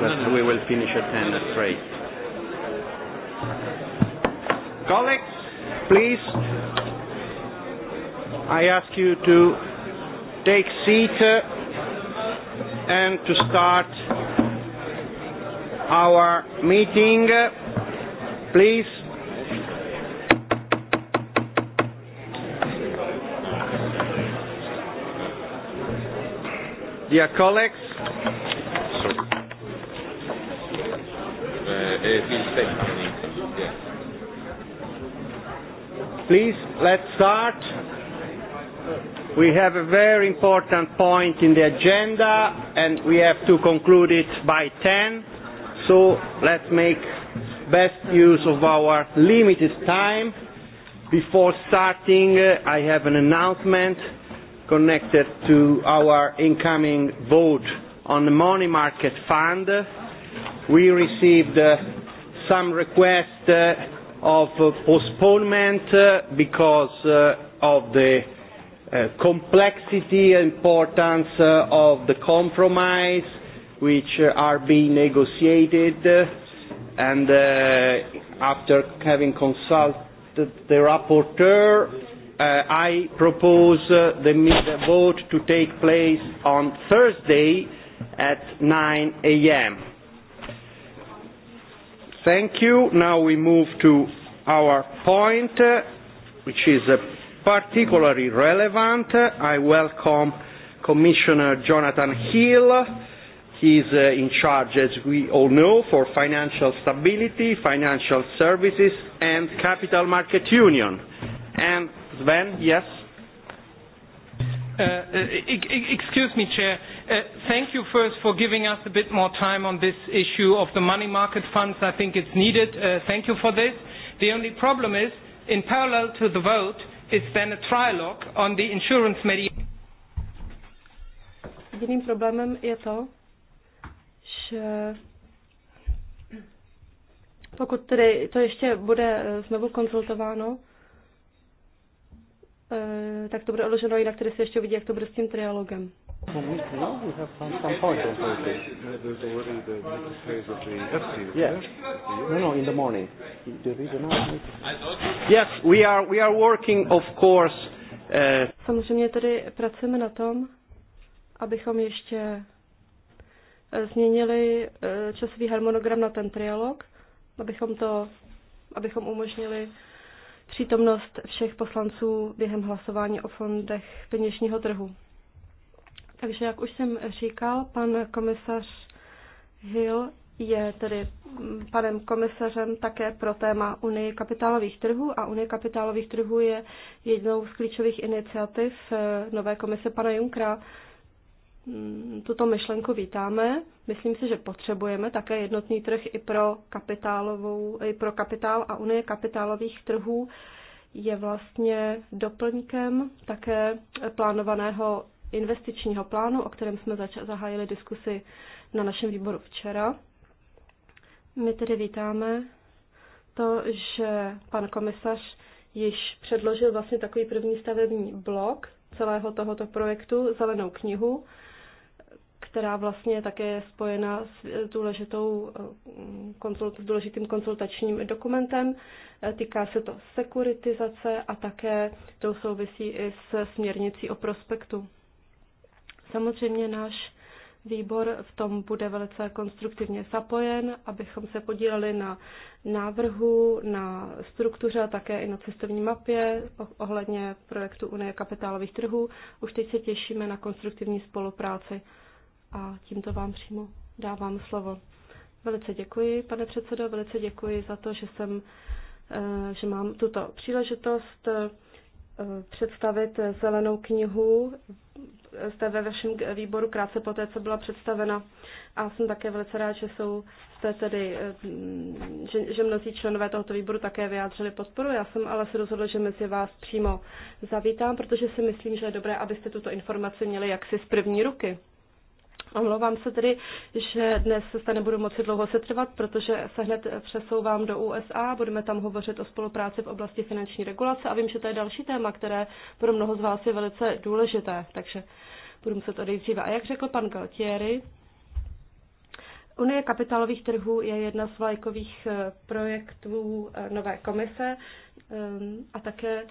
but no, no. we will finish at 10 at 3. Colleagues, please, I ask you to take seat uh, and to start our meeting. Please, Dear colleagues, Please, let's start. We have a very important point in the agenda and we have to conclude it by 10. So let's make best use of our limited time. Before starting, uh, I have an announcement connected to our incoming vote on the money market fund. We received uh, some request uh, of uh, postponement uh, because uh, of the uh, complexity and importance uh, of the compromise which uh, are being negotiated uh, and uh, after having consulted the rapporteur uh, I propose uh, the, the vote to take place on Thursday at 9 a.m. Thank you. Now we move to our point, uh, which is uh, particularly relevant. I welcome Commissioner Jonathan Hill. He's uh, in charge, as we all know, for financial stability, financial services, and capital market union. And Sven, yes? Uh, uh e-, e-, excuse me, Chair. Uh, thank you first for giving us a bit more time on this issue of the money market funds. I think it's needed. Uh, thank you for this. The only problem is, in parallel to the vote, is then a trilogue on the insurance mediation. Jediným problémem je to, že pokud tedy to ještě bude eh, znovu konzultováno, eh, tak to bude odloženo, jinak tedy se ještě uvidí, jak to bude s tím trialogem. Well, we, no, we have some, some points on Thursday. There's already the next phase of the FC. Yes. No, no, in the morning. There is yes, we are, we are working, of course. Uh... Samozřejmě tedy pracujeme na tom, abychom ještě eh, změnili eh, časový harmonogram na ten trialog, abychom to, abychom umožnili přítomnost všech poslanců během hlasování o fondech peněžního trhu. Takže, jak už jsem říkal, pan komisař Hill je tedy panem komisařem také pro téma Unie kapitálových trhů a Unie kapitálových trhů je jednou z klíčových iniciativ eh, nové komise pana Junkra. Mm, tuto myšlenku vítáme. Myslím si, že potřebujeme také jednotný trh i pro, kapitálovou, i pro kapitál a Unie kapitálových trhů je vlastně doplňkem také plánovaného investičního plánu, o kterém jsme zač- zahájili diskusi na našem výboru včera. My tedy vítáme to, že pan komisař již předložil vlastně takový první stavební blok celého tohoto projektu, zelenou knihu, která vlastně je také spojena s, důležitou, konzult, s důležitým konzultačním dokumentem. Týká se to sekuritizace a také to souvisí i s směrnicí o prospektu. Samozřejmě náš výbor v tom bude velice konstruktivně zapojen, abychom se podíleli na návrhu, na struktuře a také i na cestovní mapě ohledně projektu Unie kapitálových trhů. Už teď se těšíme na konstruktivní spolupráci a tímto vám přímo dávám slovo. Velice děkuji, pane předsedo, velice děkuji za to, že jsem eh, že mám tuto příležitost eh, představit zelenou knihu jste ve vašem výboru krátce po té, co byla představena. A jsem také velice rád, že jsou jste tedy, mm, že, že mnozí členové tohoto výboru také vyjádřili podporu. Já jsem ale se rozhodl, že mezi vás přímo zavítám, protože si myslím, že je dobré, abyste tuto informaci měli jaksi z první ruky. Omlouvám se tedy, že dnes se nebudu moci dlouho setrvat, protože se hned přesouvám do USA, budeme tam hovořit o spolupráci v oblasti finanční regulace a vím, že to je další téma, které pro mnoho z vás je velice důležité, takže budu muset odejít dříve. A jak řekl pan Galtieri, Unie kapitálových trhů je jedna z vlajkových eh, projektů eh, nové komise eh, a také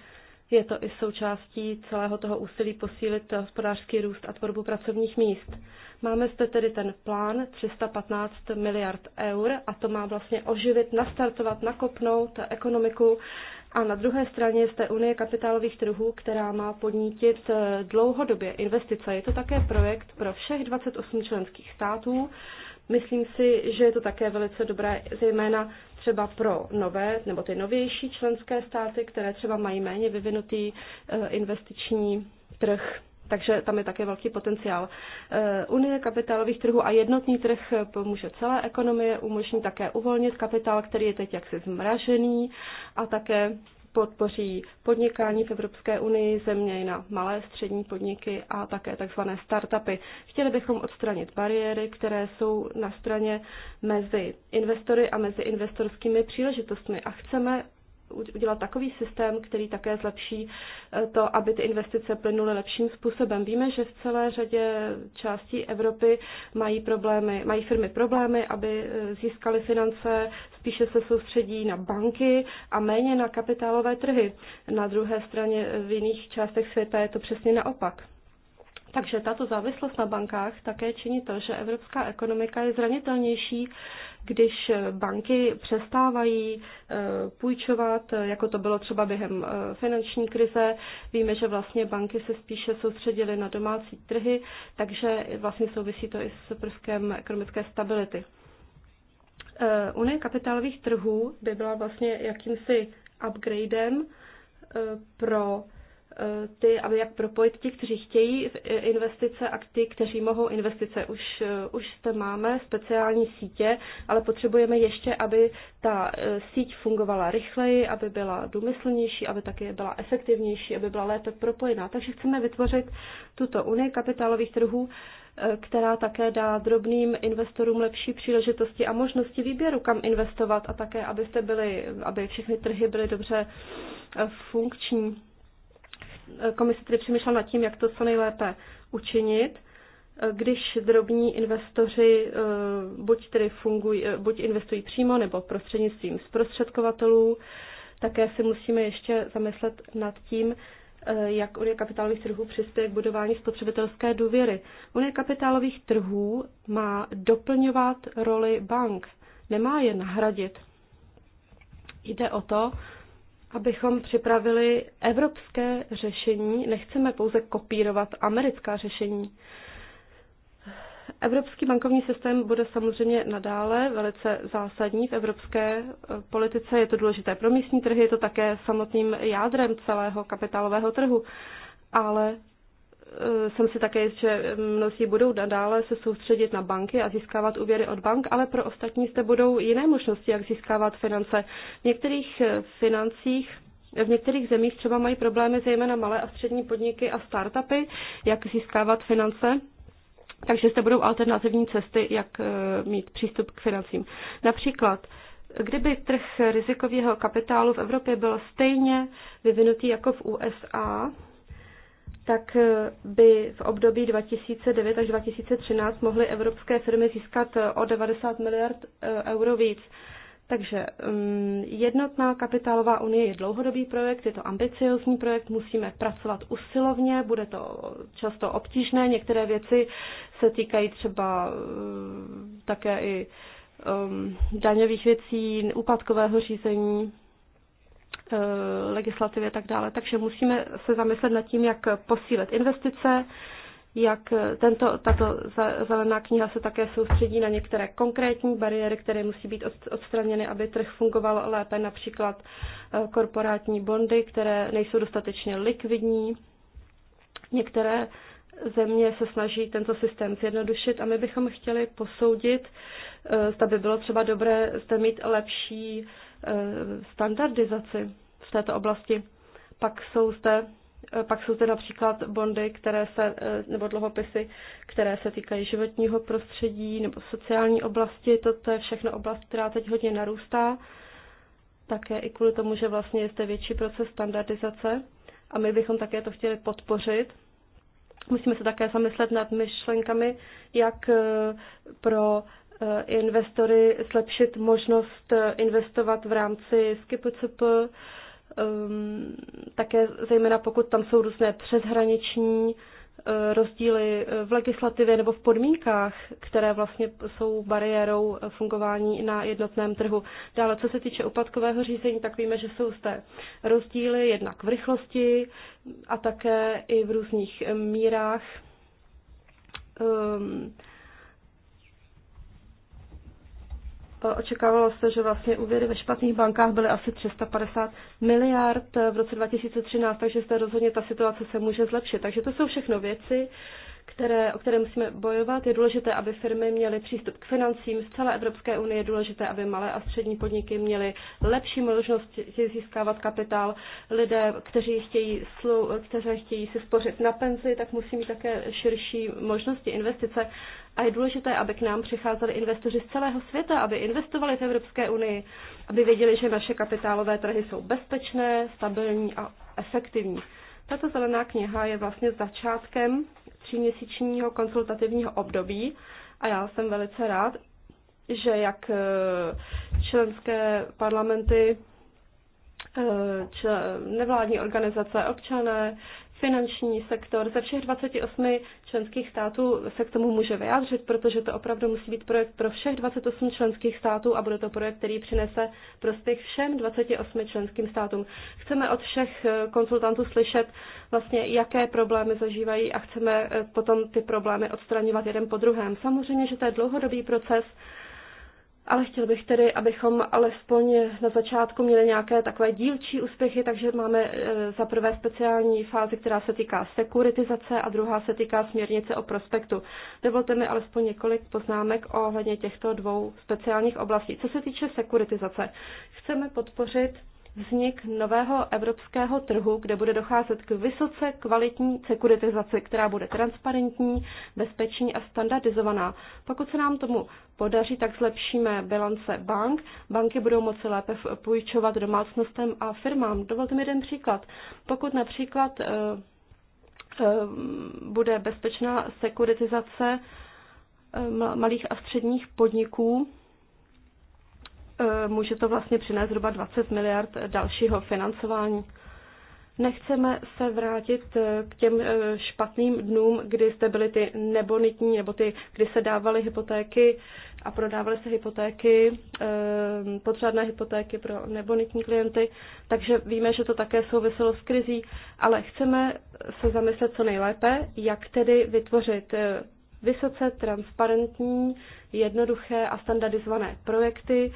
je to i součástí celého toho úsilí posílit hospodářský růst a tvorbu pracovních míst. Máme zde tedy ten plán 315 miliard eur a to má vlastně oživit, nastartovat, nakopnout ekonomiku. A na druhé straně je zde Unie kapitálových trhů, která má podnítit eh, dlouhodobě investice. Je to také projekt pro všech 28 členských států Myslím si, že je to také velice dobré, zejména třeba pro nové nebo ty novější členské státy, které třeba mají méně vyvinutý eh, investiční trh. Takže tam je také velký potenciál. Eh, Unie kapitálových trhů a jednotný trh pomůže celé ekonomie, umožní také uvolnit kapitál, který je teď jaksi zmražený a také podpoří podnikání v Evropské unii, země na malé střední podniky a také tzv. startupy. Chtěli bychom odstranit bariéry, které jsou na straně mezi investory a mezi investorskými příležitostmi a chceme udělat takový systém, který také zlepší eh, to, aby ty investice plynuly lepším způsobem. Víme, že v celé řadě částí Evropy mají problémy, mají firmy problémy, aby eh, získaly finance, spíše se soustředí na banky a méně na kapitálové trhy. Na druhé straně eh, v jiných částech světa je to přesně naopak. Takže tato závislost na bankách také činí to, že evropská ekonomika je zranitelnější když banky přestávají eh, půjčovat, eh, jako to bylo třeba během eh, finanční krize. Víme, že vlastně banky se spíše soustředily na domácí trhy, takže vlastně souvisí to i s prvkem ekonomické stability. Unie kapitálových trhů by byla vlastně jakýmsi upgradem pro Eh, ty, aby jak propojit ti, kteří chtějí investice a ty, kteří mohou investice. Už, eh, už to máme speciální sítě, ale potřebujeme ještě, aby ta eh, síť fungovala rychleji, aby byla důmyslnější, aby také byla efektivnější, aby byla lépe propojená. Takže chceme vytvořit tuto unii kapitálových trhů, která také dá drobným investorům lepší příležitosti a možnosti výběru, kam investovat a také, abyste byli, aby všechny trhy byly dobře funkční komise tedy přemýšlela nad tím, jak to co nejlépe učinit. Když drobní investoři eh, buď, tedy fungují, eh, buď investují přímo nebo prostřednictvím zprostředkovatelů, také si musíme ještě zamyslet nad tím, eh, jak Unie kapitálových trhů přispěje k budování spotřebitelské důvěry. Unie kapitálových trhů má doplňovat roli bank, nemá je nahradit. Jde o to, abychom připravili evropské řešení. Nechceme pouze kopírovat americká řešení. Evropský bankovní systém bude samozřejmě nadále velice zásadní v evropské eh, politice. Je to důležité pro místní trhy, je to také samotným jádrem celého kapitálového trhu. Ale Eh, jsem si také jist, že mnozí budou nadále se soustředit na banky a získávat úvěry od bank, ale pro ostatní zde budou jiné možnosti, jak získávat finance. V některých eh, financích v některých zemích třeba mají problémy zejména malé a střední podniky a startupy, jak získávat finance. Takže zde budou alternativní cesty, jak eh, mít přístup k financím. Například Kdyby trh rizikového kapitálu v Evropě byl stejně vyvinutý jako v USA, tak eh, by v období 2009 až 2013 mohly evropské firmy získat eh, o 90 miliard eh, euro víc. Takže mm, jednotná kapitálová unie je dlouhodobý projekt, je to ambiciozní projekt, musíme pracovat usilovně, bude to často obtížné, některé věci se týkají třeba také i ehm, daňových věcí, úpadkového řízení. Eh, legislativy a tak dále. Takže musíme se zamyslet nad tím, jak posílit investice, jak tento, tato zelená kniha se také soustředí na některé konkrétní bariéry, které musí být odstraněny, aby trh fungoval lépe, například eh, korporátní bondy, které nejsou dostatečně likvidní. Některé země se snaží tento systém zjednodušit a my bychom chtěli posoudit, eh, zda by bylo třeba dobré zde mít lepší Eh, standardizaci v této oblasti. Pak jsou zde eh, pak jsou zde například bondy, které se, eh, nebo dlouhopisy, které se týkají životního prostředí nebo sociální oblasti. to je všechno oblast, která teď hodně narůstá. Také i kvůli tomu, že vlastně je zde větší proces standardizace a my bychom také to chtěli podpořit. Musíme se také zamyslet nad myšlenkami, jak pro Eh, investory zlepšit možnost eh, investovat v rámci SkipCP, ehm, také zejména pokud tam jsou různé přeshraniční eh, rozdíly v legislativě nebo v podmínkách, které vlastně jsou bariérou fungování na jednotném trhu. Dále, co se týče upadkového řízení, tak víme, že jsou zde rozdíly jednak v rychlosti a také i v různých mírách um, Očekávalo se, že vlastně úvěry ve špatných bankách byly asi 350 miliard v roce 2013, takže zde rozhodně ta situace se může zlepšit. Takže to jsou všechno věci, které, o které musíme bojovat. Je důležité, aby firmy měly přístup k financím z celé Evropské unie, je důležité, aby malé a střední podniky měly lepší možnost získávat kapitál. Lidé, kteří chtějí, slu, kteří chtějí si spořit na penzi, tak musí mít také širší možnosti investice. A je důležité, aby k nám přicházeli investoři z celého světa, aby investovali v Evropské unii, aby věděli, že naše kapitálové trhy jsou bezpečné, stabilní a efektivní. Tato zelená kniha je vlastně začátkem tříměsíčního konzultativního období a já jsem velice rád, že jak eh, členské parlamenty, eh, nevládní organizace, občané, finanční sektor ze všech 28 členských států se k tomu může vyjádřit, protože to opravdu musí být projekt pro všech 28 členských států a bude to projekt, který přinese prospěch všem 28 členským státům. Chceme od všech eh, konzultantů slyšet vlastně, jaké problémy zažívají a chceme eh, potom ty problémy odstraňovat jeden po druhém. Samozřejmě, že to je dlouhodobý proces, ale chtěl bych tedy, abychom alespoň na začátku měli nějaké takové dílčí úspěchy, takže máme eh, za prvé speciální fázi, která se týká sekuritizace a druhá se týká směrnice o prospektu. Dovolte mi alespoň několik poznámek ohledně těchto dvou speciálních oblastí. Co se týče sekuritizace, chceme podpořit vznik nového evropského trhu, kde bude docházet k vysoce kvalitní sekuritizaci, která bude transparentní, bezpečný a standardizovaná. Pokud se nám tomu podaří, tak zlepšíme bilance bank. Banky budou moci lépe půjčovat domácnostem a firmám. Dovolte mi jeden příklad. Pokud například eh, eh, bude bezpečná sekuritizace eh, malých a středních podniků, Eh, může to vlastně přinést zhruba 20 miliard dalšího financování. Nechceme se vrátit eh, k těm eh, špatným dnům, kdy jste byly ty nebonitní, nebo ty, kdy se dávaly hypotéky a prodávaly se hypotéky, potřebné hypotéky pro nebonitní klienty. Takže víme, že to také souviselo s krizí, ale chceme se zamyslet co nejlépe, jak tedy vytvořit vysoce transparentní, jednoduché a standardizované projekty,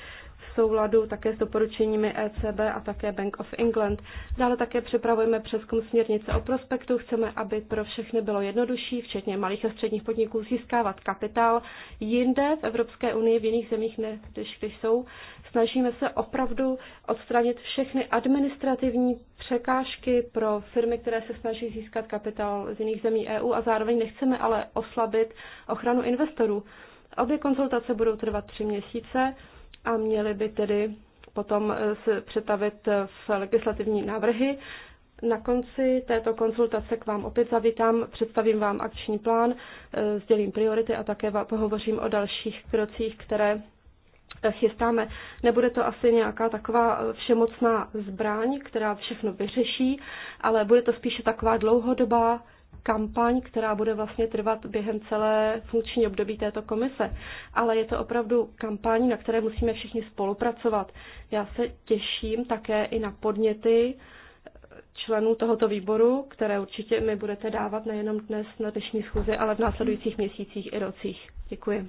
souladu také s doporučeními ECB a také Bank of England. Dále také připravujeme přeskum směrnice o prospektu. Chceme, aby pro všechny bylo jednodušší, včetně malých a středních podniků, získávat kapitál jinde v Evropské unii, v jiných zemích, než když jsou. Snažíme se opravdu odstranit všechny administrativní překážky pro firmy, které se snaží získat kapitál z jiných zemí EU a zároveň nechceme ale oslabit ochranu investorů. Obě konzultace budou trvat tři měsíce a měly by tedy potom eh, se přetavit v legislativní návrhy. Na konci této konzultace k vám opět zavítám, představím vám akční plán, eh, sdělím priority a také vám pohovořím o dalších krocích, které eh, chystáme. Nebude to asi nějaká taková všemocná zbraň, která všechno vyřeší, ale bude to spíše taková dlouhodobá kampaň, která bude vlastně trvat během celé funkční období této komise, ale je to opravdu kampaň, na které musíme všichni spolupracovat. Já se těším také i na podněty členů tohoto výboru, které určitě mi budete dávat nejenom dnes na dnešní schůzi, ale v následujících měsících i rocích. Děkuji.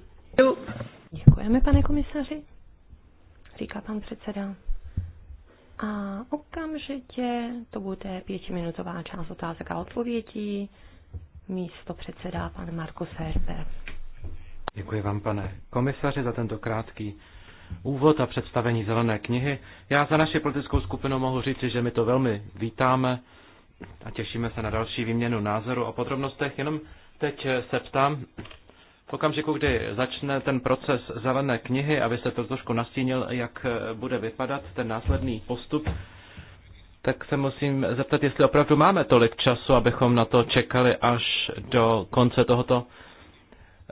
Děkujeme, pane komisaři, říká pan předseda. A okamžitě to bude pětiminutová část otázek a odpovědí. Místo předseda pan Marko Serber. Děkuji vám, pane komisaři, za tento krátký úvod a představení zelené knihy. Já za naši politickou skupinu mohu říci, že my to velmi vítáme a těšíme se na další výměnu názoru o podrobnostech. Jenom teď se ptám, v okamžiku, kdy začne ten proces zelené knihy, aby se to trošku nastínil, jak eh, bude vypadat ten následný postup, tak se musím zeptat, jestli opravdu máme tolik času, abychom na to čekali až do konce tohoto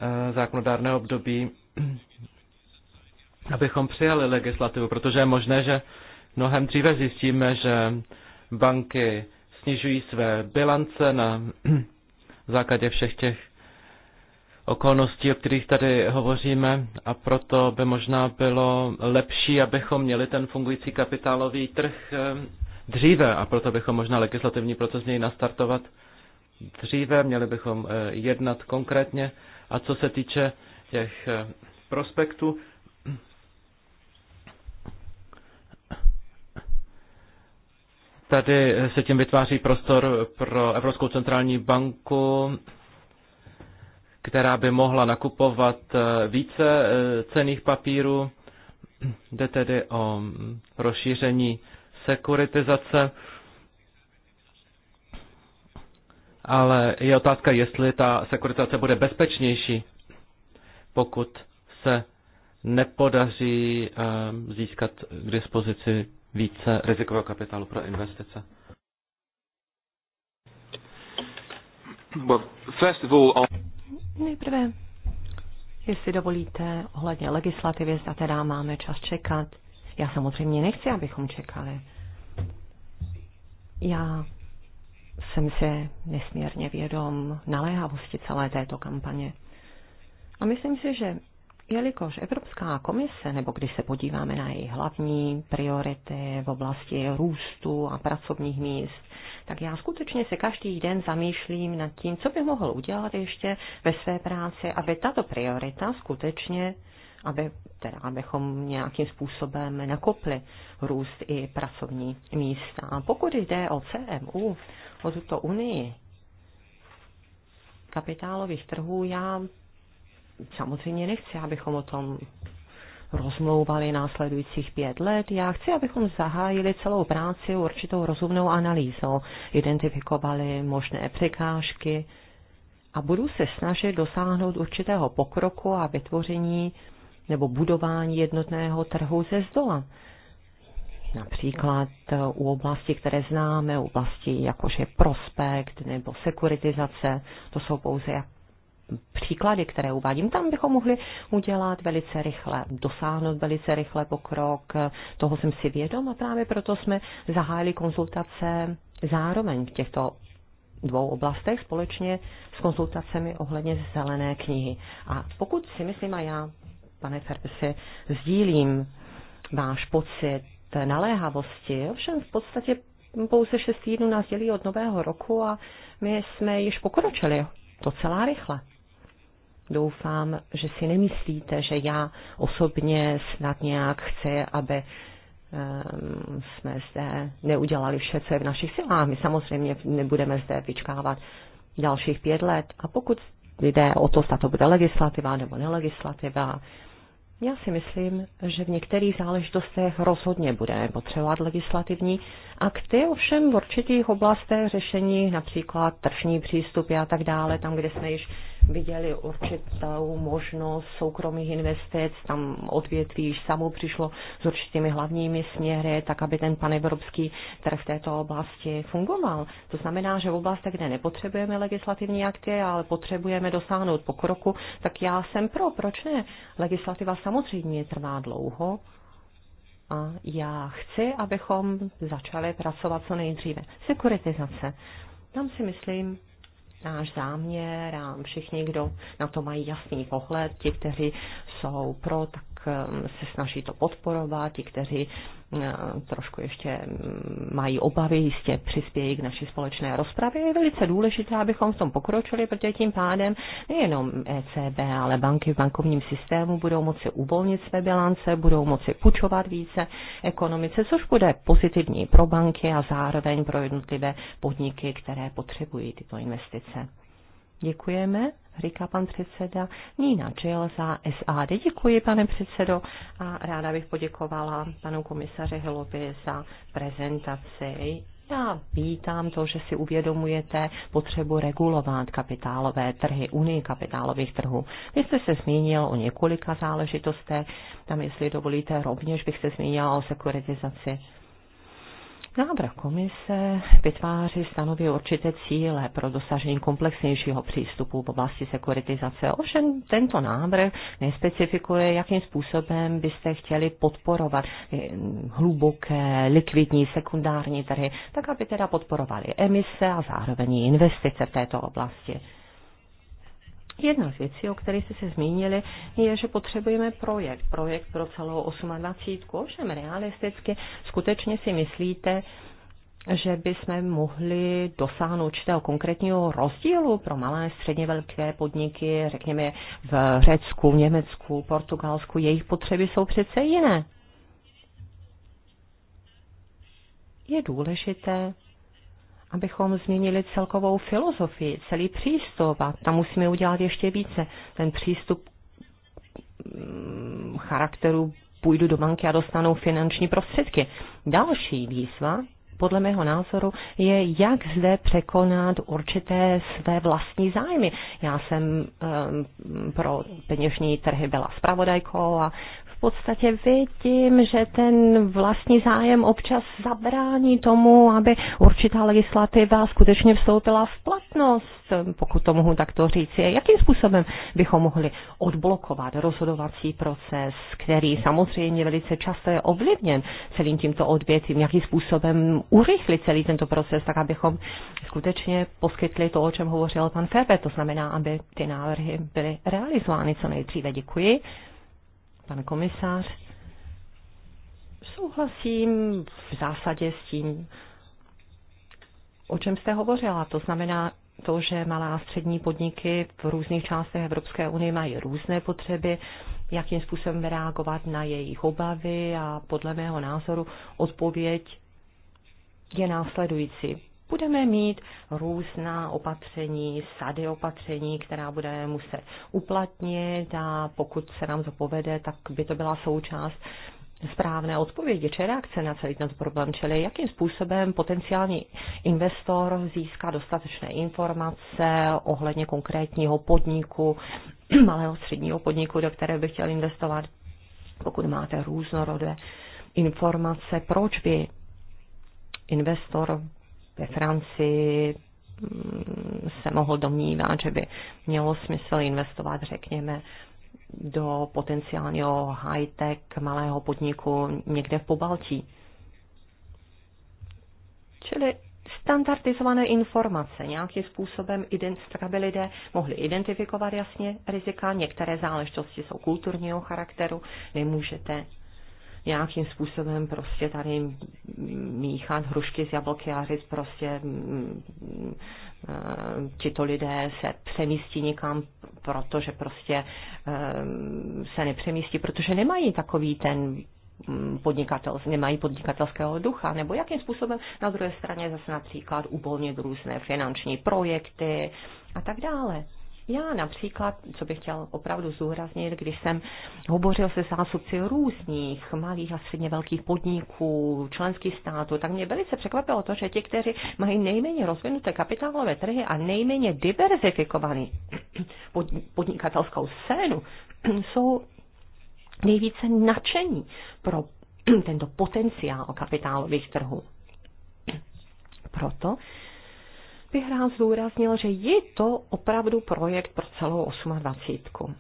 eh, zákonodárného období, abychom přijali legislativu, protože je možné, že mnohem dříve zjistíme, že banky snižují své bilance na základě všech těch okolností, o kterých tady hovoříme a proto by možná bylo lepší, abychom měli ten fungující kapitálový trh eh, dříve a proto bychom možná legislativní proces měli nastartovat dříve, měli bychom eh, jednat konkrétně a co se týče těch eh, prospektů, tady se tím vytváří prostor pro Evropskou centrální banku která by mohla nakupovat eh, více eh, cených papírů. Jde tedy o mm, rozšíření sekuritizace. Ale je otázka, jestli ta sekuritizace bude bezpečnější, pokud se nepodaří eh, získat k dispozici více rizikového kapitálu pro investice. Well, first of all, on... Nejprve, jestli dovolíte, ohledně legislativy, zda teda máme čas čekat. Já samozřejmě nechci, abychom čekali. Já jsem se nesmírně vědom naléhavosti celé této kampaně. A myslím si, že jelikož Evropská komise, nebo když se podíváme na její hlavní priority v oblasti růstu a pracovních míst, tak já skutečně se každý den zamýšlím nad tím, co bych mohl udělat ještě ve své práci, aby tato priorita skutečně, aby, teda, abychom nějakým způsobem nakopli růst i pracovní místa. A pokud jde o CMU, o tuto unii kapitálových trhů, já samozřejmě nechci, abychom o tom rozmlouvali následujících pět let. Já chci, abychom zahájili celou práci určitou rozumnou analýzou, identifikovali možné překážky a budu se snažit dosáhnout určitého pokroku a vytvoření nebo budování jednotného trhu ze zdola. Například u oblasti, které známe, oblasti jakože je prospekt nebo sekuritizace, to jsou pouze příklady, které uvádím, tam bychom mohli udělat velice rychle, dosáhnout velice rychle pokrok. Toho jsem si vědom a právě proto jsme zahájili konzultace zároveň v těchto dvou oblastech společně s konzultacemi ohledně zelené knihy. A pokud si myslím a já, pane Ferpesi, sdílím váš pocit naléhavosti, ovšem v podstatě pouze šest týdnů nás dělí od nového roku a my jsme již pokročili docela rychle doufám, že si nemyslíte, že já osobně snad nějak chci, aby ehm, jsme zde neudělali vše, co je v našich silách. My samozřejmě nebudeme zde vyčkávat dalších pět let. A pokud jde o to, zda to bude legislativa nebo nelegislativa, já si myslím, že v některých záležitostech rozhodně budeme potřebovat legislativní akty, ovšem v určitých oblastech řešení, například tržní přístupy a tak dále, tam, kde jsme již viděli určitou možnost soukromých investic, tam odvětví již samo přišlo s určitými hlavními směry, tak aby ten panevropský trh v této oblasti fungoval. To znamená, že v oblastech, kde nepotřebujeme legislativní akty, ale potřebujeme dosáhnout pokroku, tak já jsem pro, proč ne? Legislativa samozřejmě trvá dlouho, a já chci, abychom začali pracovat co nejdříve. Sekuritizace. Tam si myslím, náš záměr a všichni, kdo na to mají jasný pohled, ti, kteří jsou pro, tak Ehm, se snaží to podporovat, ti, kteří ehm, trošku ještě ehm, mají obavy, jistě přispějí k naší společné rozpravě. Je velice důležité, abychom v tom pokročili, protože tím pádem nejenom ECB, ale banky v bankovním systému budou moci uvolnit své bilance, budou moci půjčovat více ekonomice, což bude pozitivní pro banky a zároveň pro jednotlivé podniky, které potřebují tyto investice. Děkujeme říká pan předseda Nina Čel za SAD. Děkuji, pane předsedo, a ráda bych poděkovala panu komisaři Hilovi za prezentaci. Já vítám to, že si uvědomujete potřebu regulovat kapitálové trhy, unii kapitálových trhů. Vy jste se zmínil o několika záležitostech, tam jestli dovolíte, rovněž bych se zmínila o sekuritizaci Návrh komise vytváří stanoví určité cíle pro dosažení komplexnějšího přístupu v oblasti sekuritizace. Ovšem tento návrh nespecifikuje, jakým způsobem byste chtěli podporovat eh, hluboké likvidní sekundární trhy, tak aby teda podporovali emise a zároveň investice v této oblasti. Jedna z věcí, o které jste se zmínili, je, že potřebujeme projekt. Projekt pro celou 28. Ovšem realisticky skutečně si myslíte, že bychom mohli dosáhnout určitého konkrétního rozdílu pro malé, středně velké podniky, řekněme v Řecku, Německu, Portugalsku, jejich potřeby jsou přece jiné. Je důležité abychom změnili celkovou filozofii, celý přístup a tam musíme udělat ještě více. Ten přístup mm, charakteru půjdu do banky a dostanu finanční prostředky. Další výzva, podle mého názoru, je, jak zde překonat určité své vlastní zájmy. Já jsem um, pro peněžní trhy byla spravodajkou a podstatě vidím, že ten vlastní zájem občas zabrání tomu, aby určitá legislativa skutečně vstoupila v platnost, pokud to mohu takto říct. Jakým způsobem bychom mohli odblokovat rozhodovací proces, který samozřejmě velice často je ovlivněn celým tímto odvětvím, jakým způsobem urychlit celý tento proces, tak abychom skutečně poskytli to, o čem hovořil pan Ferber, to znamená, aby ty návrhy byly realizovány co nejdříve. Děkuji pan komisář. Souhlasím v zásadě s tím, o čem jste hovořila. To znamená to, že malá a střední podniky v různých částech Evropské unie mají různé potřeby, jakým způsobem reagovat na jejich obavy a podle mého názoru odpověď je následující budeme mít různá opatření, sady opatření, která budeme muset uplatnit a pokud se nám to povede, tak by to byla součást správné odpovědi či reakce na celý tento problém, čili jakým způsobem potenciální investor získá dostatečné informace ohledně konkrétního podniku, malého středního podniku, do které by chtěl investovat, pokud máte různorodé informace, proč by investor ve Francii mm, se mohl domnívat, že by mělo smysl investovat, řekněme, do potenciálního high-tech malého podniku někde v Pobaltí. Čili standardizované informace nějakým způsobem, tak aby lidé mohli identifikovat jasně rizika. Některé záležitosti jsou kulturního charakteru, nemůžete nějakým způsobem prostě tady míchat hrušky s jablky a říct prostě mm, mm, eh, tito lidé se přemístí někam, protože prostě eh, se nepřemístí, protože nemají takový ten mm, podnikatel, nemají podnikatelského ducha, nebo jakým způsobem na druhé straně zase například uvolnit různé finanční projekty a tak dále. Já například, co bych chtěl opravdu zúraznit, když jsem hovořil se zástupci různých malých a středně velkých podniků, členských států, tak mě velice překvapilo to, že ti, kteří mají nejméně rozvinuté kapitálové trhy a nejméně diverzifikovaný podnikatelskou scénu, jsou nejvíce nadšení pro tento potenciál kapitálových trhů. Proto bych rád zdůraznil, že je to opravdu projekt pro celou 28.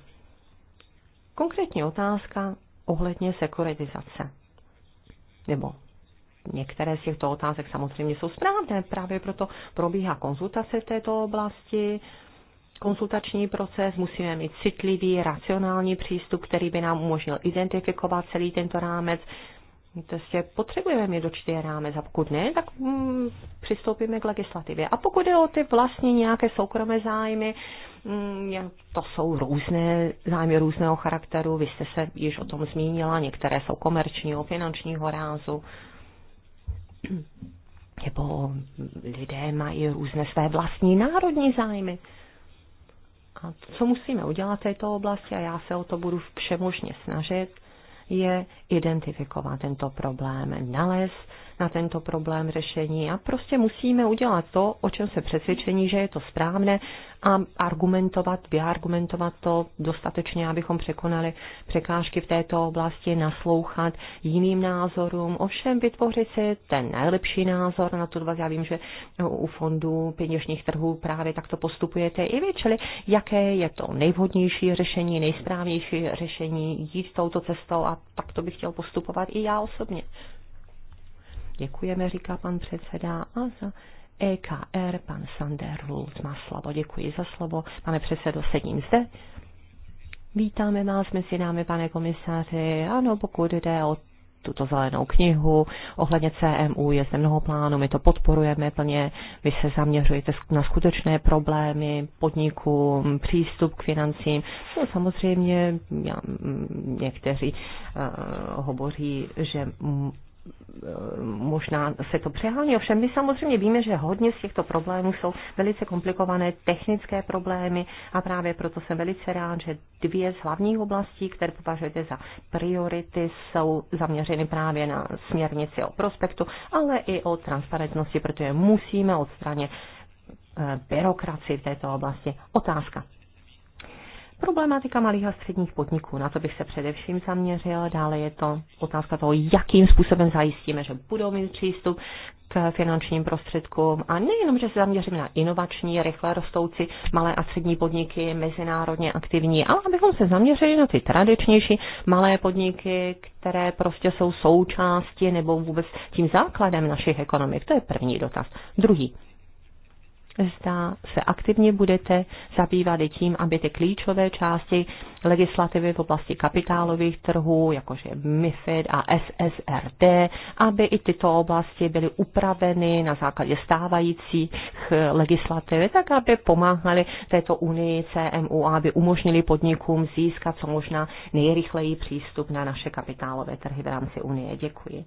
Konkrétní otázka ohledně sekuritizace. Nebo některé z těchto otázek samozřejmě jsou správné, právě proto probíhá konzultace v této oblasti, konzultační proces, musíme mít citlivý, racionální přístup, který by nám umožnil identifikovat celý tento rámec, Prostě potřebujeme mít určitý rámec a pokud ne, tak mm, přistoupíme k legislativě. A pokud je o ty vlastně nějaké soukromé zájmy, mm, to jsou různé zájmy různého charakteru, vy jste se již o tom zmínila, některé jsou komerčního, finančního rázu, nebo lidé mají různé své vlastní národní zájmy. A co musíme udělat v této oblasti, a já se o to budu všemožně snažit, je identifikovat tento problém, nalézt na tento problém řešení. A prostě musíme udělat to, o čem se přesvědčení, že je to správné a argumentovat, vyargumentovat to dostatečně, abychom překonali překážky v této oblasti, naslouchat jiným názorům, ovšem vytvořit si ten nejlepší názor na to, Já vím, že u fondů peněžních trhů právě takto postupujete i vy, čili jaké je to nejvhodnější řešení, nejsprávnější řešení, jít touto cestou a tak to bych chtěl postupovat i já osobně. Děkujeme, říká pan předseda. A za EKR pan Sander Lulz má slovo. Děkuji za slovo. Pane předsedo, sedím zde. Vítáme vás mezi námi, pane komisaři. Ano, pokud jde o tuto zelenou knihu. Ohledně CMU je zde mnoho plánů, my to podporujeme plně, vy se zaměřujete na skutečné problémy podniků, přístup k financím. No, samozřejmě já, někteří uh, hovoří, že Eh, možná se to přehání. Ovšem my samozřejmě víme, že hodně z těchto problémů jsou velice komplikované technické problémy a právě proto jsem velice rád, že dvě z hlavních oblastí, které považujete za priority, jsou zaměřeny právě na směrnici o prospektu, ale i o transparentnosti, protože musíme odstranit eh, byrokracii v této oblasti. Otázka. Problematika malých a středních podniků, na to bych se především zaměřil. Dále je to otázka toho, jakým způsobem zajistíme, že budou mít přístup k finančním prostředkům. A nejenom, že se zaměříme na inovační, rychle rostoucí malé a střední podniky, mezinárodně aktivní, ale abychom se zaměřili na ty tradičnější malé podniky, které prostě jsou součástí nebo vůbec tím základem našich ekonomik. To je první dotaz. Druhý zda se aktivně budete zabývat i tím, aby ty klíčové části legislativy v oblasti kapitálových trhů, jakože MIFID a SSRD, aby i tyto oblasti byly upraveny na základě stávajících legislativy, tak aby pomáhali této unii CMU a aby umožnili podnikům získat co možná nejrychleji přístup na naše kapitálové trhy v rámci unie. Děkuji.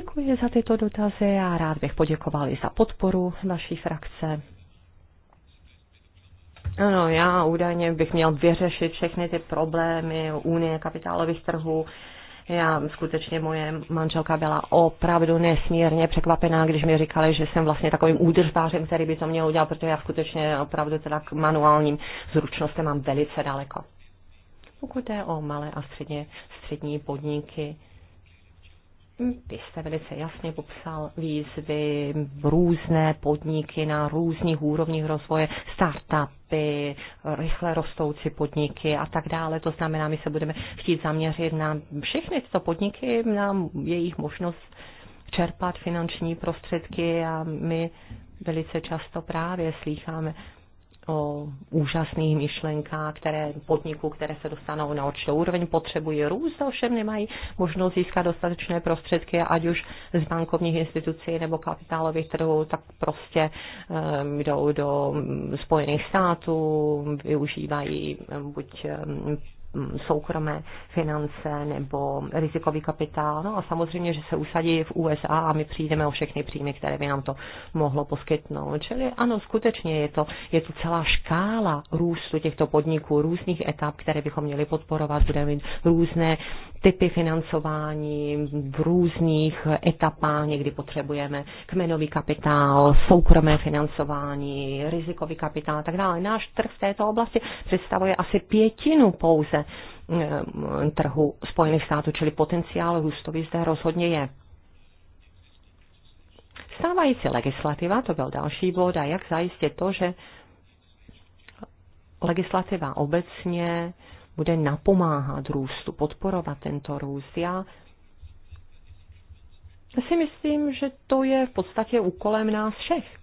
Děkuji za tyto dotazy a rád bych poděkoval i za podporu naší frakce. Ano, já údajně bych měl vyřešit všechny ty problémy Unie kapitálových trhů. Já skutečně moje manželka byla opravdu nesmírně překvapená, když mi říkali, že jsem vlastně takovým údržbářem, který by to měl udělat, protože já skutečně opravdu teda k manuálním zručnostem mám velice daleko. Pokud je o malé a středně, střední podniky, vy jste velice jasně popsal výzvy, různé podniky na různých úrovních rozvoje, startupy, rychle rostoucí podniky a tak dále. To znamená, my se budeme chtít zaměřit na všechny tyto podniky, na jejich možnost čerpat finanční prostředky a my velice často právě slýcháme o úžasných myšlenkách, které podniků, které se dostanou na určitou úroveň, potřebují růst, ovšem nemají možnost získat dostatečné prostředky, ať už z bankovních institucí nebo kapitálových trhů, tak prostě um, jdou do Spojených států, využívají buď um, Mm, soukromé finance nebo rizikový kapitál. No a samozřejmě, že se usadí v USA a my přijdeme o všechny příjmy, které by nám to mohlo poskytnout. Čili ano, skutečně je to, je to celá škála růstu těchto podniků, různých etap, které bychom měli podporovat, budeme mít různé typy financování v různých etapách. Někdy potřebujeme kmenový kapitál, soukromé financování, rizikový kapitál a tak dále. Náš trh v této oblasti představuje asi pětinu pouze eh, trhu Spojených států, čili potenciál růstový zde rozhodně je. Stávající legislativa, to byl další bod, a jak zajistit to, že legislativa obecně bude napomáhat růstu, podporovat tento růst. Já si myslím, že to je v podstatě úkolem nás všech.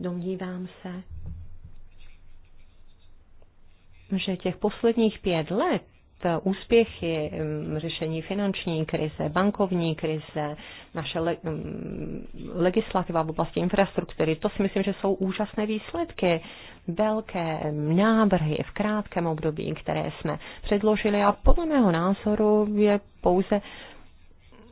Domnívám se, že těch posledních pět let úspěchy mm, řešení finanční krize, bankovní krize, naše le- mm, legislativa v oblasti infrastruktury, to si myslím, že jsou úžasné výsledky velké návrhy v krátkém období, které jsme předložili a podle mého názoru je pouze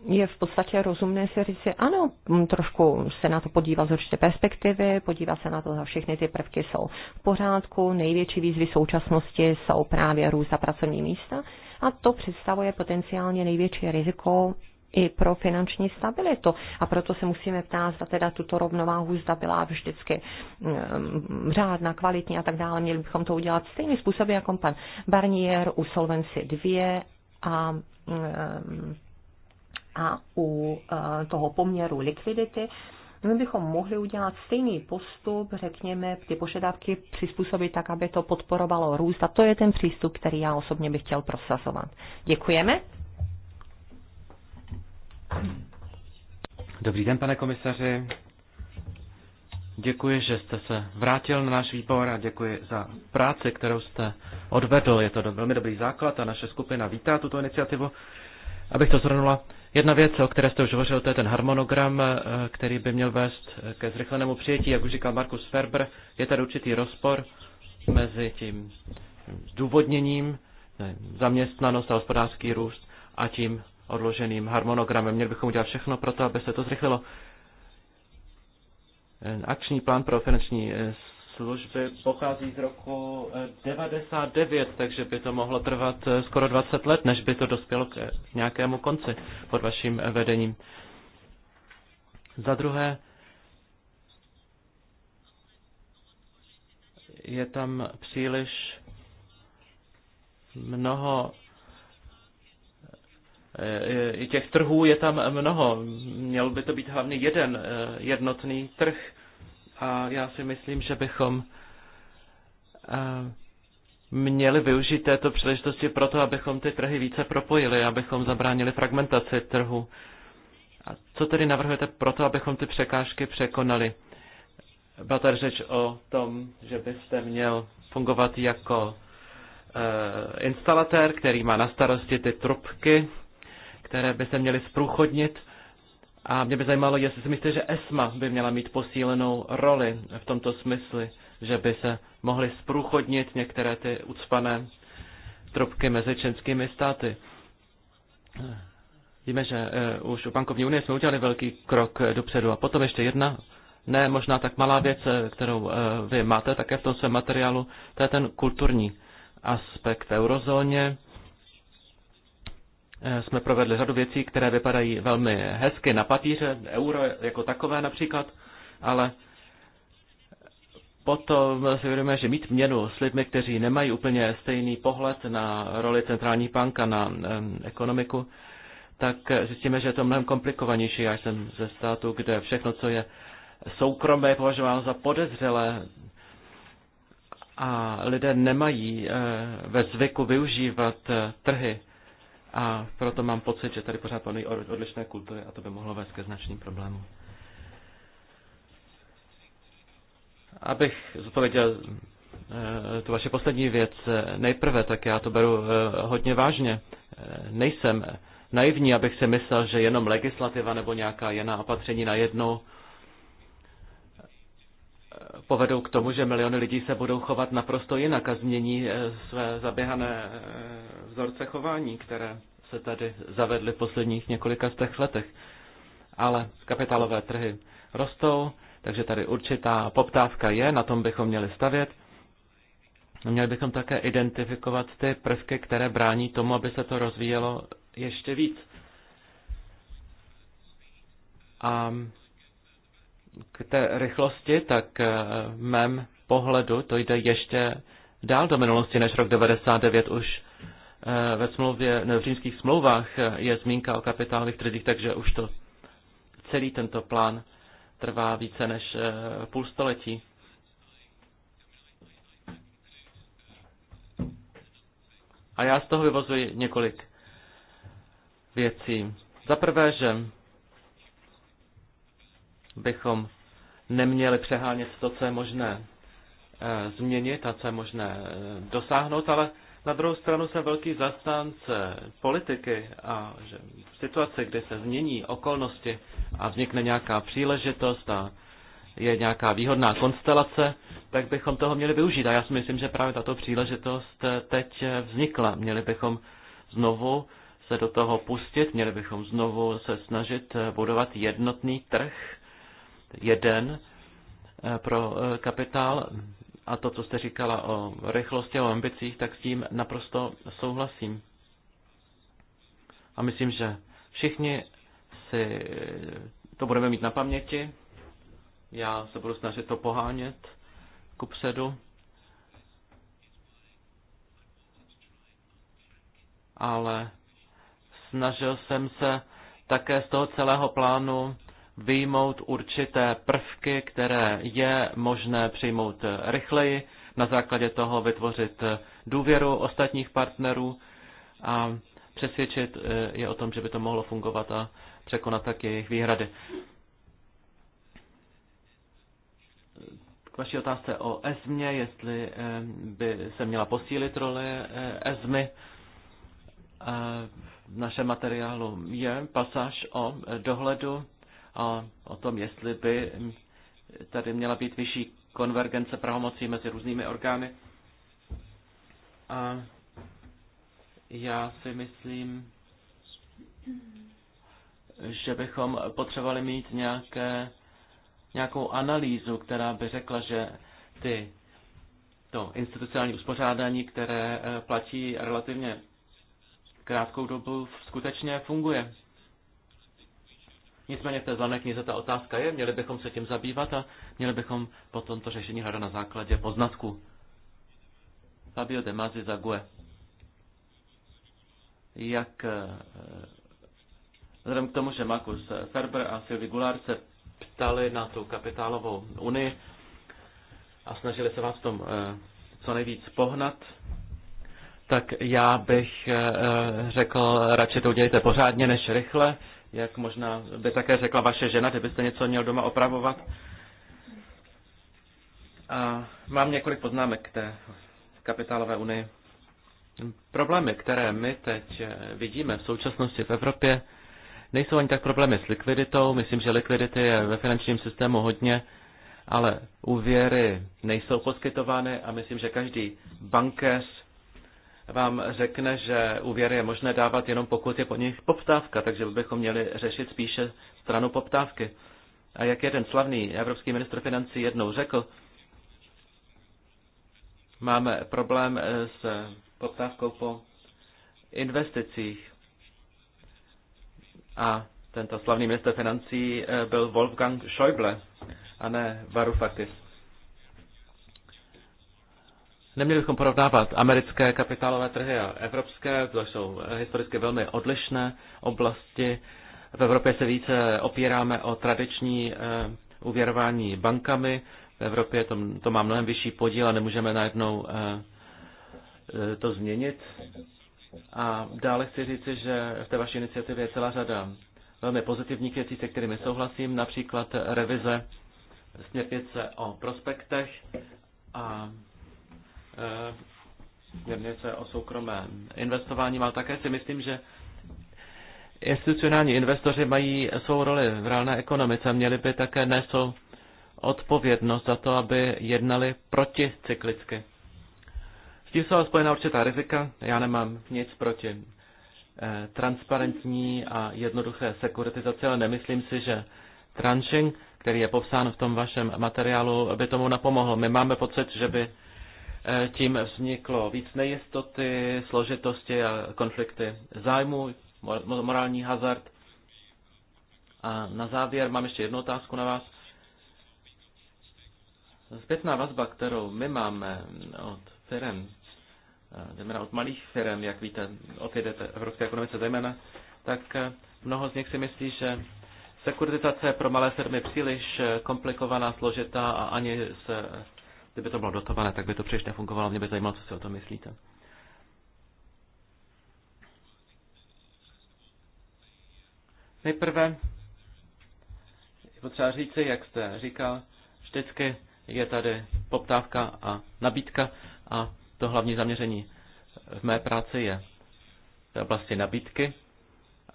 je v podstatě rozumné si říct ano, trošku se na to podívat z určité perspektivy, podívat se na to, že všechny ty prvky jsou v pořádku, největší výzvy současnosti jsou právě růst a pracovní místa a to představuje potenciálně největší riziko i pro finanční stabilitu. A proto se musíme ptát, zda teda tuto rovnováhu zda byla vždycky um, řádná, kvalitní a tak dále. Měli bychom to udělat stejným způsobem jako pan Barnier u Solvency 2 a um, a u e, toho poměru likvidity, my bychom mohli udělat stejný postup, řekněme, ty požadavky přizpůsobit tak, aby to podporovalo růst. A to je ten přístup, který já osobně bych chtěl prosazovat. Děkujeme. Dobrý den, pane komisaři. Děkuji, že jste se vrátil na náš výbor a děkuji za práci, kterou jste odvedl. Je to velmi dobrý základ a naše skupina vítá tuto iniciativu. Abych to zhrnula, jedna věc, o které jste už hovořil, to je ten harmonogram, eh, který by měl vést eh, ke zrychlenému přijetí. Jak už říkal Markus Ferber, je tady určitý rozpor mezi tím zdůvodněním, zaměstnanost a hospodářský růst a tím odloženým harmonogramem. Měli bychom udělat všechno pro to, aby se to zrychlilo. Akční plán pro finanční eh, služby pochází z roku 99, eh, takže by to mohlo trvat eh, skoro 20 let, než by to dospělo k nějakému konci pod vaším vedením. Za druhé, je tam příliš mnoho Eh, eh, i těch trhů je tam mnoho. Měl by to být hlavně jeden eh, jednotný trh a já si myslím, že bychom měli využít této příležitosti proto, abychom ty trhy více propojili, abychom zabránili fragmentaci trhu. A co tedy navrhujete proto, abychom ty překážky překonali? Byla tady řeč o tom, že byste měl fungovat jako e, instalatér, který má na starosti ty trubky které by se měly zprůchodnit. A mě by zajímalo, jestli si myslíte, že ESMA by měla mít posílenou roli v tomto smyslu, že by se mohly zprůchodnit některé ty ucpané trubky mezi členskými státy. Víme, že eh, už u bankovní unie jsme udělali velký krok eh, dopředu. A potom ještě jedna, ne možná tak malá věc, eh, kterou vy máte také v tom svém materiálu, to je ten kulturní aspekt eurozóně. Eh, jsme provedli řadu věcí, které vypadají velmi hezky na papíře, euro jako takové například, ale potom si uvědomíme, že mít měnu s lidmi, kteří nemají úplně stejný pohled na roli centrální banka, na um, ekonomiku, tak zjistíme, že je to mnohem komplikovanější. Já jsem ze státu, kde všechno, co je soukromé, je považováno za podezřelé a lidé nemají eh, ve zvyku využívat eh, trhy a proto mám pocit, že tady pořád panují odlišné kultury a to by mohlo vést ke značným problémům. Abych zodpověděl eh, tu vaše poslední věc eh, nejprve, tak já to beru eh, hodně vážně. Nejsem naivní, abych si myslel, že jenom legislativa nebo nějaká jiná opatření najednou povedou k tomu, že miliony lidí se budou chovat naprosto jinak a změní eh, své zaběhané eh, vzorce chování, které se tady zavedly v posledních několika z těch letech. Ale kapitálové trhy rostou, takže tady určitá poptávka je, na tom bychom měli stavět. Měli bychom také identifikovat ty prvky, které brání tomu, aby se to rozvíjelo ještě víc. A k té rychlosti, tak eh, v mém pohledu to jde ještě dál do minulosti než rok 99 už eh, ve smlouvě, ne, v římských smlouvách eh, je zmínka o kapitálových trzích, takže už to celý tento plán trvá více než půl století. A já z toho vyvozuji několik věcí. Za prvé, že bychom neměli přehánět to, co je možné eh, změnit a co je možné eh, dosáhnout, ale na druhou stranu jsem velký zastánce politiky a že v situaci, kdy se změní okolnosti a vznikne nějaká příležitost a je nějaká výhodná konstelace, tak bychom toho měli využít. A já si myslím, že právě tato příležitost eh, teď vznikla. Měli bychom znovu se do toho pustit, měli bychom znovu se snažit budovat jednotný trh Jeden eh, pro eh, kapitál a to, co jste říkala o rychlosti a o ambicích, tak s tím naprosto souhlasím. A myslím, že všichni si to budeme mít na paměti. Já se budu snažit to pohánět ku předu. Ale snažil jsem se také z toho celého plánu vyjmout určité prvky, které je možné přijmout rychleji, na základě toho vytvořit důvěru ostatních partnerů a přesvědčit eh, je o tom, že by to mohlo fungovat a překonat taky jejich výhrady. K vaší otázce o ESMě, jestli eh, by se měla posílit role eh, ESMy. V našem materiálu je pasáž o dohledu a o tom, jestli by tady měla být vyšší konvergence pravomocí mezi různými orgány. A já si myslím, že bychom potřebovali mít nějaké, nějakou analýzu, která by řekla, že ty, to institucionální uspořádání, které eh, platí relativně krátkou dobu, skutečně funguje. Nicméně v té zelené knize ta otázka je, měli bychom se tím zabývat a měli bychom potom to řešení hledat na základě poznatku Fabio De Mazi Zague. Jak eh, vzhledem k tomu, že Markus Ferber a Sylvie Goulart se ptali na tu kapitálovou unii a snažili se vás v tom eh, co nejvíc pohnat, tak já bych eh, řekl, radši to udělejte pořádně než rychle jak možná by také řekla vaše žena, kdybyste něco měl doma opravovat. A mám několik poznámek k té kapitálové unii. Problémy, které my teď vidíme v současnosti v Evropě, nejsou ani tak problémy s likviditou. Myslím, že likvidity je ve finančním systému hodně, ale úvěry nejsou poskytovány a myslím, že každý bankéř vám řekne, že úvěry je možné dávat jenom pokud je po nich poptávka, takže bychom měli řešit spíše stranu poptávky. A jak jeden slavný evropský ministr financí jednou řekl, máme problém s poptávkou po investicích. A tento slavný minister financí byl Wolfgang Schäuble a ne Varoufakis. Neměli bychom porovnávat americké kapitálové trhy a evropské, to jsou historicky velmi odlišné oblasti. V Evropě se více opíráme o tradiční eh, uvěrování bankami, v Evropě to, to má mnohem vyšší podíl a nemůžeme najednou eh, eh, to změnit. A dále chci říci, že v té vaší iniciativě je celá řada velmi pozitivních věcí, se kterými souhlasím, například revize směrnice o prospektech a Eh, směrnice o soukromém investování, ale také si myslím, že institucionální investoři mají svou roli v reálné ekonomice, měli by také nesou odpovědnost za to, aby jednali proticyklicky. S tím jsou spojená určitá rizika, já nemám nic proti eh, transparentní a jednoduché sekuritizaci, ale nemyslím si, že tranching, který je popsán v tom vašem materiálu, by tomu napomohl. My máme pocit, že by E, tím vzniklo víc nejistoty, složitosti a konflikty zájmu, morální hazard. A na závěr mám ještě jednu otázku na vás. Zpětná vazba, kterou my máme od firm, e, zejména od malých firm, jak víte, odjedete evropské ekonomice zejména, tak e, mnoho z nich si myslí, že sekuritizace je pro malé firmy příliš komplikovaná, složitá a ani se Kdyby to bylo dotované, tak by to příliš nefungovalo. Mě by zajímalo, co si o tom myslíte. Nejprve je potřeba říci, jak jste říkal, vždycky je tady poptávka a nabídka a to hlavní zaměření v mé práci je v oblasti nabídky,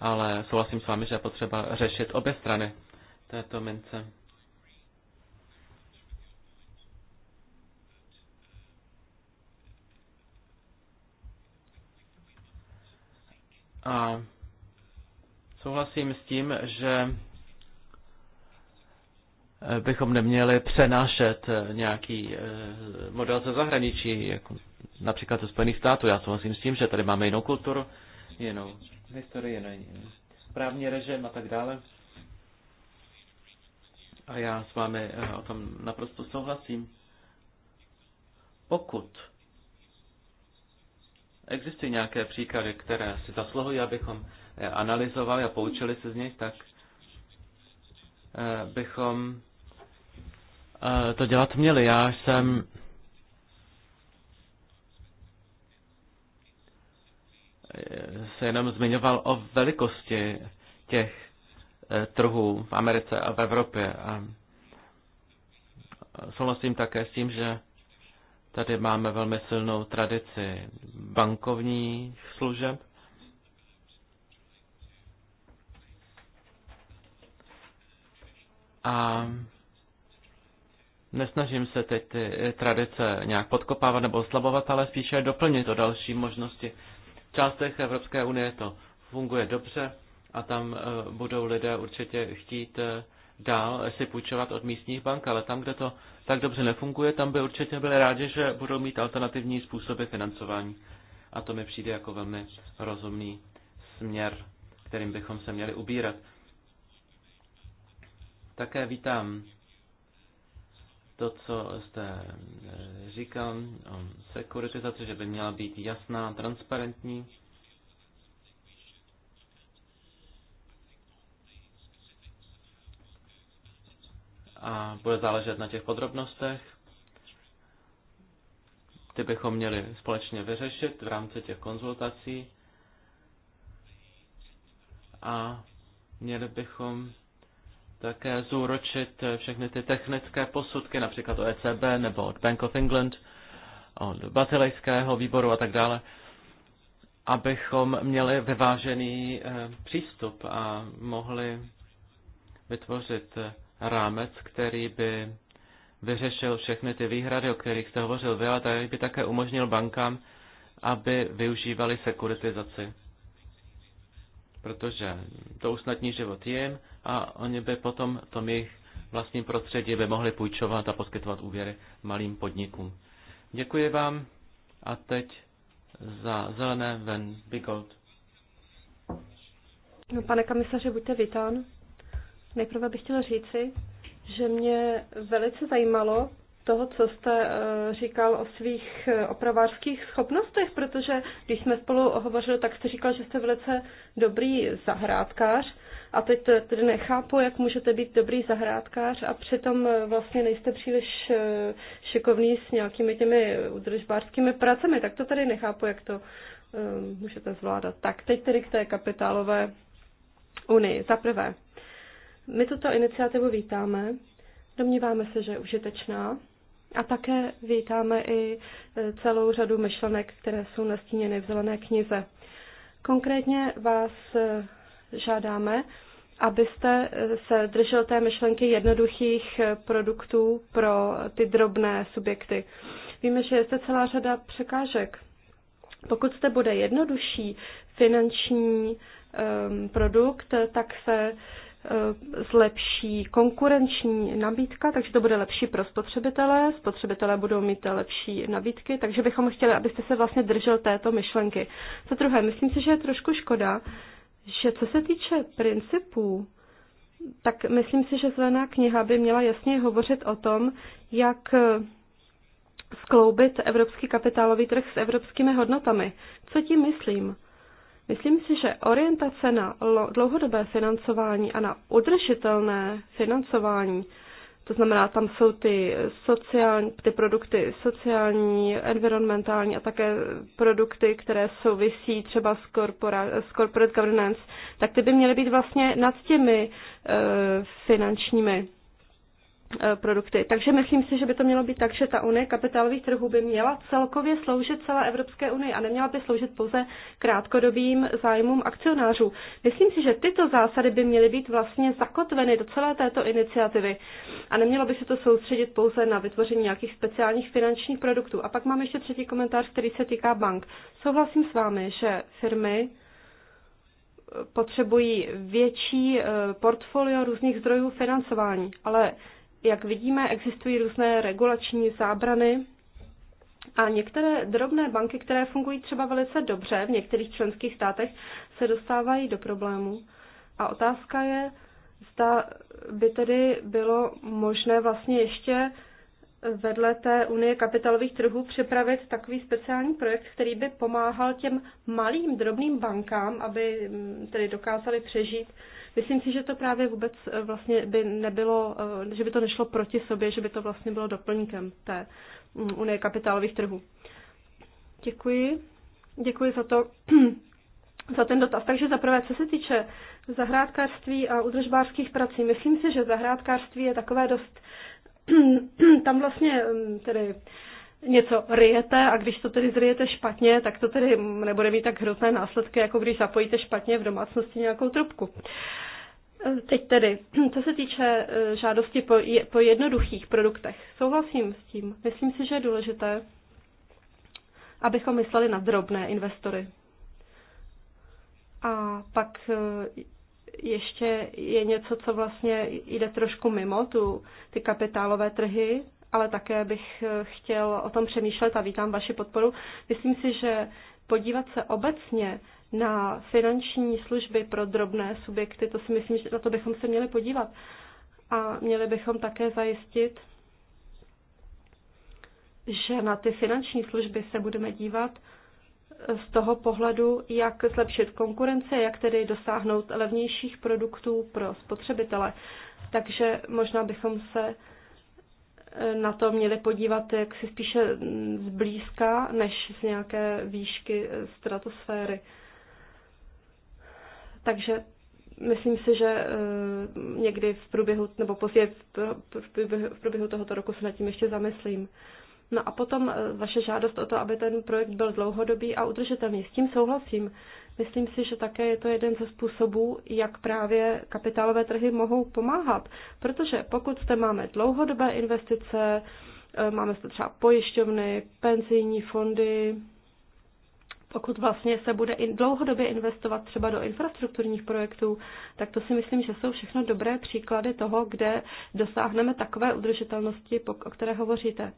ale souhlasím s vámi, že je potřeba řešit obě strany této mince. A souhlasím s tím, že bychom neměli přenášet nějaký eh, model ze zahraničí, jako například ze Spojených států. Já souhlasím s tím, že tady máme jinou kulturu, jinou historii, jiný právní režim a tak dále. A já s vámi eh, o tom naprosto souhlasím. Pokud Existují nějaké příklady, které si zasluhují, abychom eh, analyzovali a poučili se z nich, tak eh, bychom eh, to dělat měli. Já jsem se jenom zmiňoval o velikosti těch trhů v Americe a v Evropě. A souhlasím také s tím, že Tady máme velmi silnou tradici bankovních služeb. A nesnažím se teď ty tradice nějak podkopávat nebo oslabovat, ale spíše doplnit o další možnosti. V částech Evropské unie to funguje dobře a tam eh, budou lidé určitě chtít eh, dál si půjčovat od místních bank, ale tam, kde to tak dobře nefunguje, tam by určitě byli rádi, že budou mít alternativní způsoby financování. A to mi přijde jako velmi rozumný směr, kterým bychom se měli ubírat. Také vítám to, co jste eh, říkal o sekuritizaci, že by měla být jasná, transparentní. a bude záležet na těch podrobnostech. Ty bychom měli společně vyřešit v rámci těch konzultací a měli bychom také zúročit všechny ty technické posudky, například od ECB nebo od Bank of England, od Batilejského výboru a tak dále, abychom měli vyvážený eh, přístup a mohli vytvořit eh, rámec, který by vyřešil všechny ty výhrady, o kterých jste hovořil vy, ale tady by také umožnil bankám, aby využívali sekuritizaci. Protože to usnadní život jim a oni by potom v tom jejich vlastním prostředí by mohli půjčovat a poskytovat úvěry malým podnikům. Děkuji vám a teď za zelené ven Bigold. No, pane komisaře, buďte vítán. Nejprve bych chtěla říci, že mě velice zajímalo toho, co jste eh, říkal o svých eh, opravářských schopnostech, protože když jsme spolu hovořili, tak jste říkal, že jste velice dobrý zahrádkář a teď tedy nechápu, jak můžete být dobrý zahrádkář a přitom eh, vlastně nejste příliš šikovný s nějakými těmi udržbářskými pracemi, tak to tady nechápu, jak to můžete zvládat. Tak, teď tedy k té kapitálové unii. Za prvé, my tuto iniciativu vítáme, domníváme se, že je užitečná a také vítáme i e, celou řadu myšlenek, které jsou nastíněny v zelené knize. Konkrétně vás e, žádáme, abyste e, se držel té myšlenky jednoduchých produktů pro ty drobné subjekty. Víme, že je zde celá řada překážek. Pokud jste bude jednodušší finanční um, produkt, tak se zlepší konkurenční nabídka, takže to bude lepší pro spotřebitele, spotřebitelé budou mít lepší nabídky, takže bychom chtěli, abyste se vlastně držel této myšlenky. Za druhé, myslím si, že je trošku škoda, že co se týče principů, tak myslím si, že zelená kniha by měla jasně hovořit o tom, jak skloubit evropský kapitálový trh s evropskými hodnotami. Co tím myslím? Myslím si, že orientace na dlouhodobé financování a na udržitelné financování, to znamená, tam jsou ty, sociální, ty produkty sociální, environmentální a také produkty, které souvisí třeba s, korpora, s corporate governance, tak ty by měly být vlastně nad těmi uh, finančními Eh, produkty. Takže myslím si, že by to mělo být tak, že ta unie kapitálových trhů by měla celkově sloužit celé Evropské unii a neměla by sloužit pouze krátkodobým zájmům akcionářů. Myslím si, že tyto zásady by měly být vlastně zakotveny do celé této iniciativy a nemělo by se to soustředit pouze na vytvoření nějakých speciálních finančních produktů. A pak mám ještě třetí komentář, který se týká bank. Souhlasím s vámi, že firmy eh, potřebují větší eh, portfolio různých zdrojů financování, ale jak vidíme, existují různé regulační zábrany a některé drobné banky, které fungují třeba velice dobře v některých členských státech, se dostávají do problémů. A otázka je, zda by tedy bylo možné vlastně ještě vedle té Unie kapitálových trhů připravit takový speciální projekt, který by pomáhal těm malým drobným bankám, aby mm, tedy dokázali přežít Myslím si, že to právě vůbec eh, vlastně by nebylo, eh, že by to nešlo proti sobě, že by to vlastně bylo doplňkem té mm, unie kapitálových trhů. Děkuji. Děkuji za to, za ten dotaz. Takže zaprvé, co se týče zahrádkářství a udržbářských prací, myslím si, že zahrádkářství je takové dost, tam vlastně mm, tedy něco ryjete a když to tedy zryjete špatně, tak to tedy nebude mít tak hrozné následky, jako když zapojíte špatně v domácnosti nějakou trubku. E, teď tedy, co se týče e, žádosti po, po jednoduchých produktech, souhlasím s tím. Myslím si, že je důležité, abychom mysleli na drobné investory. A pak e, ještě je něco, co vlastně jde trošku mimo tu, ty kapitálové trhy, ale také bych eh, chtěl o tom přemýšlet a vítám vaši podporu. Myslím si, že podívat se obecně na finanční služby pro drobné subjekty, to si myslím, že na to bychom se měli podívat. A měli bychom také zajistit, že na ty finanční služby se budeme dívat eh, z toho pohledu, jak zlepšit konkurenci, jak tedy dosáhnout levnějších produktů pro spotřebitele. Takže možná bychom se na to měli podívat jak si spíše zblízka, než z nějaké výšky stratosféry. Takže myslím si, že eh, někdy v průběhu, nebo později v průběhu, v průběhu tohoto roku se nad tím ještě zamyslím. No a potom eh, vaše žádost o to, aby ten projekt byl dlouhodobý a udržitelný. S tím souhlasím. Myslím si, že také je to jeden ze způsobů, jak právě kapitálové trhy mohou pomáhat, protože pokud zde máme dlouhodobé investice, eh, máme zde třeba pojišťovny, penzijní fondy, pokud vlastně se bude in dlouhodobě investovat třeba do infrastrukturních projektů, tak to si myslím, že jsou všechno dobré příklady toho, kde dosáhneme takové udržitelnosti, o které hovoříte.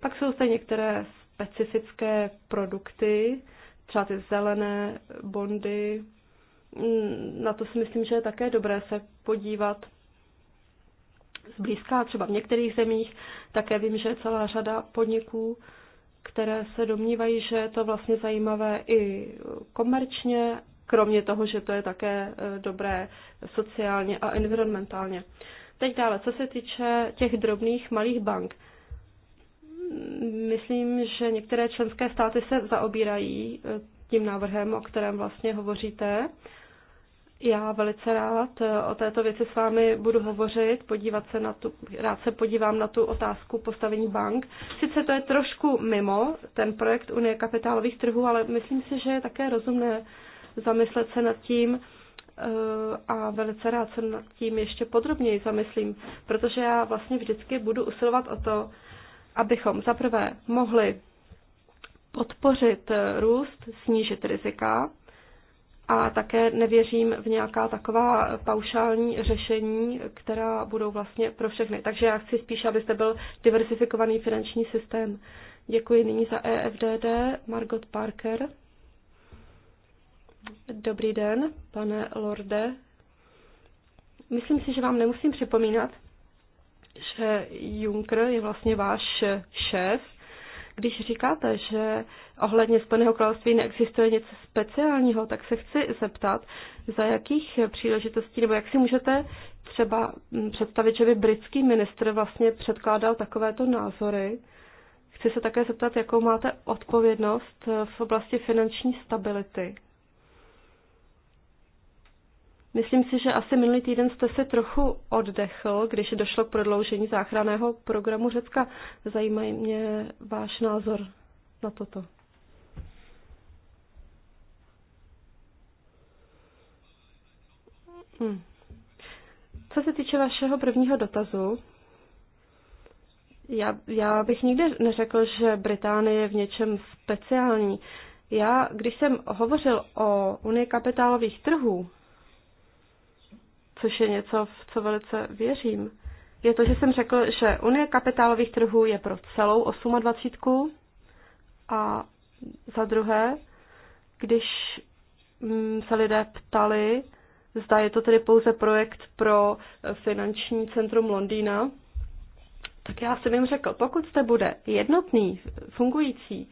Pak jsou zde některé specifické produkty, třeba ty zelené bondy. Mm, na to si myslím, že je také dobré se podívat zblízka, třeba v některých zemích. Také vím, že je celá řada podniků, které se domnívají, že je to vlastně zajímavé i komerčně, kromě toho, že to je také e, dobré sociálně a environmentálně. Teď dále, co se týče těch drobných malých bank. Myslím, že některé členské státy se zaobírají eh, tím návrhem, o kterém vlastně hovoříte. Já velice rád eh, o této věci s vámi budu hovořit, podívat se na tu, rád se podívám na tu otázku postavení bank. Sice to je trošku mimo ten projekt Unie kapitálových trhů, ale myslím si, že je také rozumné zamyslet se nad tím eh, a velice rád se nad tím ještě podrobněji zamyslím, protože já vlastně vždycky budu usilovat o to, abychom zaprvé mohli podpořit eh, růst, snížit rizika a také nevěřím v nějaká taková paušální řešení, která budou vlastně pro všechny. Takže já chci spíš, abyste byl diversifikovaný finanční systém. Děkuji nyní za EFDD, Margot Parker. Dobrý den, pane Lorde. Myslím si, že vám nemusím připomínat, že Juncker je vlastně váš šéf, když říkáte, že ohledně Spojeného království neexistuje něco speciálního, tak se chci zeptat, za jakých příležitostí, nebo jak si můžete třeba mm, představit, že by britský ministr vlastně předkládal takovéto názory. Chci se také zeptat, jakou máte odpovědnost v oblasti finanční stability. Myslím si, že asi minulý týden jste se trochu oddechl, když došlo k prodloužení záchranného programu Řecka. Zajímá mě váš názor na toto. Hmm. Co se týče vašeho prvního dotazu, já, já bych nikdy neřekl, že Británie je v něčem speciální. Já, když jsem hovořil o Unii kapitálových trhů, což je něco, v co velice věřím, je to, že jsem řekl, že Unie kapitálových trhů je pro celou 28 a za druhé, když mm, se lidé ptali, zda je to tedy pouze projekt pro finanční centrum Londýna, tak já jsem jim řekl, pokud zde bude jednotný fungující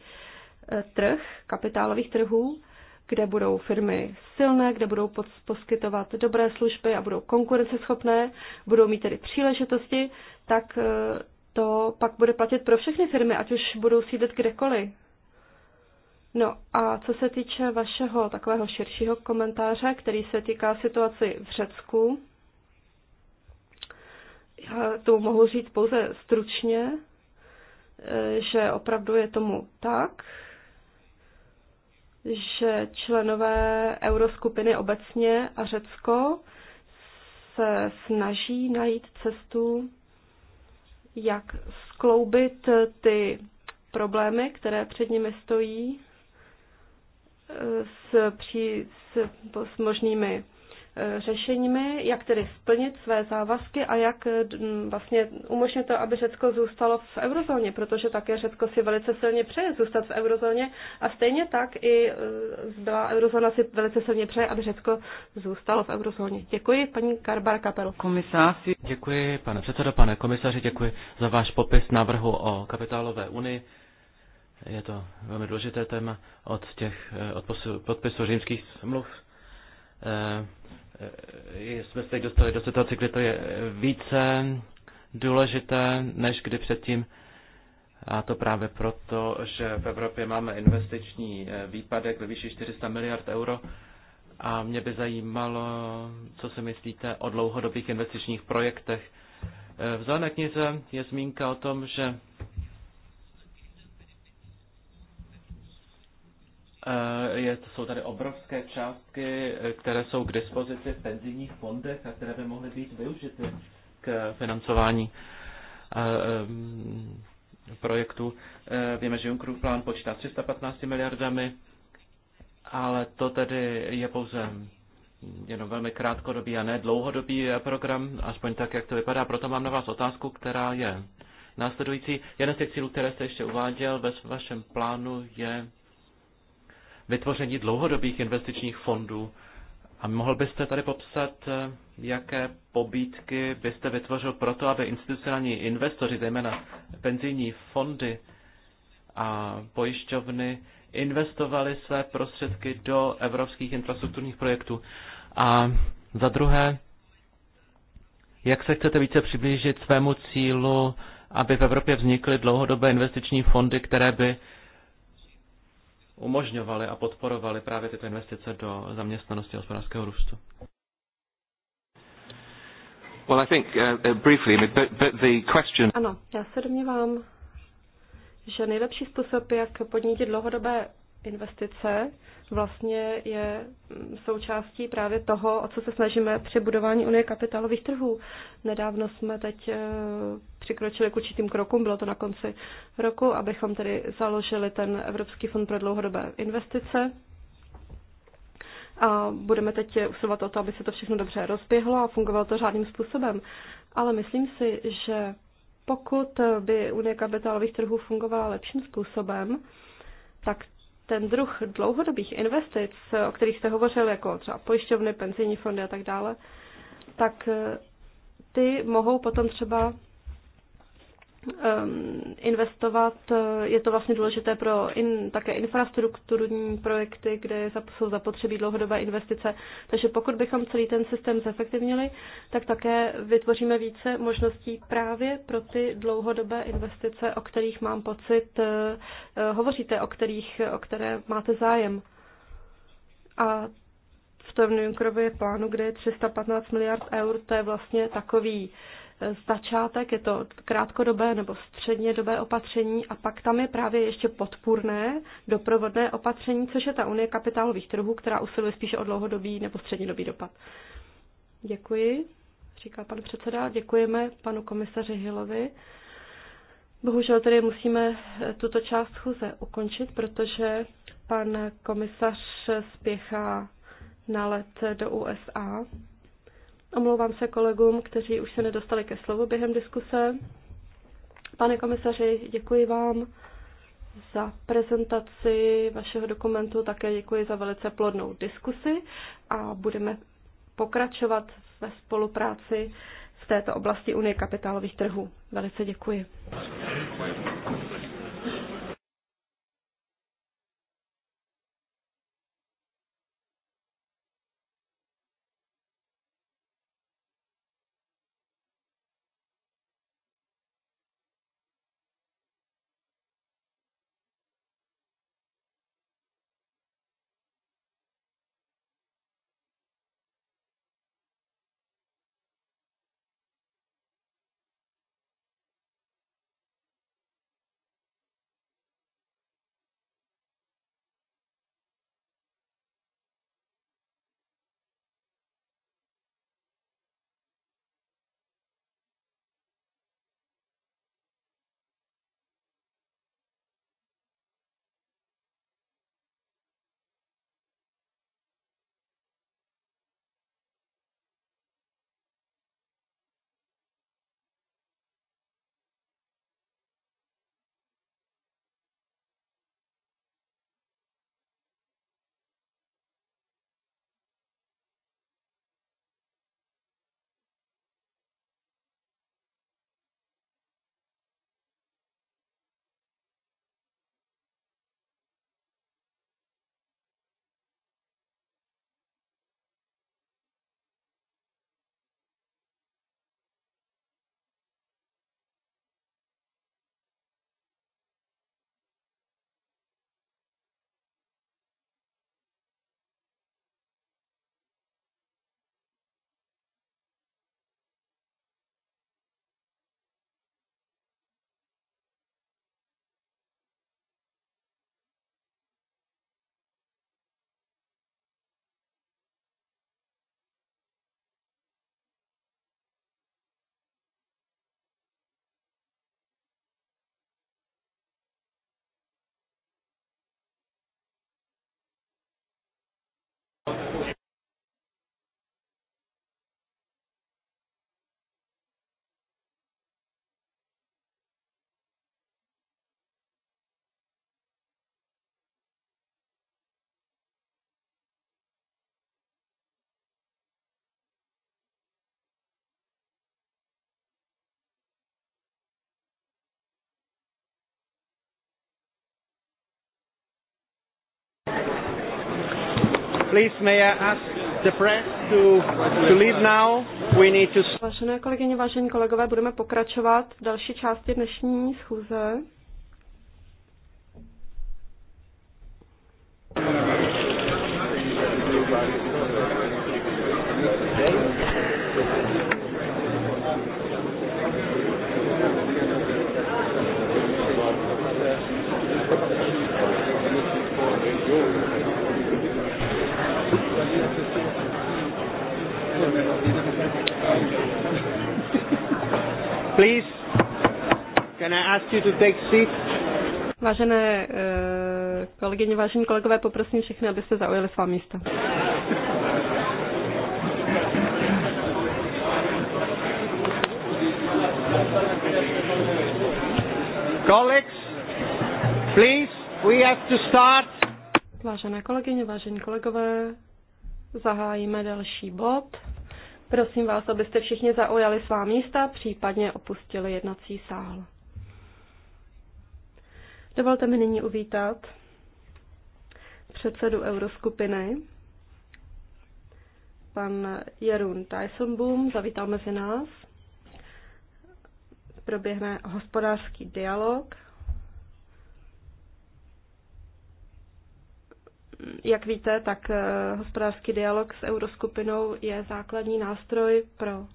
eh, trh kapitálových trhů, kde budou firmy silné, kde budou poskytovat dobré služby a budou konkurenceschopné, budou mít tedy příležitosti, tak eh, to pak bude platit pro všechny firmy, ať už budou sídlit kdekoliv. No a co se týče vašeho takového širšího komentáře, který se týká situaci v Řecku, já to mohu říct pouze stručně, eh, že opravdu je tomu tak, že členové euroskupiny obecně a Řecko se snaží najít cestu, jak skloubit ty problémy, které před nimi stojí, eh, s, při, s, s možnými E, řešeními, jak tedy splnit své závazky a jak e, vlastně umožnit to, aby Řecko zůstalo v eurozóně, protože také Řecko si velice silně přeje zůstat v eurozóně a stejně tak i e, zbylá eurozóna si velice silně přeje, aby Řecko zůstalo v eurozóně. Děkuji, paní Karbar Kapel. Komisáři, děkuji, pane předsedo, pane komisaři, děkuji za váš popis návrhu o kapitálové unii. Je to velmi důležité téma od těch od podpisu římských smluv Eh, eh, jsme se teď dostali do situace, kdy to je eh, více důležité, než kdy předtím. A to právě proto, že v Evropě máme investiční výpadek ve výši 400 miliard euro. A mě by zajímalo, co si myslíte o dlouhodobých investičních projektech. V zelené knize je zmínka o tom, že Eh, je, jsou tady obrovské částky, eh, které jsou k dispozici v penzijních fondech a které by mohly být využity k financování eh, projektu. Víme, že Junckerův plán počítá 315 miliardami, ale to tedy je pouze jenom velmi krátkodobý a ne dlouhodobý program, aspoň tak, jak to vypadá. Proto mám na vás otázku, která je následující. Jeden z těch cílů, které jste ještě uváděl ve vašem plánu, je vytvoření dlouhodobých investičních fondů. A mohl byste tady popsat, eh, jaké pobídky byste vytvořil pro to, aby institucionální investoři, zejména penzijní fondy a pojišťovny, investovali své prostředky do evropských infrastrukturních projektů. A za druhé, jak se chcete více přiblížit svému cílu, aby v Evropě vznikly dlouhodobé investiční fondy, které by umožňovaly a podporovaly právě tyto investice do zaměstnanosti a hospodářského růstu. Well, I think, uh, uh briefly, but, but the question... Ano, já se domnívám, že nejlepší způsob, jak podnítit dlouhodobé investice vlastně je součástí právě toho, o co se snažíme při budování Unie kapitálových trhů. Nedávno jsme teď eh, přikročili k určitým krokům, bylo to na konci roku, abychom tedy založili ten Evropský fond pro dlouhodobé investice. A budeme teď usilovat o to, aby se to všechno dobře rozběhlo a fungovalo to řádným způsobem. Ale myslím si, že pokud by Unie kapitálových trhů fungovala lepším způsobem, tak ten druh dlouhodobých investic, o kterých jste hovořil, jako třeba pojišťovny, penzijní fondy a tak dále, tak eh, ty mohou potom třeba Ehm, investovat. Je to vlastně důležité pro in, také infrastrukturní projekty, kde jsou zapotřebí dlouhodobé investice. Takže pokud bychom celý ten systém zefektivnili, tak také vytvoříme více možností právě pro ty dlouhodobé investice, o kterých mám pocit, eh, eh, hovoříte, o, kterých, o které máte zájem. A v tom Junckerově plánu, kde je 315 miliard eur, to je vlastně takový začátek, je to krátkodobé nebo středně dobé opatření a pak tam je právě ještě podpůrné doprovodné opatření, což je ta Unie kapitálových trhů, která usiluje spíše o dlouhodobý nebo střednědobý dopad. Děkuji, říká pan předseda. Děkujeme panu komisaři Hillovi. Bohužel tedy musíme eh, tuto část schůze ukončit, protože pan komisař spěchá na let do USA. Omlouvám se kolegům, kteří už se nedostali ke slovu během diskuse. Pane komisaři, děkuji vám za prezentaci vašeho dokumentu, také děkuji za velice plodnou diskusi a budeme pokračovat ve spolupráci v této oblasti Unie kapitálových trhů. Velice děkuji. Please may I ask the press to, to leave now. We need to... Vážené kolegyně, vážení kolegové, budeme pokračovat v další části dnešní schůze. please? Can I ask you to take seat? Vážené eh, kolegyně, vážení kolegové, poprosím všechny, abyste zaujali svá místa. Colleagues, please, we have to start. Vážené kolegyně, vážení kolegové, zahájíme další bod. Prosím vás, abyste všichni zaujali svá místa, případně opustili jednací sál. Dovolte mi nyní uvítat předsedu Euroskupiny, pan Jerun Tysonboom, zavítal mezi nás. Proběhne hospodářský dialog jak víte, tak eh, hospodářský dialog s euroskupinou je základní nástroj pro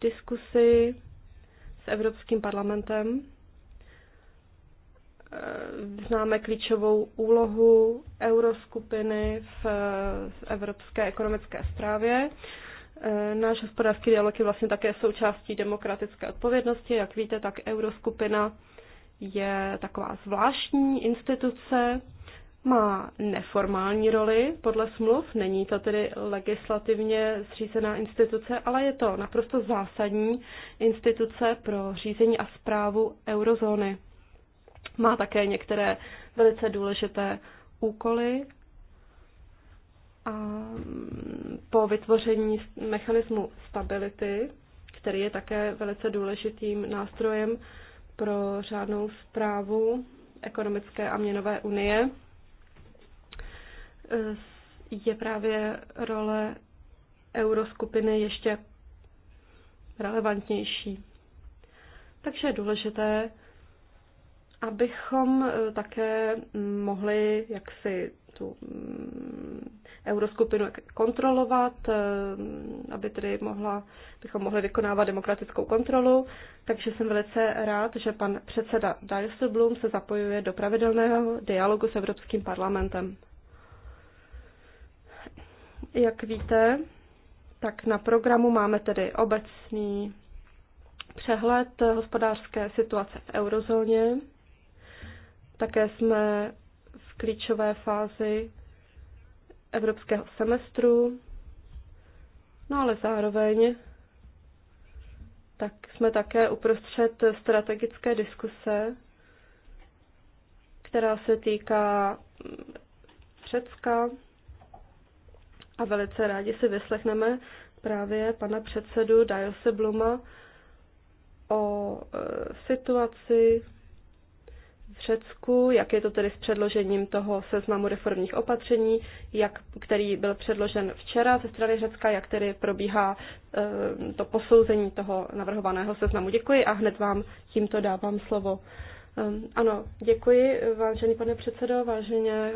diskusy s Evropským parlamentem. Eh, známe klíčovou úlohu euroskupiny v eh, evropské ekonomické správě. Náš hospodářský dialog je vlastně také součástí demokratické odpovědnosti. Jak víte, tak euroskupina je taková zvláštní instituce, má neformální roli podle smluv, není to tedy legislativně zřízená instituce, ale je to naprosto zásadní instituce pro řízení a zprávu eurozóny. Má také některé velice důležité úkoly a mm, po vytvoření mechanismu stability, který je také velice důležitým nástrojem pro řádnou zprávu ekonomické a měnové unie, je právě role euroskupiny ještě relevantnější. Takže je důležité, abychom eh, také mohli jaksi tu mm, euroskupinu kontrolovat, eh, aby tedy mohla, bychom mohli vykonávat demokratickou kontrolu. Takže jsem velice rád, že pan předseda Blum se zapojuje do pravidelného dialogu s Evropským parlamentem. Jak víte, tak na programu máme tedy obecný přehled hospodářské situace v eurozóně. Také jsme v klíčové fázi evropského semestru, no ale zároveň tak jsme také uprostřed strategické diskuse, která se týká Řecka, a velice rádi si vyslechneme právě pana předsedu Diose Bluma o e, situaci v Řecku, jak je to tedy s předložením toho seznamu reformních opatření, jak, který byl předložen včera ze strany Řecka, jak tedy probíhá e, to posouzení toho navrhovaného seznamu. Děkuji a hned vám tímto dávám slovo. Um, ano, děkuji, vážený pane předsedo, vážené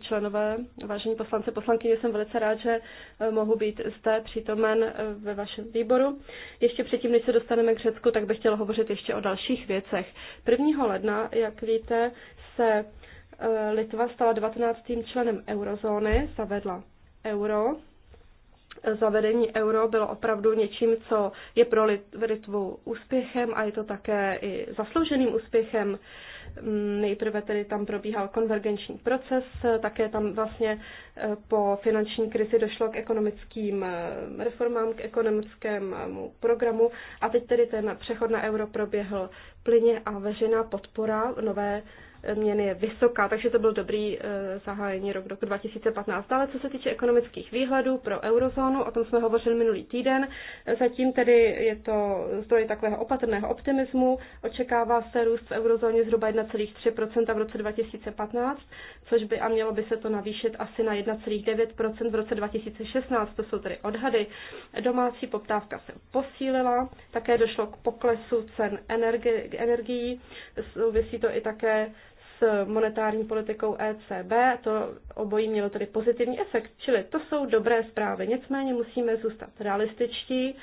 členové, vážení poslanci, poslankyně, jsem velice rád, že eh, mohu být zde přítomen eh, ve vašem výboru. Ještě předtím, než se dostaneme k Řecku, tak bych chtěla hovořit ještě o dalších věcech. 1. ledna, jak víte, se eh, Litva stala 19. členem eurozóny, zavedla euro. Zavedení euro bylo opravdu něčím, co je pro Litvu úspěchem a je to také i zaslouženým úspěchem. Nejprve tedy tam probíhal konvergenční proces, také tam vlastně eh, po finanční krizi došlo k ekonomickým eh, reformám, k ekonomickému programu a teď tedy ten přechod na euro proběhl plyně a veřejná podpora nové měny je vysoká, takže to byl dobrý eh, zahájení rok roku 2015. Ale co se týče ekonomických výhledů pro eurozónu, o tom jsme hovořili minulý týden, zatím tedy je to zdroj takového opatrného optimismu, očekává se růst v eurozóně zhruba 1,3% v roce 2015, což by a mělo by se to navýšit asi na 1,9% v roce 2016, to jsou tedy odhady. Domácí poptávka se posílila, také došlo k poklesu cen energi energií, souvisí to i také monetární politikou ECB. To obojí mělo tedy pozitivní efekt, čili to jsou dobré zprávy. Nicméně musíme zůstat realističtí.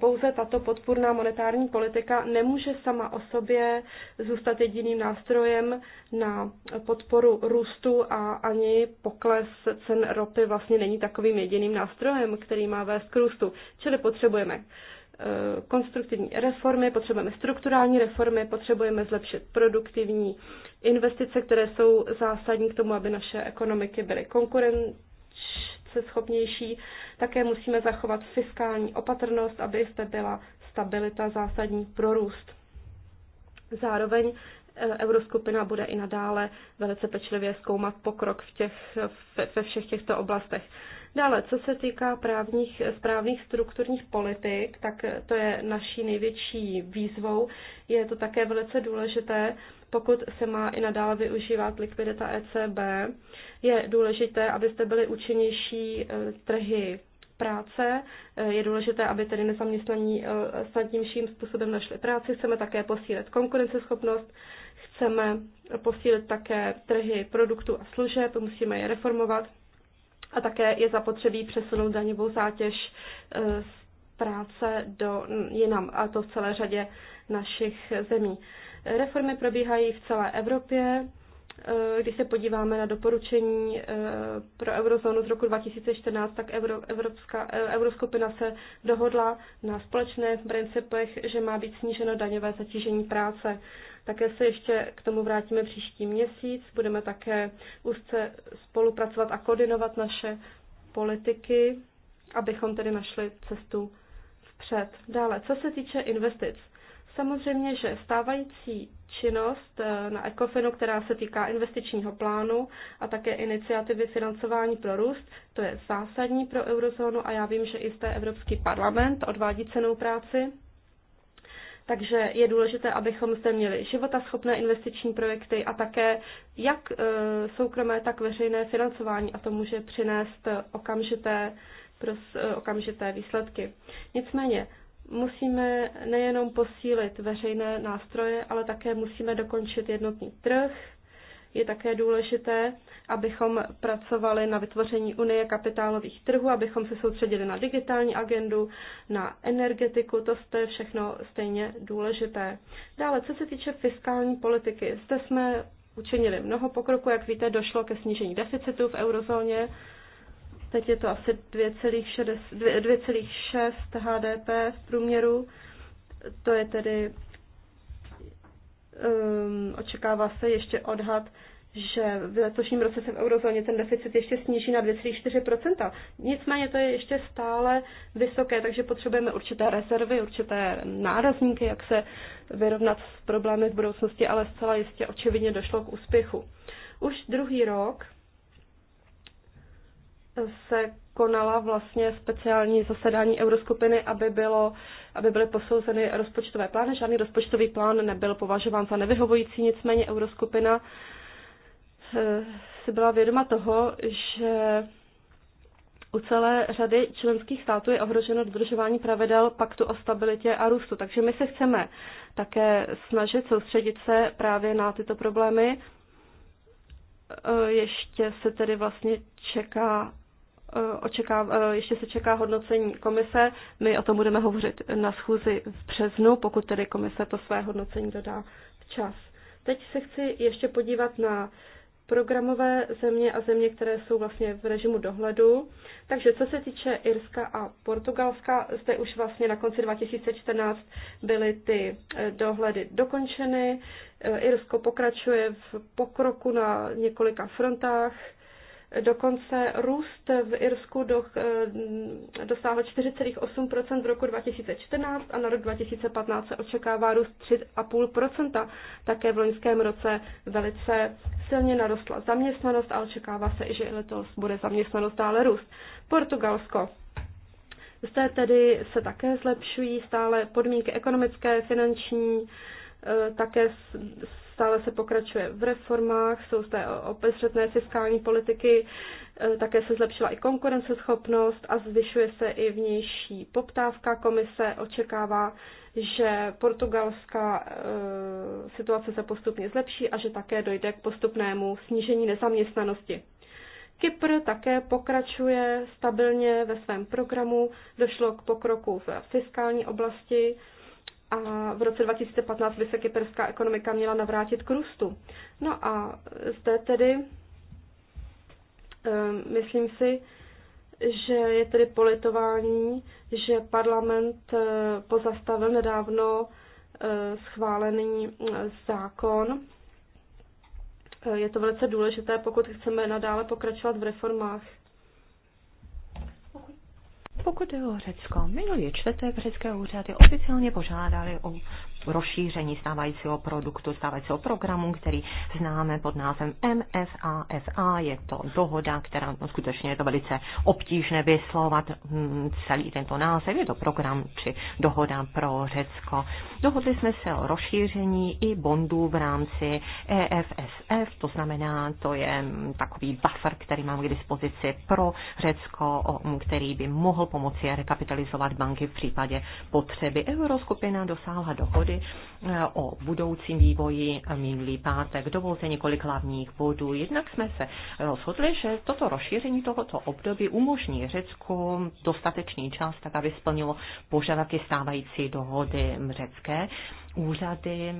Pouze tato podpůrná monetární politika nemůže sama o sobě zůstat jediným nástrojem na podporu růstu a ani pokles cen ropy vlastně není takovým jediným nástrojem, který má vést k růstu. Čili potřebujeme Eh, konstruktivní reformy, potřebujeme strukturální reformy, potřebujeme zlepšit produktivní investice, které jsou zásadní k tomu, aby naše ekonomiky byly konkurenceschopnější. Také musíme zachovat fiskální opatrnost, aby zde byla stabilita zásadní pro růst. Zároveň eh, Euroskupina bude i nadále velice pečlivě zkoumat pokrok v těch, ve všech těchto oblastech. Dále, co se týká právních, správných strukturních politik, tak to je naší největší výzvou. Je to také velice důležité, pokud se má i nadále využívat likvidita ECB. Je důležité, abyste byli účinnější e, trhy práce. E, je důležité, aby tedy nezaměstnaní e, snadnějším způsobem našli práci. Chceme také posílit konkurenceschopnost, chceme posílit také trhy produktů a služeb, musíme je reformovat a také je zapotřebí přesunout daňovou zátěž eh, z práce do jinam, a to v celé řadě našich zemí. Reformy probíhají v celé Evropě. Eh, když se podíváme na doporučení eh, pro eurozónu z roku 2014, tak Euro, Evropská, Euroskupina se dohodla na společných principech, že má být sníženo daňové zatížení práce. Také se ještě k tomu vrátíme příští měsíc. Budeme také úzce spolupracovat a koordinovat naše politiky, abychom tedy našli cestu vpřed. Dále, co se týče investic. Samozřejmě, že stávající činnost eh, na ECOFINu, která se týká investičního plánu a také iniciativy financování pro růst, to je zásadní pro eurozónu a já vím, že i zde Evropský parlament odvádí cenou práci. Takže je důležité, abychom zde měli životaschopné investiční projekty a také jak e, soukromé, tak veřejné financování a to může přinést okamžité, pros, e, okamžité výsledky. Nicméně musíme nejenom posílit veřejné nástroje, ale také musíme dokončit jednotný trh, je také důležité, abychom pracovali na vytvoření Unie kapitálových trhů, abychom se soustředili na digitální agendu, na energetiku, to je všechno stejně důležité. Dále, co se týče fiskální politiky, zde jsme učinili mnoho pokroku, jak víte, došlo ke snížení deficitu v eurozóně, teď je to asi 2,6 HDP v průměru, to je tedy um, očekává se ještě odhad, že v letošním roce se v eurozóně ten deficit ještě sníží na 2,4%. Nicméně to je ještě stále vysoké, takže potřebujeme určité rezervy, určité nárazníky, jak se vyrovnat s problémy v budoucnosti, ale zcela jistě očividně došlo k úspěchu. Už druhý rok se konala vlastně speciální zasedání euroskupiny, aby, bylo, aby byly posouzeny rozpočtové plány. Žádný rozpočtový plán nebyl považován za nevyhovující, nicméně euroskupina eh, si byla vědoma toho, že u celé řady členských států je ohroženo dodržování pravidel paktu o stabilitě a růstu. Takže my se chceme také snažit soustředit se právě na tyto problémy. Eh, ještě se tedy vlastně čeká Eh, očeká, eh, ještě se čeká hodnocení komise. My o tom budeme hovořit na schůzi v březnu, pokud tedy komise to své hodnocení dodá včas. Teď se chci ještě podívat na programové země a země, které jsou vlastně v režimu dohledu. Takže co se týče Irska a Portugalska, zde už vlastně na konci 2014 byly ty eh, dohledy dokončeny. Irsko pokračuje v pokroku na několika frontách Dokonce růst v Irsku eh, dosáhl 4,8 v roku 2014 a na rok 2015 se očekává růst 3,5 Také v loňském roce velice silně narostla zaměstnanost a očekává se i, že letos bude zaměstnanost dále růst. Portugalsko. Zde tedy se také zlepšují stále podmínky ekonomické, finanční, eh, také stále se pokračuje v reformách, jsou zde opezřetné fiskální politiky, e, také se zlepšila i konkurenceschopnost a zvyšuje se i vnější poptávka. Komise očekává, že portugalská e, situace se postupně zlepší a že také dojde k postupnému snížení nezaměstnanosti. Kypr také pokračuje stabilně ve svém programu, došlo k pokroku v fiskální oblasti, a v roce 2015 by se kyperská ekonomika měla navrátit k růstu. No a zde tedy ehm, myslím si, že je tedy politování, že parlament eh, pozastavil nedávno eh, schválený eh, zákon. Je to velice důležité, pokud chceme nadále pokračovat v reformách pokud je o Řecko, minulý čtvrtek řecké úřady oficiálně požádali o rozšíření stávajícího produktu, stávajícího programu, který známe pod názvem MSASA. Je to dohoda, která no, skutečně je to velice obtížné vyslovat hm, celý tento název. Je to program či dohoda pro Řecko. Dohodli jsme se o rozšíření i bondů v rámci EFSF, to znamená, to je hm, takový buffer, který mám k dispozici pro Řecko, hm, který by mohl pomoci rekapitalizovat banky v případě potřeby. Euroskupina dosáhla dohody dohody eh, o budoucím vývoji minulý pátek. Dovolte několik hlavních bodů. Jednak jsme se rozhodli, že toto rozšíření tohoto období umožní Řecku dostatečný čas, tak aby splnilo požadavky stávající dohody řecké úřady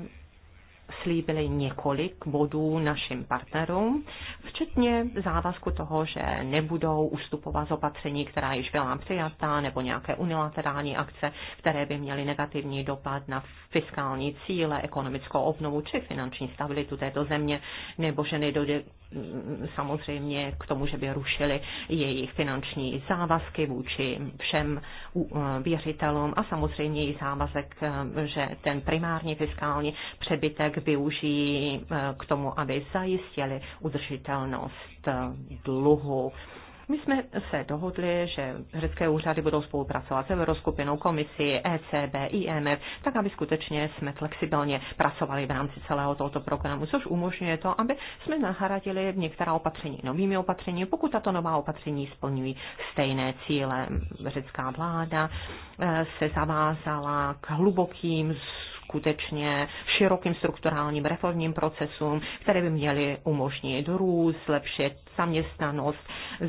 slíbili několik bodů našim partnerům, včetně závazku toho, že nebudou ustupovat z opatření, která již byla přijatá, nebo nějaké unilaterální akce, které by měly negativní dopad na fiskální cíle, ekonomickou obnovu či finanční stabilitu této země, nebo že nedojde mm, samozřejmě k tomu, že by rušili jejich finanční závazky vůči všem eh, věřitelům a samozřejmě i závazek, eh, že ten primární fiskální přebytek využijí eh, k tomu, aby zajistili udržitelnost eh, dluhu. My jsme se dohodli, že řecké úřady budou spolupracovat s Euroskupinou, komisí, ECB, IMF, tak aby skutečně jsme flexibilně pracovali v rámci celého tohoto programu, což umožňuje to, aby jsme nahradili některá opatření novými opatření, pokud tato nová opatření splňují stejné cíle. Řecká vláda eh, se zavázala k hlubokým skutečně širokým strukturálním reformním procesům, které by měly umožnit růst, zlepšit zaměstnanost,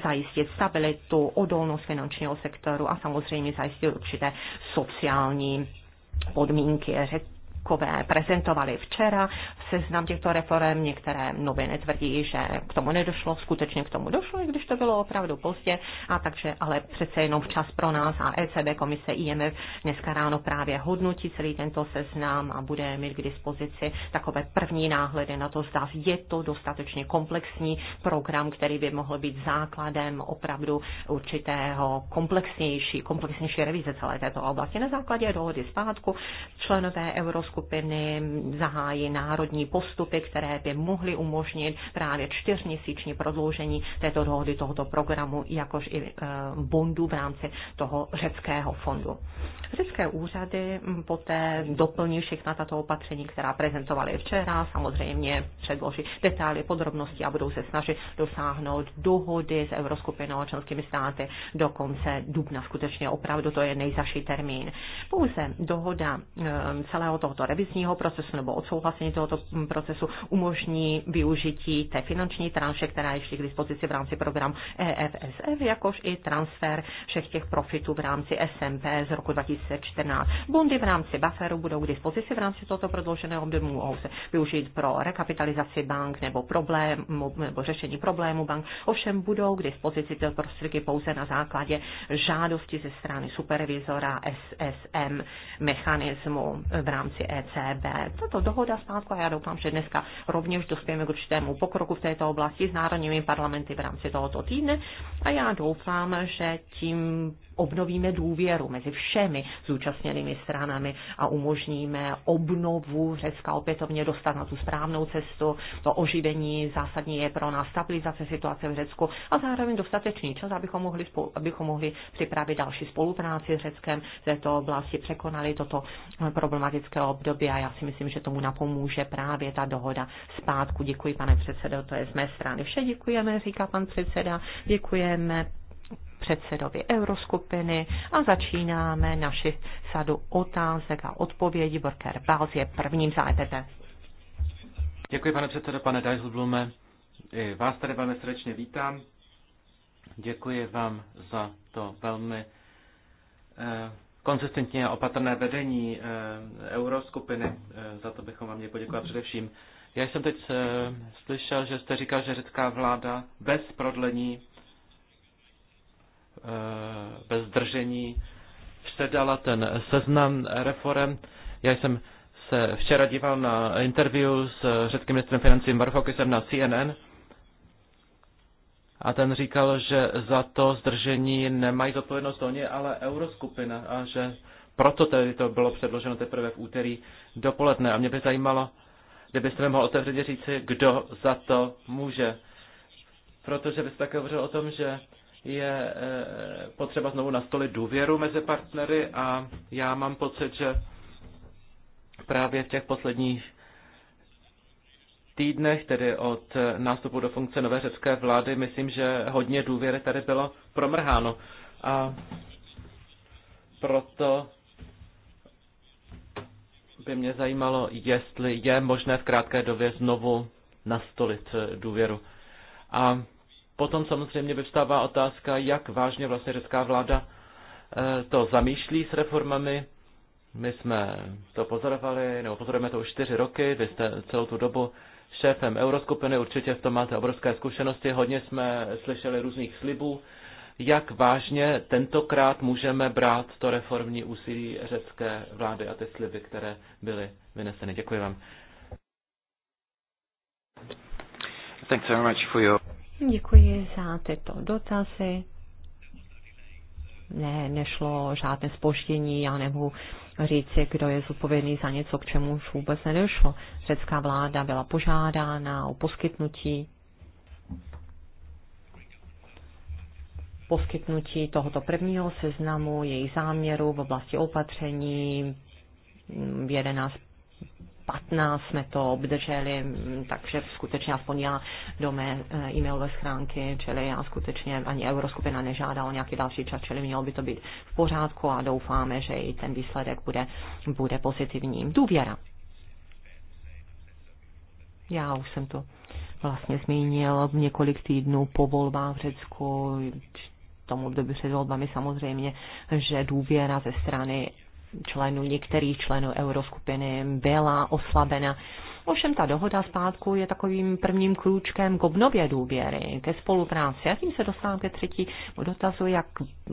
zajistit stabilitu, odolnost finančního sektoru a samozřejmě zajistit určité sociální podmínky takové prezentovali včera v seznam těchto reform. Některé noviny tvrdí, že k tomu nedošlo, skutečně k tomu došlo, i když to bylo opravdu pozdě, a takže ale přece jenom včas pro nás a ECB komise IMF dneska ráno právě hodnotí celý tento seznam a bude mít k dispozici takové první náhledy na to, zda je to dostatečně komplexní program, který by mohl být základem opravdu určitého komplexnější, komplexnější revize celé této oblasti. Na základě dohody zpátku členové Euroskupiny skupiny zahájí národní postupy, které by mohly umožnit právě čtyřměsíční prodloužení této dohody, tohoto programu, jakož i eh, bondu v rámci toho řeckého fondu. Řecké úřady hm, poté doplní všechna tato opatření, která prezentovali včera, samozřejmě předloží detaily, podrobnosti a budou se snažit dosáhnout dohody s Euroskupinou a členskými státy do konce dubna. Skutečně opravdu to je nejzaší termín. Pouze dohoda hm, celého tohoto tohoto revizního procesu nebo odsouhlasení tohoto procesu umožní využití té finanční tranše, která je ještě k dispozici v rámci programu EFSF, jakož i transfer všech těch profitů v rámci SMP z roku 2014. Bundy v rámci bufferu budou k dispozici v rámci tohoto prodlouženého období, mohou se využít pro rekapitalizaci bank nebo, problém, nebo řešení problému bank. Ovšem budou k dispozici tyto prostředky pouze na základě žádosti ze strany supervizora SSM mechanismu v rámci ECB. Tato dohoda státku, a já doufám, že dneska rovněž dospějeme k určitému pokroku v této oblasti s národními parlamenty v rámci tohoto týdne a já doufám, že tím obnovíme důvěru mezi všemi zúčastněnými stranami a umožníme obnovu Řecka opětovně dostat na tu správnou cestu. To oživení zásadní je pro nás stabilizace situace v Řecku a zároveň dostatečný čas, abychom mohli, spolu, abychom mohli připravit další spolupráci s Řeckem v této oblasti, překonali toto problematické období období a já si myslím, že tomu napomůže právě ta dohoda zpátku. Děkuji, pane předsedo, to je z mé strany vše. Děkujeme, říká pan předseda. Děkujeme předsedovi Euroskupiny a začínáme naši sadu otázek a odpovědí. Borker Bals je prvním za EPP. Děkuji, pane předsedo, pane Dijsselblume. I vás tady velmi srdečně vítám. Děkuji vám za to velmi eh, konzistentní a opatrné vedení eh, euroskupiny. Eh, za to bychom vám měli poděkovat především. Já jsem teď eh, slyšel, že jste říkal, že řecká vláda bez prodlení, bez držení předala ten seznam reform. Já jsem se včera díval na interview s řeckým ministrem financí Varfokisem na CNN a ten říkal, že za to zdržení nemají zodpovědnost oni, ale euroskupina a že proto tedy to bylo předloženo teprve v úterý dopoledne. A mě by zajímalo, kdybyste mi mohl otevřeně říci, kdo za to může. Protože byste také hovořil o tom, že je eh, potřeba znovu nastolit důvěru mezi partnery a já mám pocit, že právě v těch posledních týdnech, tedy od nástupu do funkce nové řecké vlády, myslím, že hodně důvěry tady bylo promrháno. A proto by mě zajímalo, jestli je možné v krátké době znovu nastolit důvěru. A potom samozřejmě vyvstává otázka, jak vážně vlastně řecká vláda eh, to zamýšlí s reformami. My jsme to pozorovali, nebo pozorujeme to už čtyři roky, vy jste celou tu dobu šéfem Euroskupiny, určitě v tom máte obrovské zkušenosti, hodně jsme slyšeli různých slibů. Jak vážně tentokrát můžeme brát to reformní úsilí řecké vlády a ty sliby, které byly vyneseny? Děkuji vám. very much for Děkuji za tyto dotazy ne, nešlo žádné spoždění, já nemohu říci, kdo je zodpovědný za něco, k čemu už vůbec nedošlo. Řecká vláda byla požádána o poskytnutí poskytnutí tohoto prvního seznamu, jejich záměru v oblasti opatření 11 15 jsme to obdrželi, takže skutečně aspoň já do mé eh, e-mailové schránky, čili já skutečně ani Euroskupina nežádala nějaký další čas, čili mělo by to být v pořádku a doufáme, že i ten výsledek bude, bude pozitivní. Důvěra. Já už jsem to vlastně zmínil několik týdnů po volbách v Řecku, tomu období před volbami samozřejmě, že důvěra ze strany členů, některých členů euroskupiny byla oslabena. Ovšem ta dohoda zpátku je takovým prvním krůčkem k obnově důvěry, ke spolupráci. Já tím se dostávám ke třetí dotazu, jak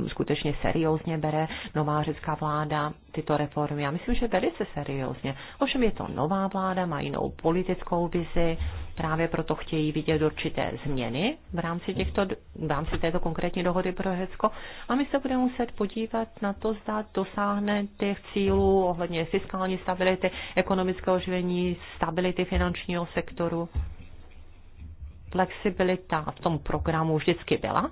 skutečně seriózně bere nová řecká vláda tyto reformy. Já myslím, že velice seriózně. Ovšem je to nová vláda, má jinou politickou vizi, právě proto chtějí vidět určité změny v rámci, těchto, v rámci této konkrétní dohody pro Řecko. A my se budeme muset podívat na to, zda dosáhne těch cílů ohledně fiskální stability, ekonomického oživení, stability finančního sektoru. Flexibilita v tom programu vždycky byla,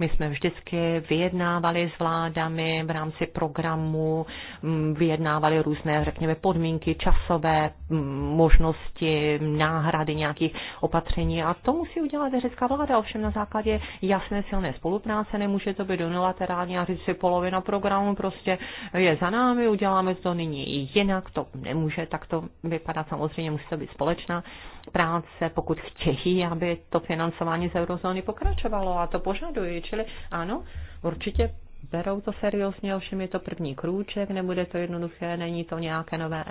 my jsme vždycky vyjednávali s vládami v rámci programu, mm, vyjednávali různé, řekněme, podmínky, časové mm, možnosti, náhrady nějakých opatření a to musí udělat řecká vláda, ovšem na základě jasné silné spolupráce, nemůže to být unilaterálně a říct si polovina programu prostě je za námi, uděláme to nyní jinak, to nemůže tak to vypadat, samozřejmě musí to být společná práce, pokud chtějí, aby to financování z eurozóny pokračovalo a to požadují. Čili ano, určitě berou to seriózně, ovšem je to první krůček, nebude to jednoduché, není to nějaké nové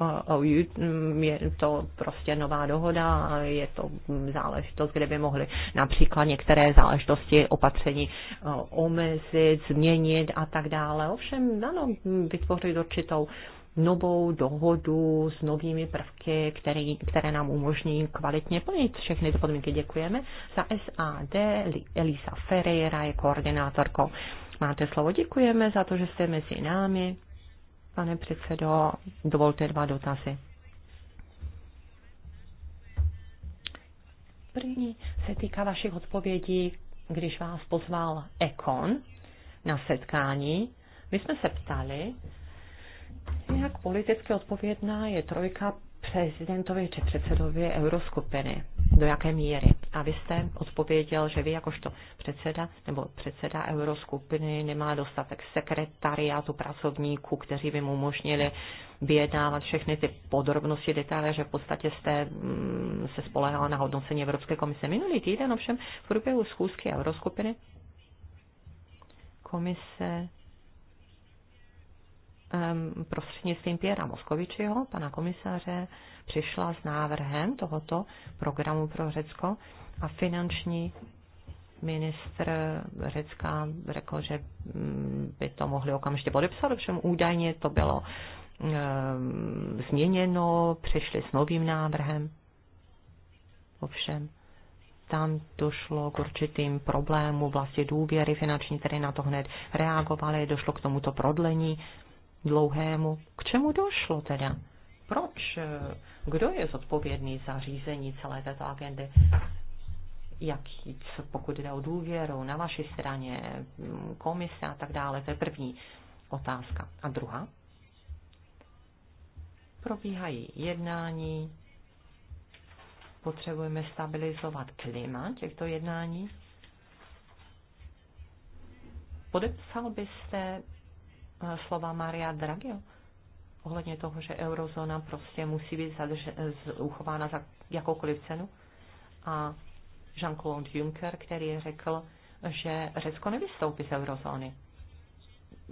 MOU, mm, je to prostě nová dohoda, je to záležitost, kde by mohly například některé záležitosti opatření omezit, změnit a tak dále. Ovšem, ano, vytvořit určitou novou dohodu s novými prvky, který, které nám umožní kvalitně plnit všechny ty podmínky. Děkujeme. Za SAD Elisa Ferreira je koordinátorko. Máte slovo. Děkujeme za to, že jste mezi námi. Pane předsedo, dovolte dva dotazy. První se týká vašich odpovědí, když vás pozval Ekon na setkání. My jsme se ptali, jak politicky odpovědná je trojka prezidentovi či předsedovi euroskupiny? Do jaké míry? A vy jste odpověděl, že vy jakožto předseda nebo předseda euroskupiny nemá dostatek sekretariátu pracovníků, kteří by mu umožnili vyjednávat všechny ty podrobnosti, detaily, že v podstatě jste mm, se spolehala na hodnocení Evropské komise. Minulý týden ovšem v průběhu schůzky euroskupiny komise prostřednictvím Pěra Moskovičiho, pana komisaře, přišla s návrhem tohoto programu pro Řecko a finanční ministr Řecka řekl, že mm, by to mohli okamžitě podepsat, ovšem údajně to bylo změněno, přišli s novým návrhem. Ovšem, tam došlo k určitým problémům vlastně důvěry finanční, které na to hned reagovaly, došlo k tomuto prodlení dlouhému. K čemu došlo teda? Proč? Kdo je zodpovědný za řízení celé této agendy? jít, pokud jde o důvěru na vaší straně, komise a tak dále, to je první otázka. A druhá? Probíhají jednání, potřebujeme stabilizovat klima těchto jednání. Podepsal byste Eh, slova Maria Dragio ohledně toho, že eurozóna prostě musí být uchována za jakoukoliv cenu. A Jean-Claude Juncker, který řekl, že Řecko nevystoupí z eurozóny.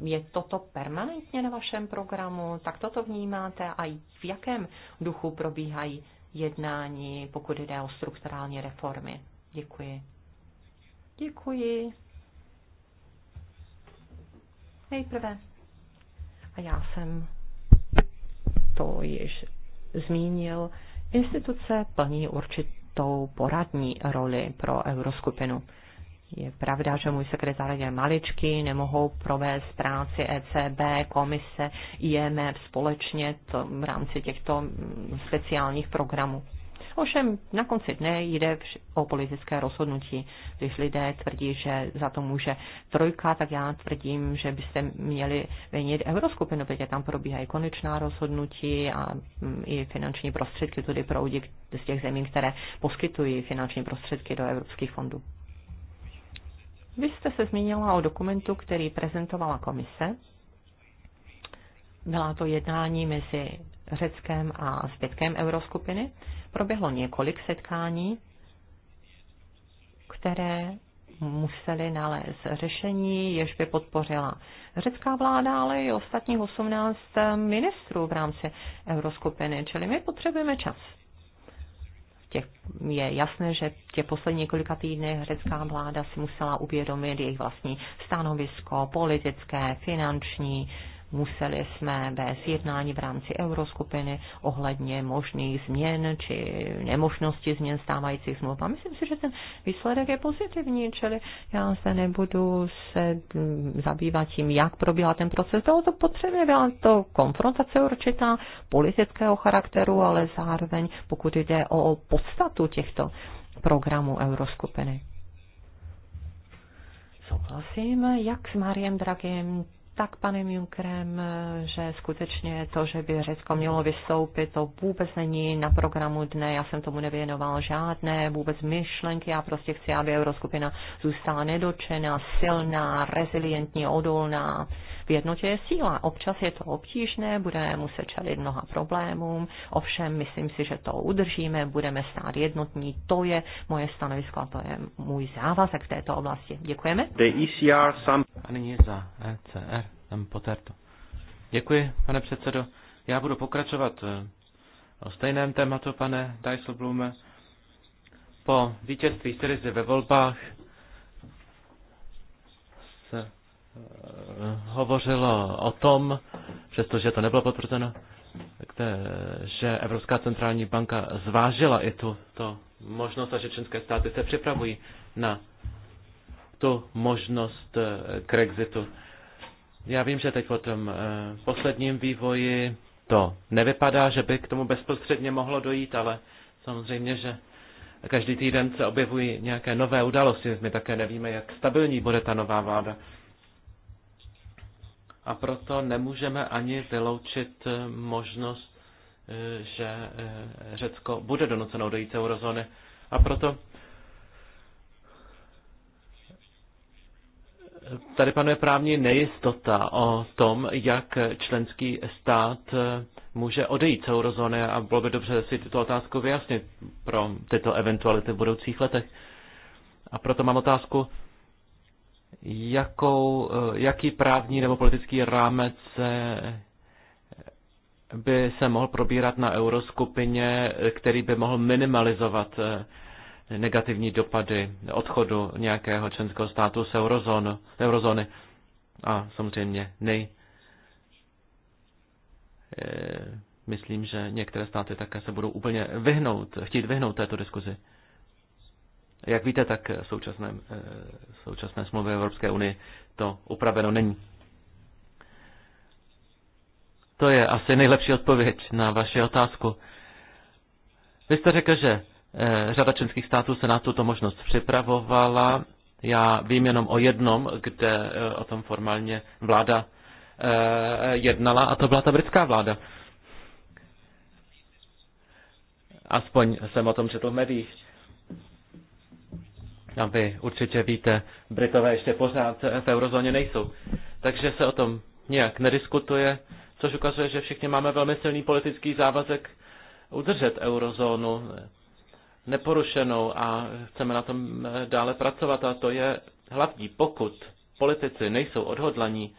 Je toto permanentně na vašem programu? Tak toto vnímáte a v jakém duchu probíhají jednání, pokud jde o strukturální reformy? Děkuji. Děkuji. Nejprve a já jsem to již zmínil, instituce plní určitou poradní roli pro euroskupinu. Je pravda, že můj sekretář je maličký, nemohou provést práci ECB, komise, IMF společně to v rámci těchto speciálních programů. Ovšem na konci dne jde o politické rozhodnutí. Když lidé tvrdí, že za to může trojka, tak já tvrdím, že byste měli venit euroskupinu, protože tam probíhají konečná rozhodnutí a mm, i finanční prostředky tudy proudí z těch zemí, které poskytují finanční prostředky do evropských fondů. Vy jste se zmínila o dokumentu, který prezentovala komise. Byla to jednání mezi Řeckem a zbytkem euroskupiny proběhlo několik setkání, které museli nalézt řešení, jež by podpořila řecká vláda, ale i ostatních 18 ministrů v rámci euroskupiny. Čili my potřebujeme čas. Těch, je jasné, že tě poslední několika týdny řecká vláda si musela uvědomit jejich vlastní stanovisko politické, finanční, Museli jsme vést jednání v rámci euroskupiny ohledně možných změn či nemožnosti změn stávajících smluv. A myslím si, že ten výsledek je pozitivní, čili já se nebudu se mm, zabývat tím, jak probíhá ten proces. Bylo to potřebné, byla to konfrontace určitá politického charakteru, ale zároveň pokud jde o podstatu těchto programů euroskupiny. Souhlasím jak s Mariem Dragem, tak panem Junkerem, že skutečně to, že by Řecko mělo vystoupit, to vůbec není na programu dne, já jsem tomu nevěnoval žádné vůbec myšlenky, já prostě chci, aby euroskupina zůstala nedočená, silná, rezilientní, odolná, v jednotě je síla. Občas je to obtížné, budeme muset čelit mnoha problémům, ovšem myslím si, že to udržíme, budeme stát jednotní. To je moje stanovisko a to je můj závazek v této oblasti. Děkujeme. The ECR sam... A nyní za ECR, tam poterto. Děkuji, pane předsedo. Já budu pokračovat eh, o stejném tématu, pane Dijsselblume. Po vítězství Syrizy ve volbách se Eh, hovořilo o tom, přestože to nebylo potvrzeno, že Evropská centrální banka zvážila i tu to možnost a že členské státy se připravují na tu možnost k eh, Já vím, že teď po tom eh, posledním vývoji to nevypadá, že by k tomu bezprostředně mohlo dojít, ale samozřejmě, že každý týden se objevují nějaké nové události. My také nevíme, jak stabilní bude ta nová vláda a proto nemůžeme ani vyloučit možnost, eh, že eh, Řecko bude donuceno odejít z eurozóny. A proto tady panuje právní nejistota o tom, jak členský stát eh, může odejít z eurozóny a bylo by dobře si tuto otázku vyjasnit pro tyto eventuality v budoucích letech. A proto mám otázku, jakou, eh, jaký právní nebo politický rámec by se mohl probírat na euroskupině, který by mohl minimalizovat eh, negativní dopady odchodu nějakého členského státu z z eurozóny. A samozřejmě nej. Eh, myslím, že některé státy také se budou úplně vyhnout, chtít vyhnout této diskuzi. Jak víte, tak v současné, eh, v současné smlouvě Evropské unie to upraveno není. To je asi nejlepší odpověď na vaši otázku. Vy jste řekl, že eh, řada členských států se na tuto možnost připravovala. Já vím jenom o jednom, kde eh, o tom formálně vláda jednala, a to byla ta britská vláda. Aspoň jsem o tom četl v médiích. Tam vy určitě víte, Britové ještě pořád v eurozóně nejsou. Takže se o tom nějak nediskutuje, což ukazuje, že všichni máme velmi silný politický závazek udržet eurozónu neporušenou a chceme na tom dále pracovat a to je hlavní. Pokud politici nejsou odhodlaní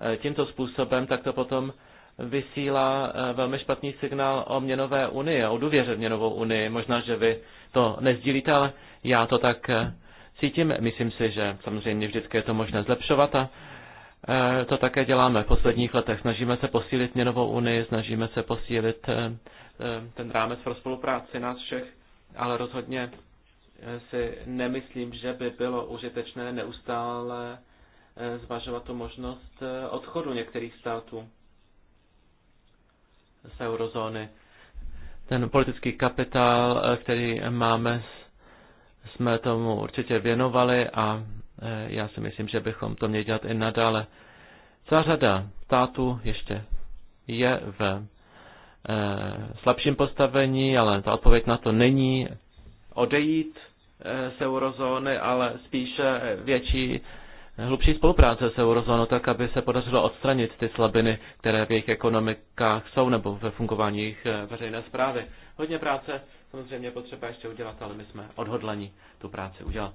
eh, tímto způsobem, tak to potom vysílá eh, velmi špatný signál o měnové unii, o důvěře v měnovou unii. Možná, že vy to nezdílíte, ale já to tak eh, cítím. Myslím si, že samozřejmě vždycky je to možné zlepšovat a eh, to také děláme v posledních letech. Snažíme se posílit měnovou unii, snažíme se posílit eh, ten rámec pro spolupráci nás všech, ale rozhodně si nemyslím, že by bylo užitečné neustále zvažovat tu možnost odchodu některých států z eurozóny. Ten politický kapitál, který máme jsme tomu určitě věnovali a e, já si myslím, že bychom to měli dělat i nadále. Celá řada států ještě je v e, slabším postavení, ale ta odpověď na to není odejít e, z eurozóny, ale spíše větší hlubší spolupráce s eurozónou, tak aby se podařilo odstranit ty slabiny, které v jejich ekonomikách jsou nebo ve fungování jejich veřejné zprávy. Hodně práce samozřejmě potřeba ještě udělat, ale my jsme odhodlani tu práci udělat.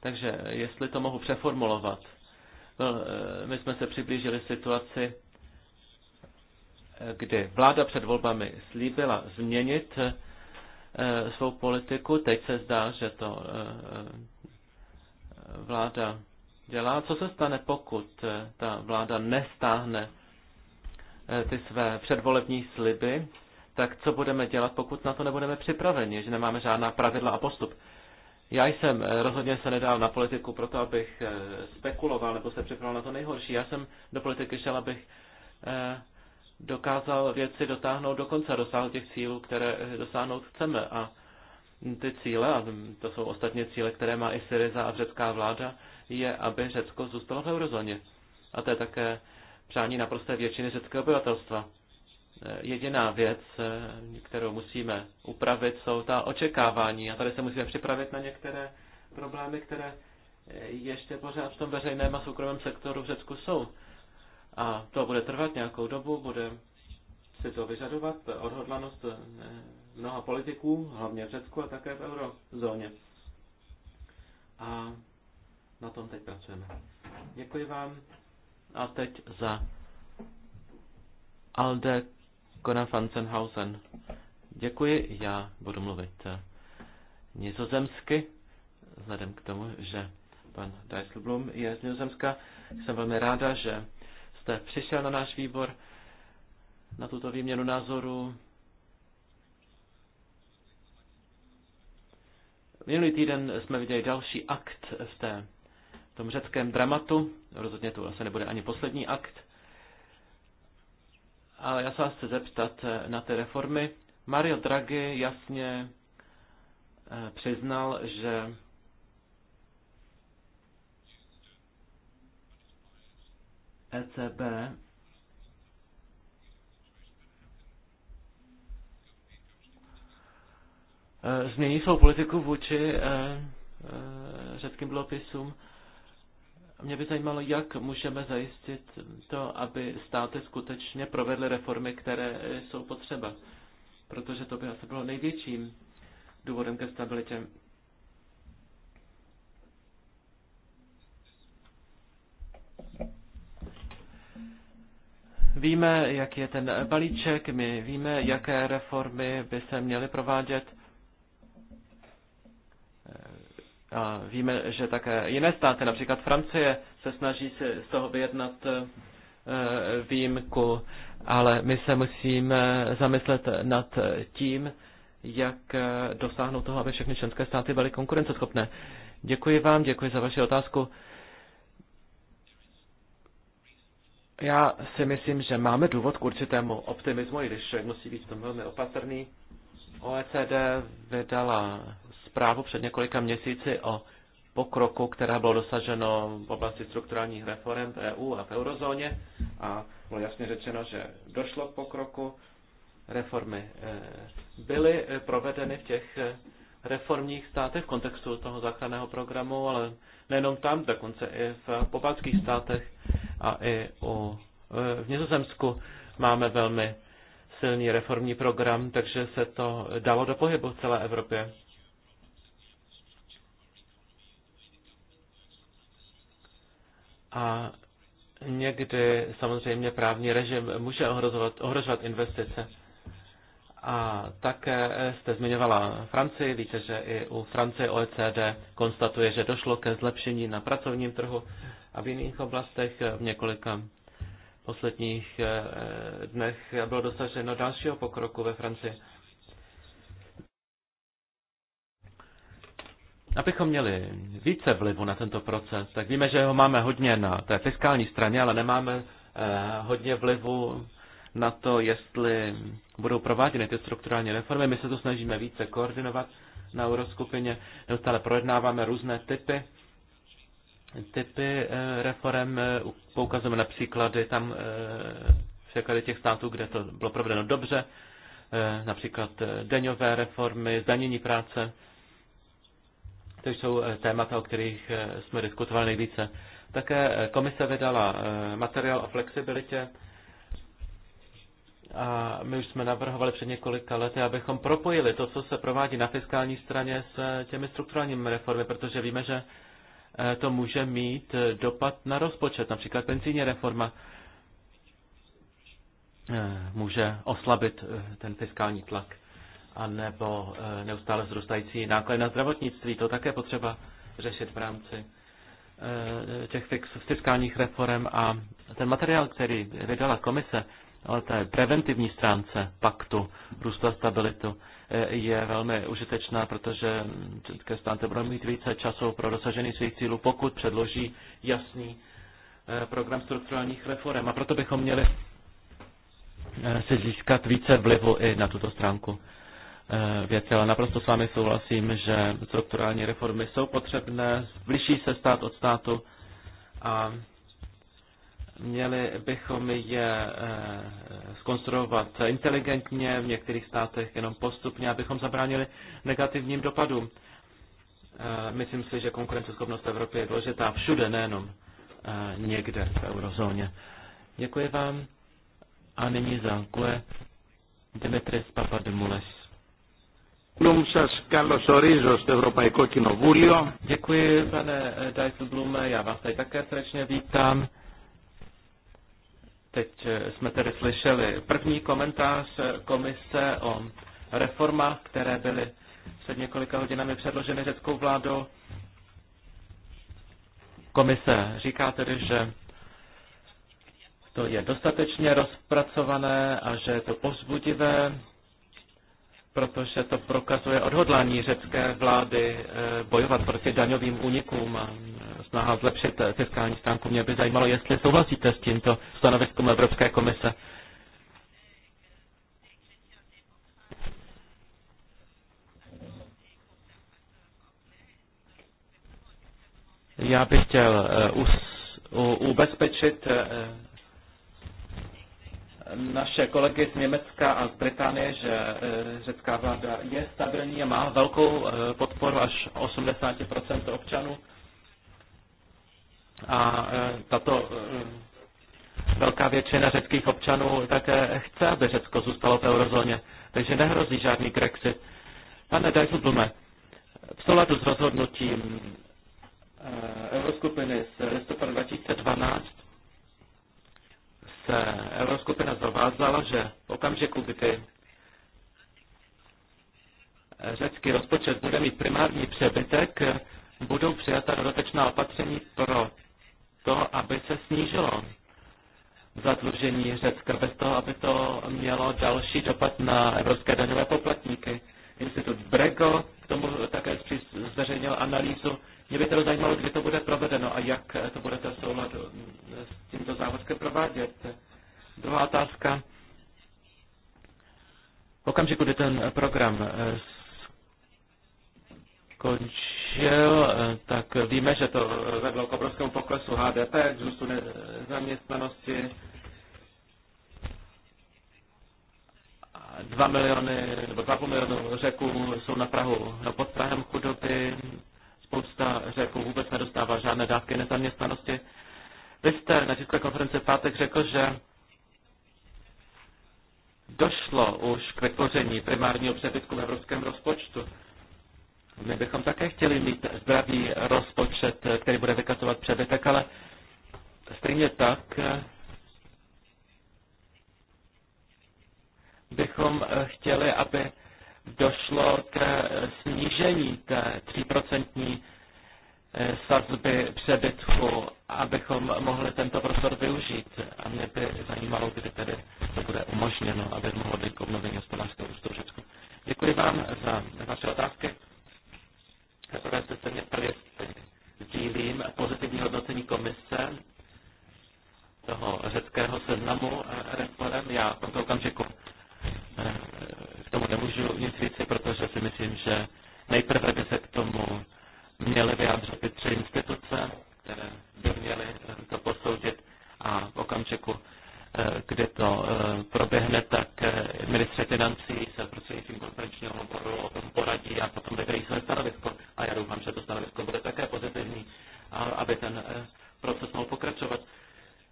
Takže jestli to mohu přeformulovat, no, eh, my jsme se přiblížili situaci, eh, kdy vláda před volbami slíbila změnit eh, svou politiku. Teď se zdá, že to vláda dělá. Co se stane, pokud ta vláda nestáhne Eh, ty své předvolební sliby, tak co budeme dělat, pokud na to nebudeme připraveni, že nemáme žádná pravidla a postup. Já jsem eh, rozhodně se nedal na politiku proto, abych eh, spekuloval nebo se připravoval na to nejhorší. Já jsem do politiky šel, abych dokázal věci dotáhnout do konce, dosáhl těch cílů, které dosáhnout chceme. A ty cíle, a to jsou ostatně cíle, které má i Syriza a řecká vláda, je, aby Řecko zůstalo v eurozóně. A to je také přání naprosté většiny řeckého obyvatelstva. Eh, jediná věc, eh, kterou musíme upravit, jsou ta očekávání. A tady se musíme připravit na některé problémy, které eh, ještě pořád v tom veřejném a soukromém sektoru v Řecku jsou. A to bude trvat nějakou dobu, bude si to vyžadovat odhodlanost mnoha politiků, hlavně v Řecku a také v eurozóně. A na tom teď pracujeme. Děkuji vám. A teď za Alde Konafansenhausen. Děkuji, já budu mluvit eh, nizozemsky, vzhledem k tomu, že pan Dijsselblum je z Nizozemska. Jsem velmi ráda, že jste přišel na náš výbor na tuto výměnu názoru. Minulý týden jsme viděli další akt v té tom řeckém dramatu. Rozhodně to asi nebude ani poslední akt. Ale já se vás chci zeptat eh, na ty reformy. Mario Draghi jasně eh, přiznal, že ECB eh, změní svou politiku vůči řeckým dluhopisům. Mě by zajímalo, jak můžeme zajistit to, aby státy skutečně provedly reformy, které jsou potřeba. Protože to by asi bylo největším důvodem ke stabilitě. Víme, jak je ten balíček, my víme, jaké reformy by se měly provádět. A víme, že také jiné státy, například Francie, se snaží si z toho vyjednat eh, výjimku, ale my se musíme zamyslet nad tím, jak eh, dosáhnout toho, aby všechny členské státy byly konkurenceschopné. Děkuji vám, děkuji za vaši otázku. Já si myslím, že máme důvod k určitému optimismu, i když člověk musí být v tom velmi opatrný. OECD vydala zprávu před několika měsíci o pokroku, která bylo dosaženo v oblasti strukturálních reform v EU a v eurozóně a bylo jasně řečeno, že došlo k pokroku, reformy eh, byly eh, provedeny v těch eh, reformních státech v kontextu toho záchranného programu, ale nejenom tam, dokonce i v pobaltských státech a i u, v Nizozemsku máme velmi silný reformní program, takže se to dalo do pohybu v celé Evropě. A někdy samozřejmě právní režim může ohrozovat, ohrožovat investice. A také jste zmiňovala Francii, víte, že i u Francie OECD konstatuje, že došlo ke zlepšení na pracovním trhu a v jiných oblastech v několika posledních eh, dnech bylo dosaženo dalšího pokroku ve Francii. Abychom měli více vlivu na tento proces, tak víme, že ho máme hodně na té fiskální straně, ale nemáme eh, hodně vlivu na to, jestli budou prováděny ty strukturální reformy. My se to snažíme více koordinovat na euroskupině, neustále projednáváme různé typy typy eh, reform, poukazujeme na příklady tam všechny těch států, kde to bylo provedeno dobře, eh, například daňové reformy, zdanění práce, to jsou eh, témata, o kterých eh, jsme diskutovali nejvíce. Také eh, komise vydala materiál o flexibilitě a my už jsme navrhovali před několika lety, abychom propojili to, co se provádí na fiskální straně s těmi strukturálními reformy, protože víme, že to může mít dopad na rozpočet. Například penzijní reforma může oslabit ten fiskální tlak a nebo e, neustále vzrůstající náklady na zdravotnictví. To také potřeba řešit v rámci e, těch fiskálních reform a ten materiál, který vydala komise o té preventivní stránce paktu růstu a stabilitu e, je velmi užitečná, protože české státy budou mít více času pro dosažení svých cílů, pokud předloží jasný program strukturálních reform. A proto bychom měli se získat více vlivu i na tuto stránku Eh, věci, ale naprosto s vámi souhlasím, že strukturální reformy jsou potřebné, blíží se stát od státu a měli bychom je eh, skonstruovat inteligentně, v některých státech jenom postupně, abychom zabránili negativním dopadům. Eh, myslím si, že konkurenceschopnost Evropy je důležitá všude, nejenom někde v eurozóně. Děkuji vám a nyní za Dimitris Papadimules. Děkuji, pane eh, Blume já vás tady také srdečně vítám. Teď eh, jsme tedy slyšeli první komentář eh, komise o reformách, které byly před několika hodinami předloženy řeckou vládou. Komise říká tedy, že to je dostatečně rozpracované a že je to povzbudivé protože to prokazuje odhodlání řecké vlády eh, bojovat proti daňovým únikům a eh, snaha zlepšit eh, fiskální stránku. Mě by zajímalo, jestli souhlasíte s tímto stanoviskem Evropské komise. Já bych chtěl ubezpečit naše kolegy z Německa a z Británie, že eh, řecká vláda je stabilní a má velkou eh, podporu až 80% občanů. A eh, tato velká většina řeckých občanů také chce, aby Řecko zůstalo v eurozóně. Takže nehrozí žádný Brexit. Pane Dajzudlume, v souladu s rozhodnutím Euroskupiny z listopadu 2012 se Euroskupina zavázala, že v okamžiku, kdy řecký rozpočet bude mít primární přebytek, budou přijata dodatečná opatření pro to, aby se snížilo zadlužení Řecka, bez toho, aby to mělo další dopad na evropské daňové poplatníky. Institut Brego k tomu také zveřejnil analýzu. Mě by to zajímalo, kdy to bude provedeno a jak to budete v s tímto závazkem provádět. Druhá otázka. V okamžiku, kdy ten program eh, skončil, eh, tak víme, že to eh, vedlo k obrovskému poklesu HDP, k zůstu nezaměstnanosti, dva miliony nebo půl milionu řeků jsou na Prahu no, pod Prahem chudoby, spousta řeků vůbec nedostává žádné dávky nezaměstnanosti. Vy jste na české konferenci pátek řekl, že došlo už k vytvoření primárního přebytku v evropském rozpočtu. My bychom také chtěli mít zdravý rozpočet, který bude vykazovat přebytek, ale stejně tak bychom eh, chtěli, aby došlo k eh, snížení té 3% eh, sazby přebytku, abychom mohli tento prostor využít. A mě by zajímalo, kdy tedy to bude umožněno, aby mohlo být k obnovení hospodářského růstu Řecku. Děkuji vám za vaše otázky. Zaprvé se se mě prvě sdílím pozitivní hodnocení komise toho řeckého seznamu reform. Já v tomto okamžiku Eh, k tomu nemůžu nic říct, protože si myslím, že nejprve by se k tomu měly vyjádřit ty tři instituce, které by měly eh, to posoudit a v okamžiku, eh, kdy to proběhne, tak ministři financí se prostřednictvím konferenčního hovoru o tom poradí a potom vydají své stanovisko. A já doufám, že to stanovisko bude také pozitivní, aby ten proces mohl pokračovat.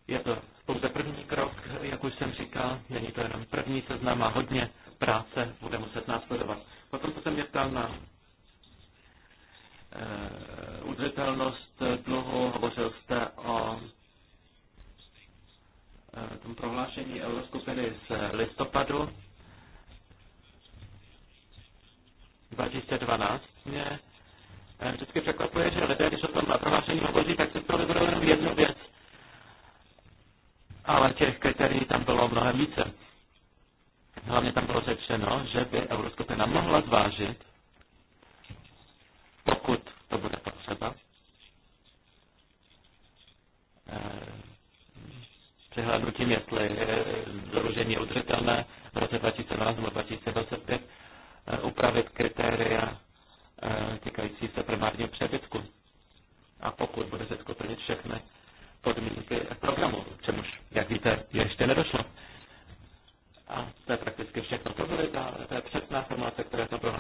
Je to pouze první krok, jak už jsem říkal, není to jenom první seznam a hodně práce bude muset následovat. Potom se mě ptal na e, udržitelnost dluhu, hovořil jste o e, tom prohlášení euroskupiny z listopadu 2012 mě eh, vždycky překvapuje, že lidé, když o tom prohlášení hovoří, tak si to vybrali jenom jednu věc ale těch kritérií tam bylo mnohem více. Hlavně tam bylo řečeno, že by euroskupina mohla zvážit, pokud to bude potřeba, eh, přehlédnutím, jestli eh, zadlužení je udržitelné v roce 2012 nebo 2025, eh, upravit kritéria týkající se primárního přebytku. A pokud bude Řecko všechny podmínky programu, čemuž, jak víte, ještě nedošlo. A to je prakticky všechno. To byly ta, ta přesná formace, které to pro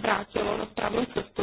vrátilo na správnou cestu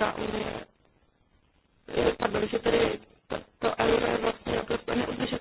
Evropská unie, eh, pardon, že tedy to, to euro je vlastně naprosto jako neudržitelné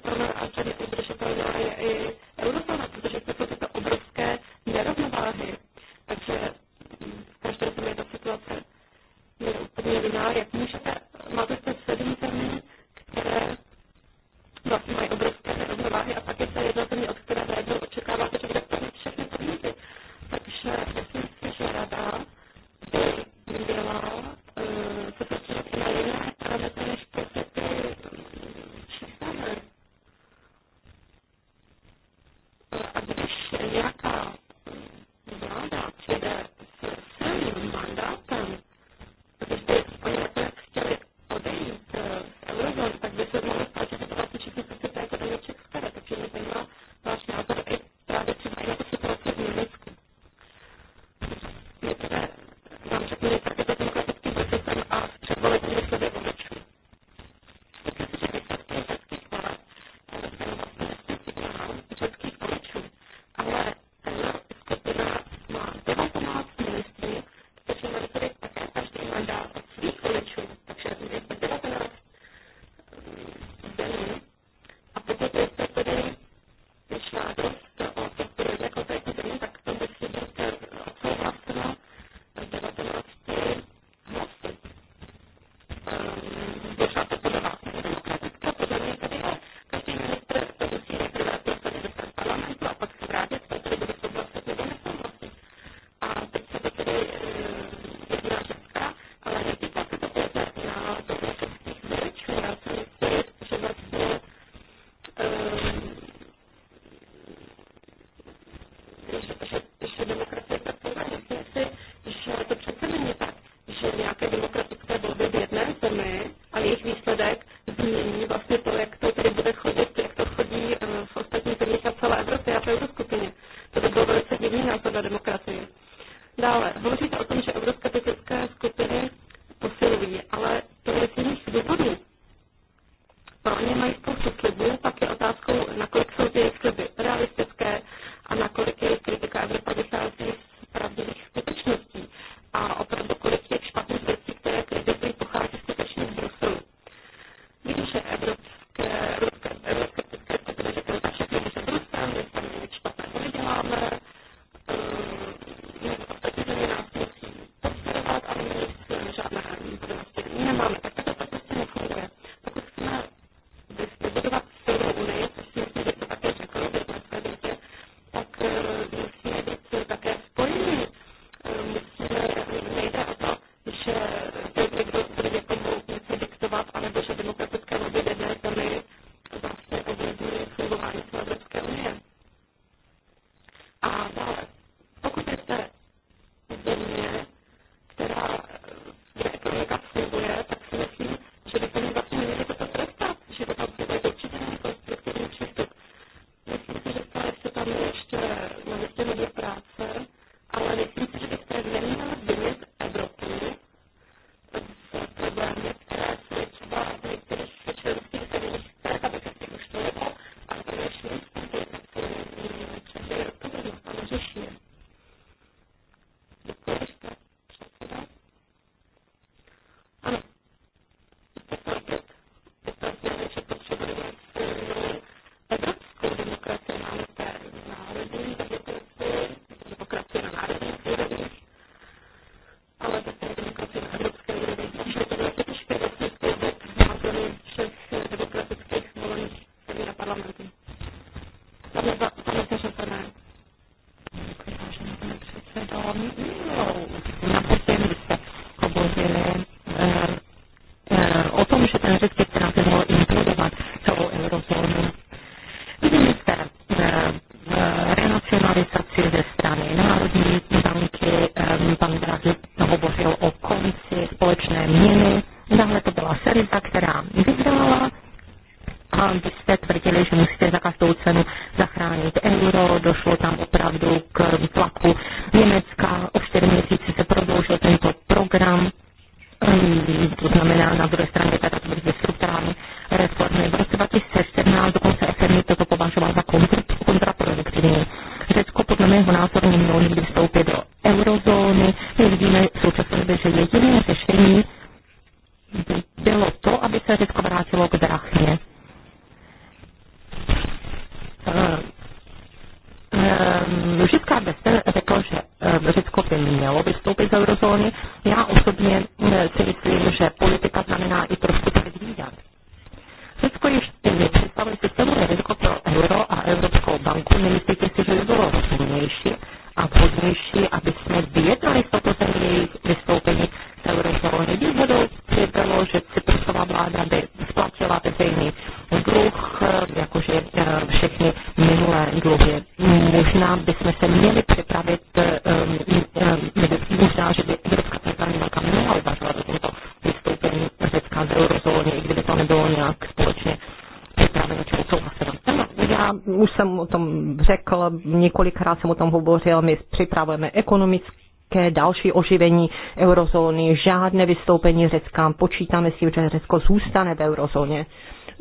mnohokrát jsem o tom hovořil, my připravujeme ekonomické další oživení eurozóny, žádné vystoupení Řecka, počítáme s tím, že Řecko zůstane v eurozóně.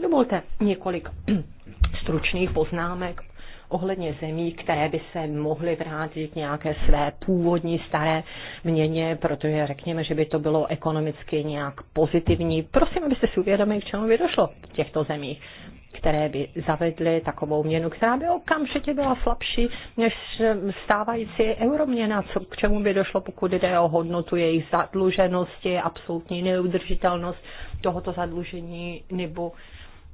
Dovolte několik stručných poznámek ohledně zemí, které by se mohly vrátit k nějaké své původní staré měně, protože řekněme, že by to bylo ekonomicky nějak pozitivní. Prosím, abyste si uvědomili, k čemu by došlo v těchto zemích které by zavedly takovou měnu, která by okamžitě byla slabší stávající euroměna, co, k čemu by došlo, pokud jde o hodnotu jejich zadluženosti, absolutní neudržitelnost tohoto zadlužení nebo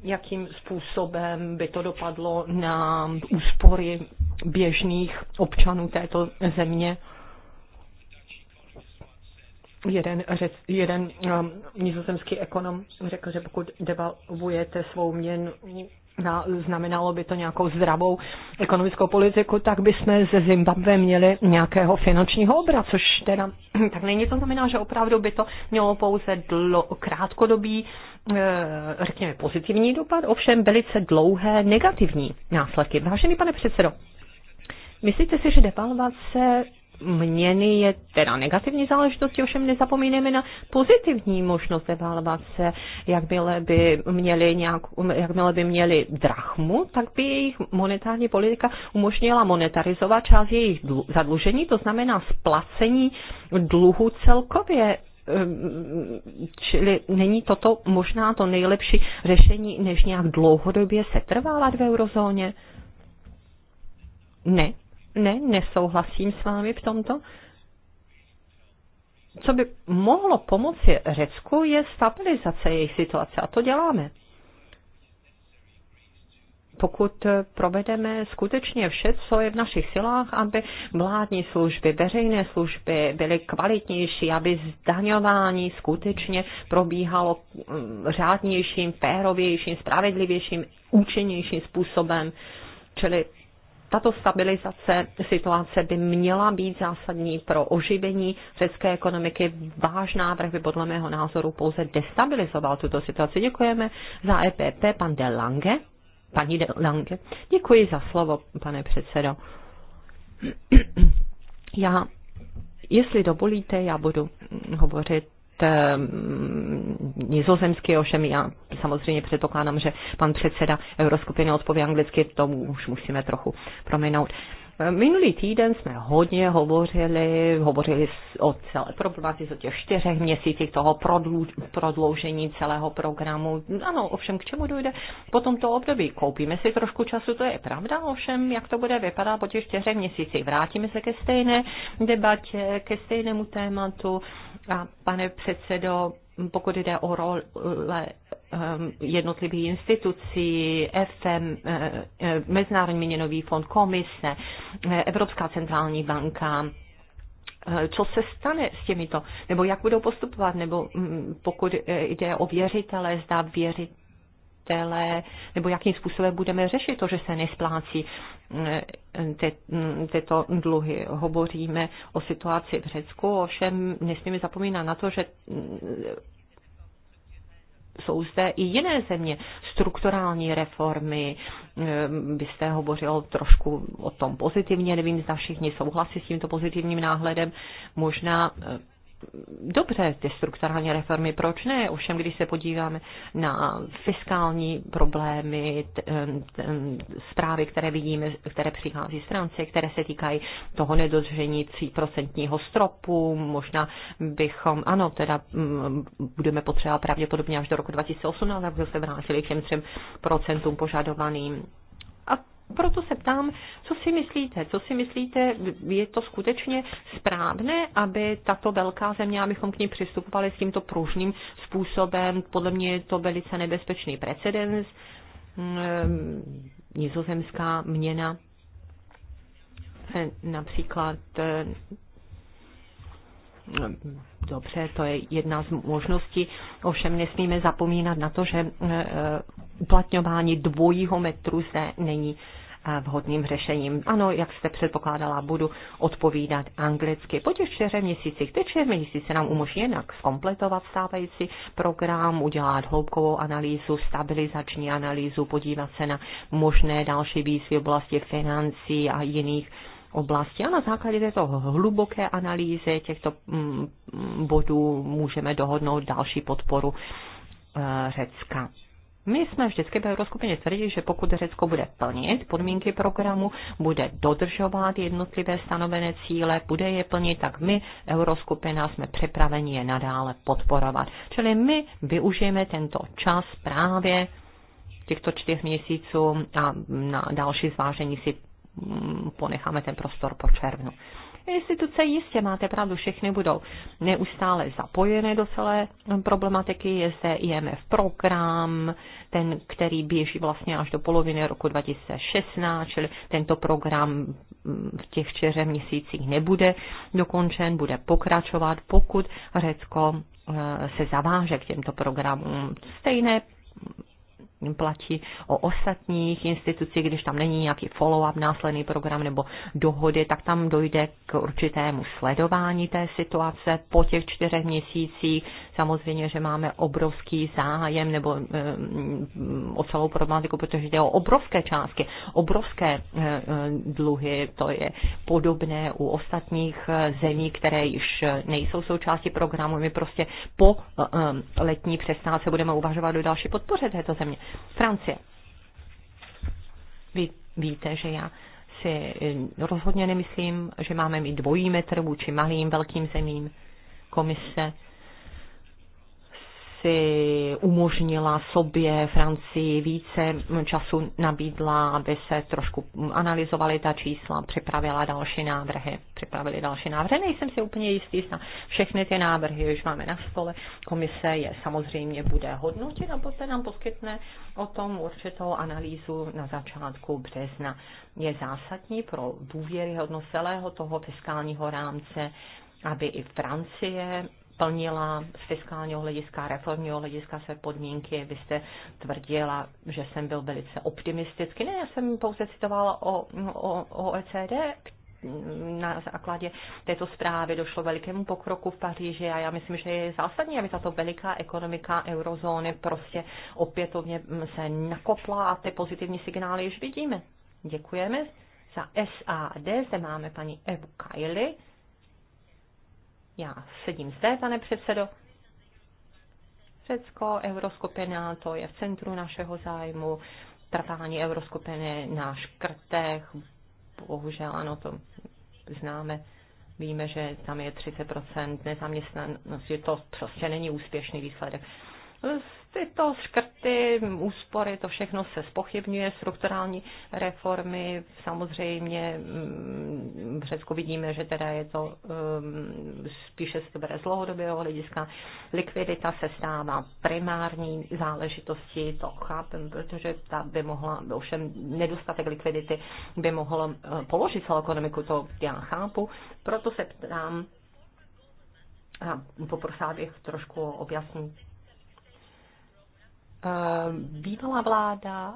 jakým způsobem by to dopadlo na úspory běžných občanů této země. Jeden, řec, jeden um, nizozemský ekonom řekl, že pokud devalvujete svou měnu, na, znamenalo by to nějakou zdravou ekonomickou politiku, tak jsme ze Zimbabwe měli nějakého finančního obra, což teda, tak není to znamená, že opravdu by to mělo pouze dlo, krátkodobý, e, řekněme, pozitivní dopad, ovšem velice dlouhé negativní následky. Vážený pane předsedo, myslíte si, že devalvace měny je teda negativní záležitosti, ovšem nezapomínáme na pozitivní možnost evaluace. Jakmile by měli, nějak, jakmile by měli drachmu, tak by jejich monetární politika umožnila monetarizovat část jejich zadlužení, to znamená splacení dluhu celkově ehm, čili není toto možná to nejlepší řešení, než nějak dlouhodobě setrvávat v eurozóně? Ne, ne, nesouhlasím s vámi v tomto. Co by mohlo pomoci Řecku, je stabilizace jejich situace a to děláme. Pokud provedeme skutečně vše, co je v našich silách, aby vládní služby, veřejné služby byly kvalitnější, aby zdaňování skutečně probíhalo mm, řádnějším, férovějším, spravedlivějším, účinnějším způsobem, čili tato stabilizace situace by měla být zásadní pro oživení řecké ekonomiky. Váš návrh by podle mého názoru pouze destabilizoval tuto situaci. Děkujeme za EPP, pan De Lange. Paní De Lange, děkuji za slovo, pane předsedo. Já, jestli dovolíte, já budu hovořit Eh, nizozemsky, ovšem já samozřejmě předpokládám, že pan předseda Euroskupiny odpoví anglicky, tomu už musíme trochu prominout. Eh, minulý týden jsme hodně hovořili, hovořili o celé problematice, o těch čtyřech měsících toho prodloužení celého programu. Ano, ovšem k čemu dojde po tomto období? Koupíme si trošku času, to je pravda, ovšem jak to bude vypadat po těch čtyřech měsících? Vrátíme se ke stejné debatě, ke stejnému tématu, a pane předsedo, pokud jde o role ehm, jednotlivých institucí, FM, eh, eh, Mezinárodní měnový fond, komise, eh, Evropská centrální banka, co se stane s těmito, nebo jak budou postupovat, nebo mm, pokud jde o věřitele, zda věřit, nebo jakým způsobem budeme řešit to, že se nesplácí ty, tyto dluhy. Hovoříme o situaci v Řecku, ovšem nesmíme zapomínat na to, že jsou zde i jiné země, strukturální reformy, byste hovořil trošku o tom pozitivně, nevím, zda všichni souhlasí s tímto pozitivním náhledem, možná dobře ty strukturální reformy, proč ne? Ovšem, když se podíváme na fiskální problémy, zprávy, které vidíme, které přichází z Francie, které se týkají toho nedodržení 3% stropu, možná bychom, ano, teda budeme potřebovat pravděpodobně až do roku 2018, aby se vrátili k těm 3% požadovaným proto se ptám, co si myslíte? Co si myslíte, je to skutečně správné, aby tato velká země, abychom k ní přistupovali s tímto pružným způsobem? Podle mě je to velice nebezpečný precedens. Mm, eh, nizozemská měna eh, například eh, mm, dobře, to je jedna z možností, ovšem nesmíme zapomínat na to, že uplatňování dvojího metru zde není eh, vhodným řešením. Ano, jak jste předpokládala, budu odpovídat anglicky. Po těch čtyřech měsících, ty čtyři měsíce nám umožní jednak zkompletovat stávající program, udělat hloubkovou analýzu, stabilizační analýzu, podívat se na možné další výzvy v oblasti financí a jiných oblasti a na základě této hluboké analýzy těchto mm, mm, bodů můžeme dohodnout další podporu eh, Řecka. My jsme vždycky v Euroskupině tvrdili, že pokud Řecko bude plnit podmínky programu, bude dodržovat jednotlivé stanovené cíle, bude je plnit, tak my, Euroskupina, jsme připraveni je nadále podporovat. Čili my využijeme tento čas právě těchto čtyř měsíců a na další zvážení si mm, ponecháme ten prostor po červnu. Instituce jistě máte pravdu, všechny budou neustále zapojené do celé problematiky. Je zde IMF program, ten, který běží vlastně až do poloviny roku 2016, čili tento program v těch čtyřech měsících nebude dokončen, bude pokračovat, pokud Řecko eh, se zaváže k těmto programům. Stejné platí o ostatních institucích, když tam není nějaký follow-up, následný program nebo dohody, tak tam dojde k určitému sledování té situace po těch čtyřech měsících. Samozřejmě, že máme obrovský zájem nebo eh, mm, o celou problematiku, protože jde o obrovské částky, obrovské eh, eh, dluhy, to je podobné u ostatních zemí, které již nejsou součástí programu. My prostě po letní přestávce budeme uvažovat do další podpoře této země. Francie. Vy víte, že já si eh, rozhodně nemyslím, že máme mít dvojí metr vůči malým, velkým zemím. Komise si umožnila sobě Francii více času nabídla, aby se trošku analyzovaly ta čísla, připravila další návrhy. Připravili další návrhy. Nejsem si úplně jistý, na všechny ty návrhy už máme na stole. Komise je samozřejmě bude hodnotit a poté nám poskytne o tom určitou analýzu na začátku března. Je zásadní pro důvěryhodnost celého toho fiskálního rámce, aby i Francie plnila z fiskálního hlediska, reformního hlediska své podmínky. Vy jste tvrdila, že jsem byl velice optimistický. Ne, já jsem pouze citovala o, o, o OECD, na základě této zprávy došlo velikému pokroku v Paříži a já myslím, že je zásadní, aby tato veliká ekonomika eurozóny prostě opětovně se nakopla a ty pozitivní signály již vidíme. Děkujeme. Za SAD zde máme paní Evu Kajli. Já sedím zde, pane předsedo. Řecko, euroskupina, to je v centru našeho zájmu. Trvání euroskupiny na škrtech, bohužel ano, to známe. Víme, že tam je 30% nezaměstnanosti, to prostě není úspěšný výsledek. Tyto škrty, úspory, to všechno se spochybňuje, strukturální reformy, samozřejmě mm, v Řecku vidíme, že teda je to mm, spíše se to bere z dlouhodobého hlediska. Likvidita se stává primární záležitostí, to chápem, protože ta by mohla, ovšem nedostatek likvidity by mohl eh, položit celou ekonomiku, to já chápu. Proto se ptám, a poprosila bych trošku o objasnění Eh, bývalá vláda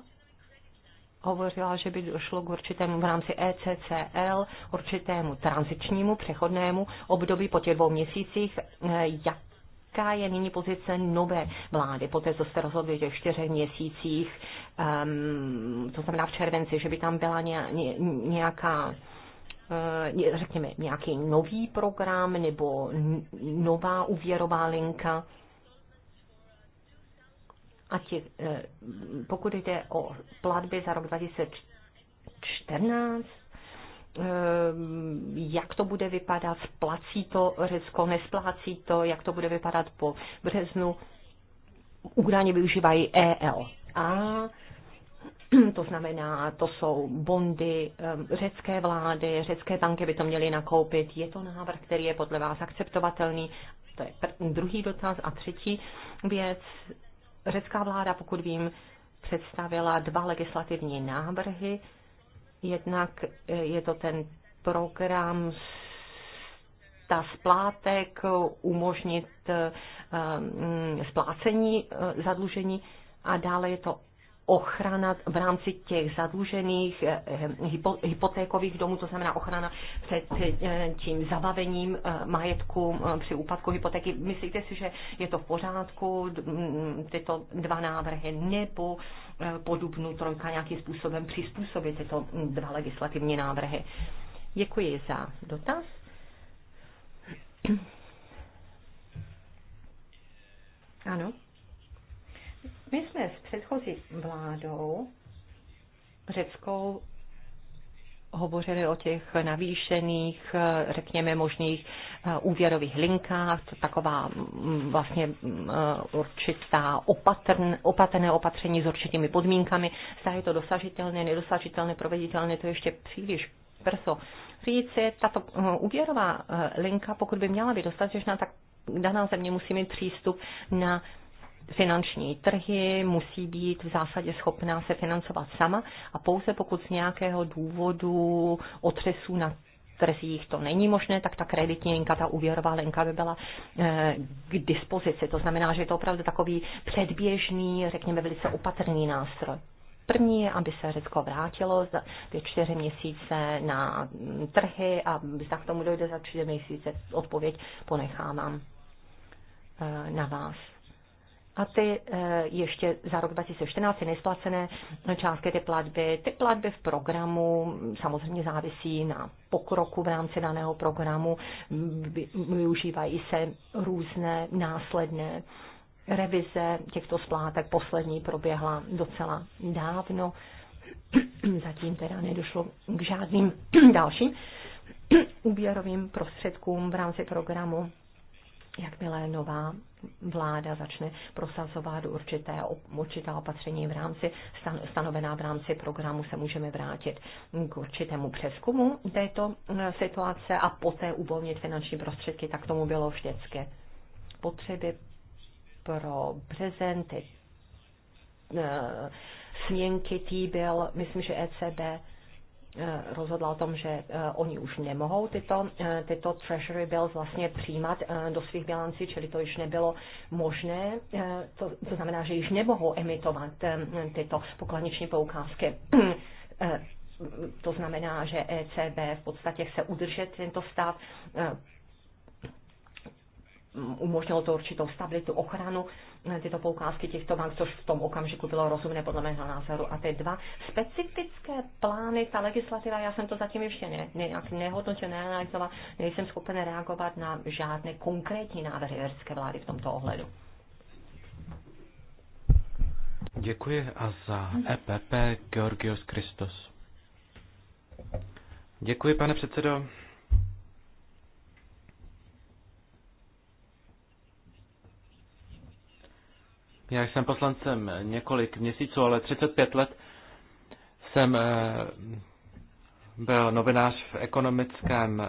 hovořila, že by došlo k určitému v rámci ECCL, určitému transičnímu přechodnému období po těch dvou měsících. Eh, jaká je nyní pozice nové vlády, poté co jste rozhodli těch čtyřech měsících, um, to znamená v červenci, že by tam byla nějaká eh, řekněme, nějaký nový program nebo nová úvěrová linka. A ti, eh, pokud jde o platby za rok 2014, eh, jak to bude vypadat, splácí to Řecko, nesplácí to, jak to bude vypadat po březnu. Údajně využívají EL. A to znamená, to jsou bondy eh, řecké vlády, řecké banky by to měly nakoupit. Je to návrh, který je podle vás akceptovatelný? To je druhý dotaz. A třetí věc, Řecká vláda, pokud vím, představila dva legislativní návrhy. Jednak eh, je to ten program ta splátek, umožnit eh, mm, splácení eh, zadlužení a dále je to ochrana v rámci těch zadlužených eh, eh, hypotékových domů, to znamená ochrana před eh, tím zabavením majetku při úpadku hypotéky. Myslíte si, že je to v pořádku, tyto dva návrhy, nebo podobnou trojka nějakým způsobem přizpůsobit tyto dva legislativní návrhy? Děkuji za dotaz. Ano. My jsme s předchozí vládou řeckou hovořili o těch navýšených, řekněme, možných eh, úvěrových linkách, taková mm, vlastně mm, eh, určitá opatrn, opatrné opatření s určitými podmínkami. Zda je to dosažitelné, nedosažitelné, proveditelné, to je ještě příliš brzo. Říci, tato mm, úvěrová eh, linka, pokud by měla být dostatečná, tak daná země musí mít přístup na finanční trhy musí být v zásadě schopná se financovat sama a pouze pokud z nějakého důvodu otřesů na trzích to není možné, tak ta kreditní linka, ta úvěrová linka by byla eh, k dispozici. To znamená, že je to opravdu takový předběžný, řekněme velice opatrný nástroj. První je, aby se Řecko vrátilo za ty čtyři měsíce na mm, trhy a zda k tomu dojde za čtyři měsíce, odpověď ponechávám eh, na vás a ty eh, ještě za rok 2014 nesplacené částky, ty platby, ty platby v programu samozřejmě závisí na pokroku v rámci daného programu, využívají se různé následné revize těchto splátek, poslední proběhla docela dávno, zatím teda nedošlo k žádným dalším úvěrovým prostředkům v rámci programu jakmile nová vláda začne prosazovat určité, určitá opatření v rámci, stanovená v rámci programu, se můžeme vrátit k určitému přeskumu této eh, situace a poté uvolnit finanční prostředky, tak tomu bylo vždycky. Potřeby pro prezenty, eh, směnky, týbil, myslím, že ECB Eh, rozhodla o tom, že eh, oni už nemohou tyto, eh, tyto treasury bills vlastně přijímat do svých bilancí, čili to již nebylo možné. To, to znamená, že již nemohou emitovat tyto pokladniční poukázky. To znamená, že ECB v podstatě chce udržet tento stav umožnilo to určitou stabilitu, ochranu tyto poukázky těchto bank, což v tom okamžiku bylo rozumné podle mého názoru. A ty dva specifické plány, ta legislativa, já jsem to zatím ještě ne, nějak nehodnotil, neanalizoval, nejsem schopen reagovat na žádné konkrétní návrhy irské vlády v tomto ohledu. Děkuji a za EPP Georgios Christos. Děkuji, pane předsedo. Já jsem poslancem několik měsíců, ale 35 let jsem eh, byl novinář v ekonomickém eh,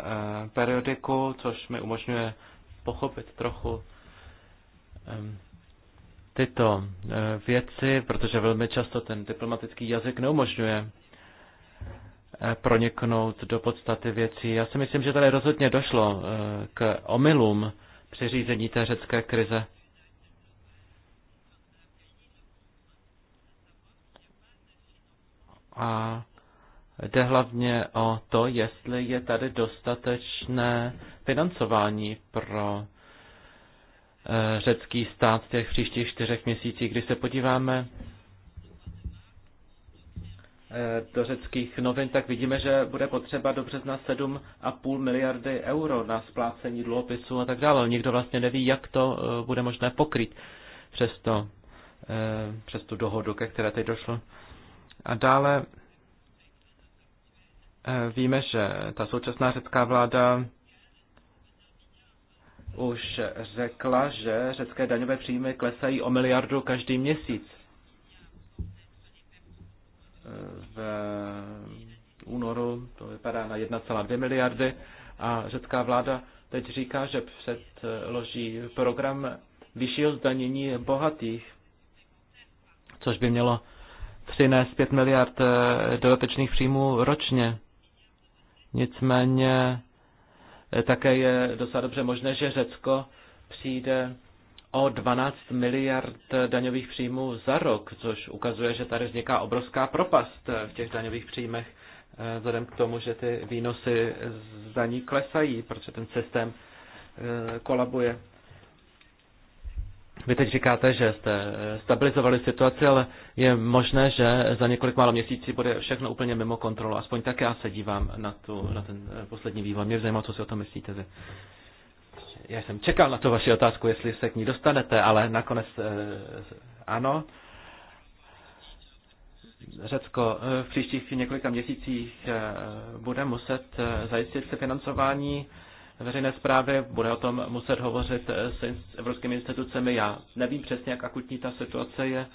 periodiku, což mi umožňuje pochopit trochu tyto eh, věci, protože velmi často ten diplomatický jazyk neumožňuje proniknout do podstaty věcí. Já si myslím, že tady rozhodně došlo k omylům při řízení té řecké krize. a jde hlavně o to, jestli je tady dostatečné financování pro eh, řecký stát v těch příštích čtyřech měsících. Když se podíváme eh, do řeckých novin, tak vidíme, že bude potřeba do března 7,5 miliardy euro na splácení dluhopisů a tak dále. Nikdo vlastně neví, jak to eh, bude možné pokryt přes, to, přes tu dohodu, ke které teď došlo. A dále eh, víme, že ta současná řecká vláda už řekla, že řecké daňové příjmy klesají o miliardu každý měsíc. V únoru to vypadá na 1,2 miliardy a řecká vláda teď říká, že předloží program vyššího zdanění bohatých, což by mělo přinést 5 miliard eh, dodatečných příjmů ročně. Nicméně eh, také je docela dobře možné, že Řecko přijde o 12 miliard eh, daňových příjmů za rok, což ukazuje, že tady vzniká obrovská propast v těch daňových příjmech, vzhledem k tomu, že ty výnosy z daní klesají, protože ten systém kolabuje. Vy teď říkáte, že jste stabilizovali situaci, ale je možné, že za několik málo měsíců bude všechno úplně mimo kontrolu. Aspoň tak já se dívám na, tu, na ten eh, poslední vývoj. Mě zajímá, co si o tom myslíte Že... Já jsem čekal na tu vaši otázku, jestli se k ní dostanete, ale nakonec eh, ano. Řecko eh, v příštích několika měsících bude muset zajistit se financování veřejné zprávy, bude o tom muset hovořit eh, s evropskými institucemi. Já nevím přesně, jak akutní ta situace je,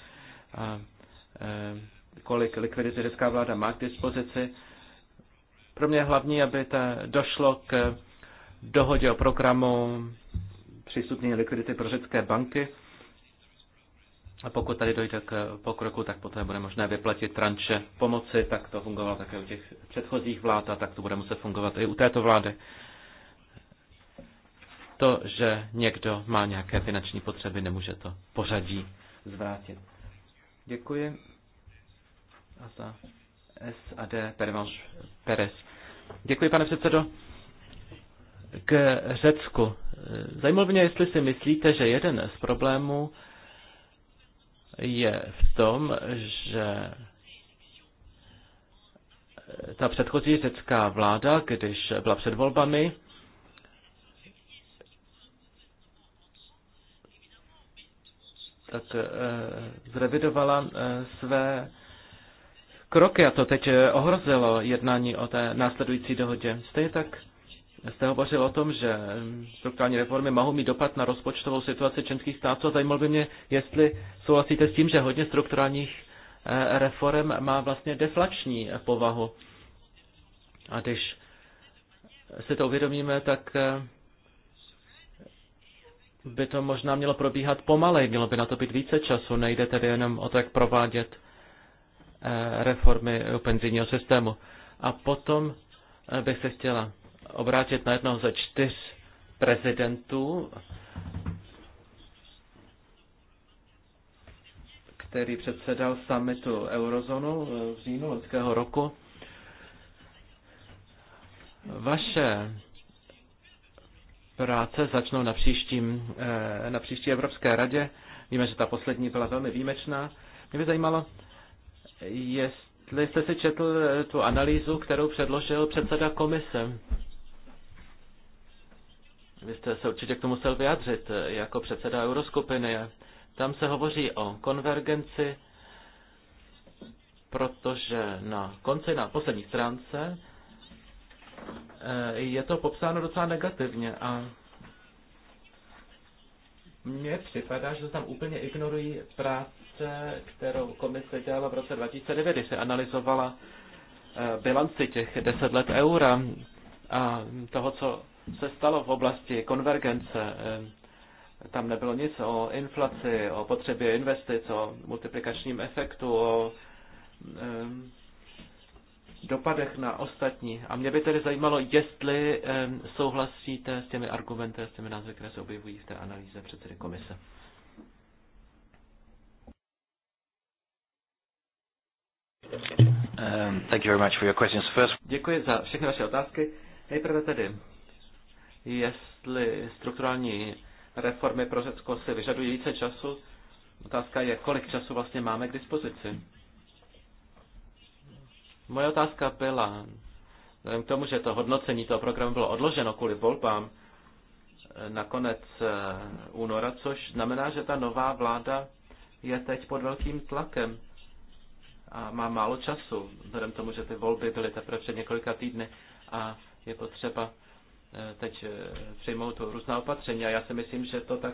a eh, kolik likvidity řecká vláda má k dispozici. Pro mě je hlavní, aby to došlo k dohodě o programu přístupní likvidity pro řecké banky. A pokud tady dojde k pokroku, tak poté bude možné vyplatit tranše pomoci, tak to fungovalo také u těch předchozích vlád a tak to bude muset fungovat i u této vlády to, že někdo má nějaké finanční potřeby, nemůže to pořadí zvrátit. Děkuji. A za SAD Perez. Děkuji, pane předsedo. K Řecku. Zajímalo mě, jestli si myslíte, že jeden z problémů je v tom, že ta předchozí řecká vláda, když byla před volbami, tak eh, zrevidovala eh, své kroky a to teď eh, ohrozilo jednání o té následující dohodě. Stejně tak jste hovořil o tom, že strukturální reformy mohou mít dopad na rozpočtovou situaci členských států a zajímalo by mě, jestli souhlasíte s tím, že hodně strukturálních reform má vlastně deflační povahu. A když si to uvědomíme, tak by to možná mělo probíhat pomalej, mělo by na to být více času, nejde tedy jenom o to, jak provádět eh, reformy penzijního systému. A potom eh, bych se chtěla obrátit na jednoho ze čtyř prezidentů, který předsedal summitu Eurozonu eh, v říjnu loňského roku. Vaše práce začnou na, příštím, eh, na příští Evropské radě. Víme, že ta poslední byla velmi výjimečná. Mě by zajímalo, jestli jste si četl eh, tu analýzu, kterou předložil předseda komise. Vy jste se určitě k tomu musel vyjádřit eh, jako předseda euroskupiny. Tam se hovoří o konvergenci, protože na konci, na poslední stránce, Eh, je to popsáno docela negativně a mně připadá, že tam úplně ignorují práce, kterou komise dělala v roce 2009, když se analyzovala eh, bilanci těch 10 let eura a toho, co se stalo v oblasti konvergence. Eh, tam nebylo nic o inflaci, o potřebě investic, o multiplikačním efektu, o dopadech na ostatní. A mě by tedy zajímalo, jestli souhlasíte s těmi argumenty, s těmi názvy, které se objevují v té analýze předsedy komise. Um, thank you very much for your questions. First... Děkuji za všechny vaše otázky. Nejprve tedy, jestli strukturální reformy pro Řecko si vyžadují více času, otázka je, kolik času vlastně máme k dispozici. Moje otázka byla, vzhledem k tomu, že to hodnocení toho programu bylo odloženo kvůli volbám eh, na konec eh, února, což znamená, že ta nová vláda je teď pod velkým tlakem a má málo času, vzhledem k tomu, že ty volby byly teprve před několika týdny a je potřeba eh, teď přijmout různá opatření. A já si myslím, že to tak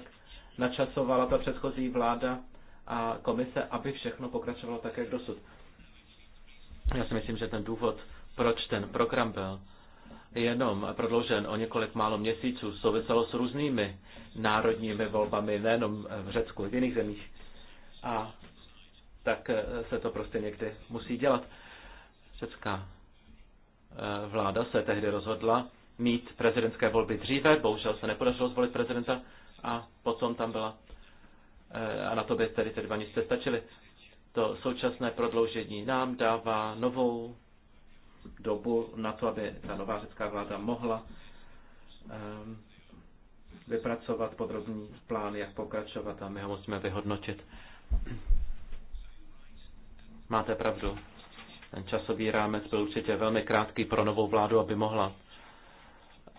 načasovala ta předchozí vláda a komise, aby všechno pokračovalo tak, jak dosud. Já si myslím, že ten důvod, proč ten program byl jenom prodloužen o několik málo měsíců, souviselo s různými národními volbami, nejenom v Řecku, v jiných zemích. A tak eh, se to prostě někdy musí dělat. Řecká eh, vláda se tehdy rozhodla mít prezidentské volby dříve, bohužel se nepodařilo zvolit prezidenta a potom tam byla eh, a na to by tedy ty dva měsíce stačily to současné prodloužení nám dává novou dobu na to, aby ta nová řecká vláda mohla ehm, vypracovat podrobný plán, jak pokračovat a my ho musíme vyhodnotit. Máte pravdu. Ten časový rámec byl určitě velmi krátký pro novou vládu, aby mohla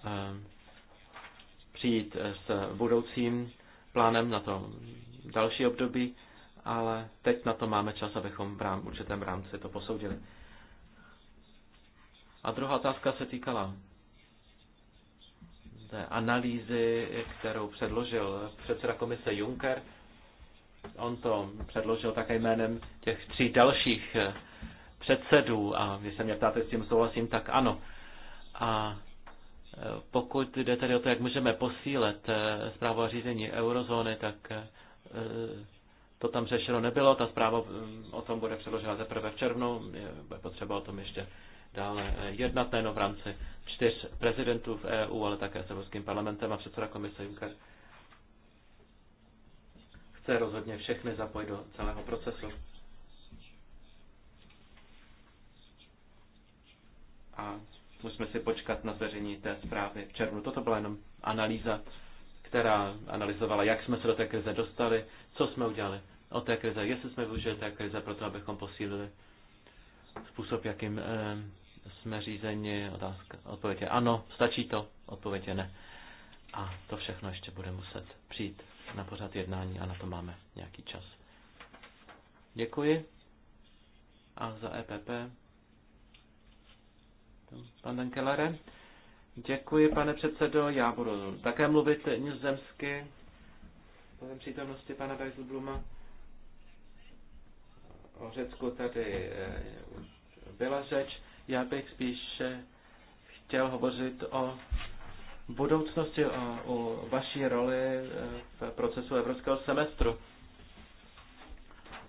ehm, přijít s budoucím plánem na to další období ale teď na to máme čas, abychom v rám, určitém rámci to posoudili. A druhá otázka se týkala té analýzy, kterou předložil předseda komise Juncker. On to předložil také jménem těch tří dalších předsedů a vy se mě ptáte, s tím souhlasím, tak ano. A pokud jde tedy o to, jak můžeme posílet zprávu a řízení eurozóny, tak eh, to tam řešeno nebylo. Ta zpráva mm, o tom bude předložena teprve v červnu. Je, bude potřeba o tom ještě dále eh, jednat nejen v rámci čtyř prezidentů v EU, ale také s Evropským parlamentem a předseda komise Juncker chce rozhodně všechny zapojit do celého procesu. A musíme si počkat na zveřejnění té zprávy v červnu. Toto byla jenom analýza, která analyzovala, jak jsme se do té krize dostali, co jsme udělali o té krize, jestli jsme využili té krize pro to, abychom posílili způsob, jakým e, jsme řízeni. Otázka, odpověď je ano, stačí to, odpověď je ne. A to všechno ještě bude muset přijít na pořad jednání a na to máme nějaký čas. Děkuji. A za EPP. Pan Dankelere. Děkuji, pane předsedo. Já budu také mluvit nizozemsky. Povím přítomnosti pana Dijsselbluma o Řecku tady už eh, byla řeč. Já bych spíše chtěl hovořit o budoucnosti, o, o vaší roli eh, v procesu evropského semestru.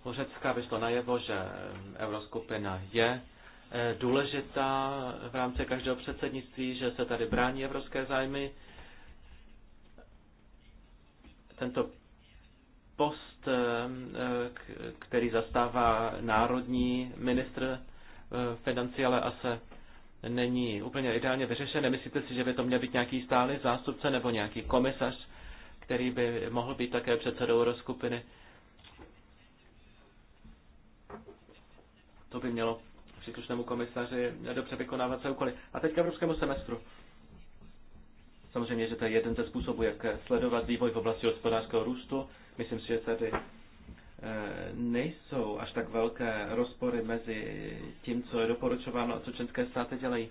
U Řecka vyšlo najevo, že euroskupina je eh, důležitá v rámci každého předsednictví, že se tady brání evropské zájmy. Tento post Eh, který zastává národní ministr eh, financí, ale asi není úplně ideálně vyřešen. Nemyslíte si, že by to měl být nějaký stálý zástupce nebo nějaký komisař, který by mohl být také předsedou rozkupiny? To by mělo příslušnému komisaři dobře vykonávat své úkoly. A teď k evropskému semestru. Samozřejmě, že to je jeden ze způsobů, jak sledovat vývoj v oblasti hospodářského růstu. Myslím si, že tady eh, nejsou až tak velké rozpory mezi tím, co je doporučováno a co členské státy dělají.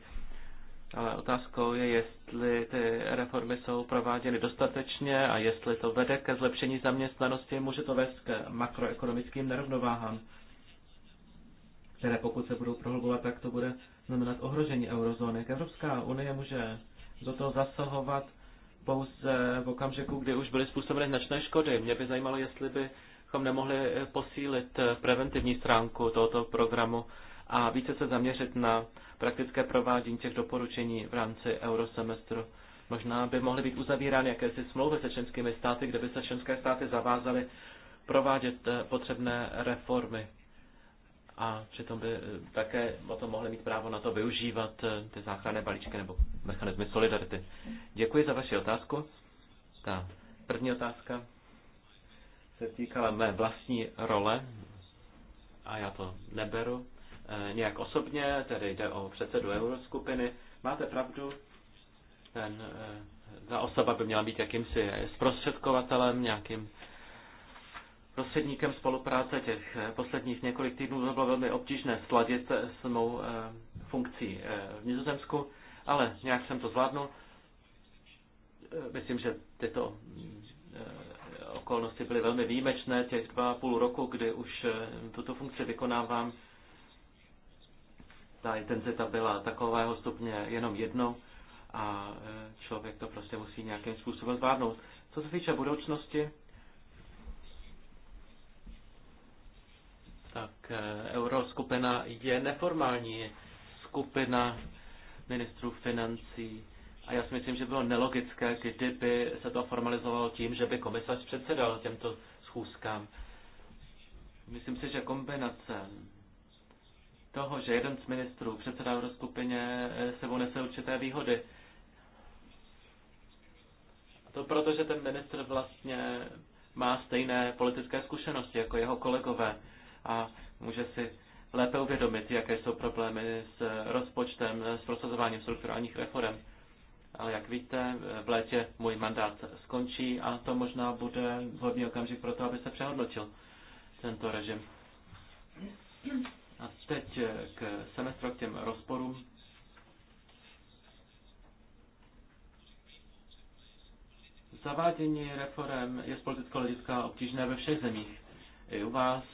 Ale otázkou je, jestli ty reformy jsou prováděny dostatečně a jestli to vede ke zlepšení zaměstnanosti, může to vést k makroekonomickým nerovnováhám, které pokud se budou prohlubovat, tak to bude znamenat ohrožení eurozóny. Evropská unie může do toho zasahovat pouze v okamžiku, kdy už byly způsobeny značné škody. Mě by zajímalo, jestli bychom nemohli posílit preventivní stránku tohoto programu a více se zaměřit na praktické provádění těch doporučení v rámci eurosemestru. Možná by mohly být uzavírány jakési smlouvy se členskými státy, kde by se členské státy zavázaly provádět eh, potřebné reformy a přitom by eh, také tom mohli mít právo na to využívat eh, ty záchranné balíčky nebo mechanizmy solidarity. Děkuji za vaši otázku. Ta první otázka se týkala mé vlastní role a já to neberu eh, nějak osobně, tedy jde o předsedu euroskupiny. Máte pravdu, ten, ta osoba by měla být jakýmsi zprostředkovatelem, nějakým prostředníkem spolupráce těch eh, posledních několik týdnů to bylo velmi obtížné sladit eh, s mou eh, funkcí v Nizozemsku, ale nějak jsem to zvládnul. Myslím, že tyto okolnosti byly velmi výjimečné, těch dva a půl roku, kdy už tuto funkci vykonávám. Ta intenzita byla takového stupně jenom jednou a člověk to prostě musí nějakým způsobem zvládnout. Co se týče budoucnosti, tak eh, euroskupina je neformální skupina ministrů financí. A já si myslím, že bylo nelogické, kdyby se to formalizovalo tím, že by komisař předsedal těmto schůzkám. Myslím si, že kombinace toho, že jeden z ministrů předsedá euroskupině, eh, sebou nese určité výhody. A to proto, že ten ministr vlastně má stejné politické zkušenosti jako jeho kolegové a může si lépe uvědomit, jaké jsou problémy s rozpočtem, s prosazováním strukturálních reform. Ale jak víte, v létě můj mandát skončí a to možná bude vhodný okamžik pro to, aby se přehodnotil tento režim. A teď k semestru, k těm rozporům. Zavádění reform je z politického hlediska obtížné ve všech zemích. I u vás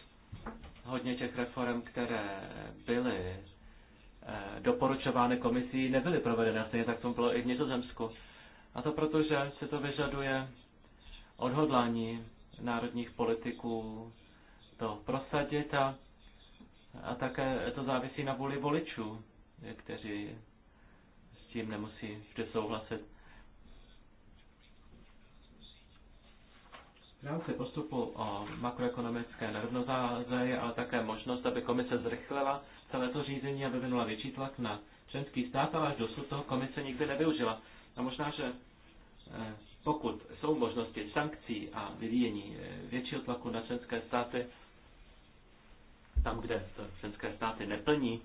hodně těch reform, které byly eh, doporučovány komisí, nebyly provedeny. Stejně tak to bylo i v Nizozemsku. A to proto, že se to vyžaduje odhodlání národních politiků to prosadit a, a také to závisí na vůli voličů, kteří s tím nemusí vždy souhlasit. V rámci postupu o makroekonomické nerovnováze je ale také možnost, aby komise zrychlila celé to řízení a vyvinula větší tlak na členský stát, ale až dosud toho komise nikdy nevyužila. A možná, že eh, pokud jsou možnosti sankcí a vyvíjení eh, většího tlaku na členské státy, tam, kde to členské státy neplní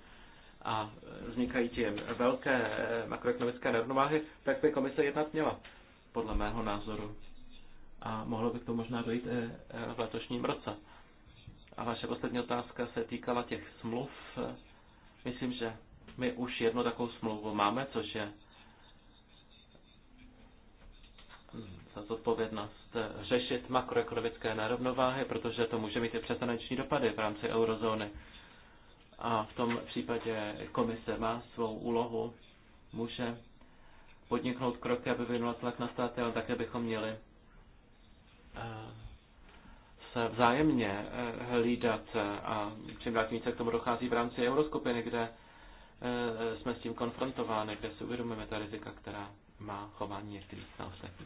a vznikají tím velké eh, makroekonomické nerovnováhy, tak by komise jednat měla, podle mého názoru a mohlo by k tomu možná dojít eh, v letošním roce. A vaše poslední otázka se týkala těch smluv. Myslím, že my už jednu takovou smlouvu máme, což je hm, za zodpovědnost eh, řešit makroekonomické nerovnováhy, protože to může mít i přesaneční dopady v rámci eurozóny. A v tom případě komise má svou úlohu, může podniknout kroky, aby vyvinula tlak na státy, ale také bychom měli Eh, se vzájemně eh, hlídat a čím dál tím více k tomu dochází v rámci euroskupiny, kde eh, jsme s tím konfrontováni, kde si uvědomujeme ta rizika, která má chování některých na ostatní.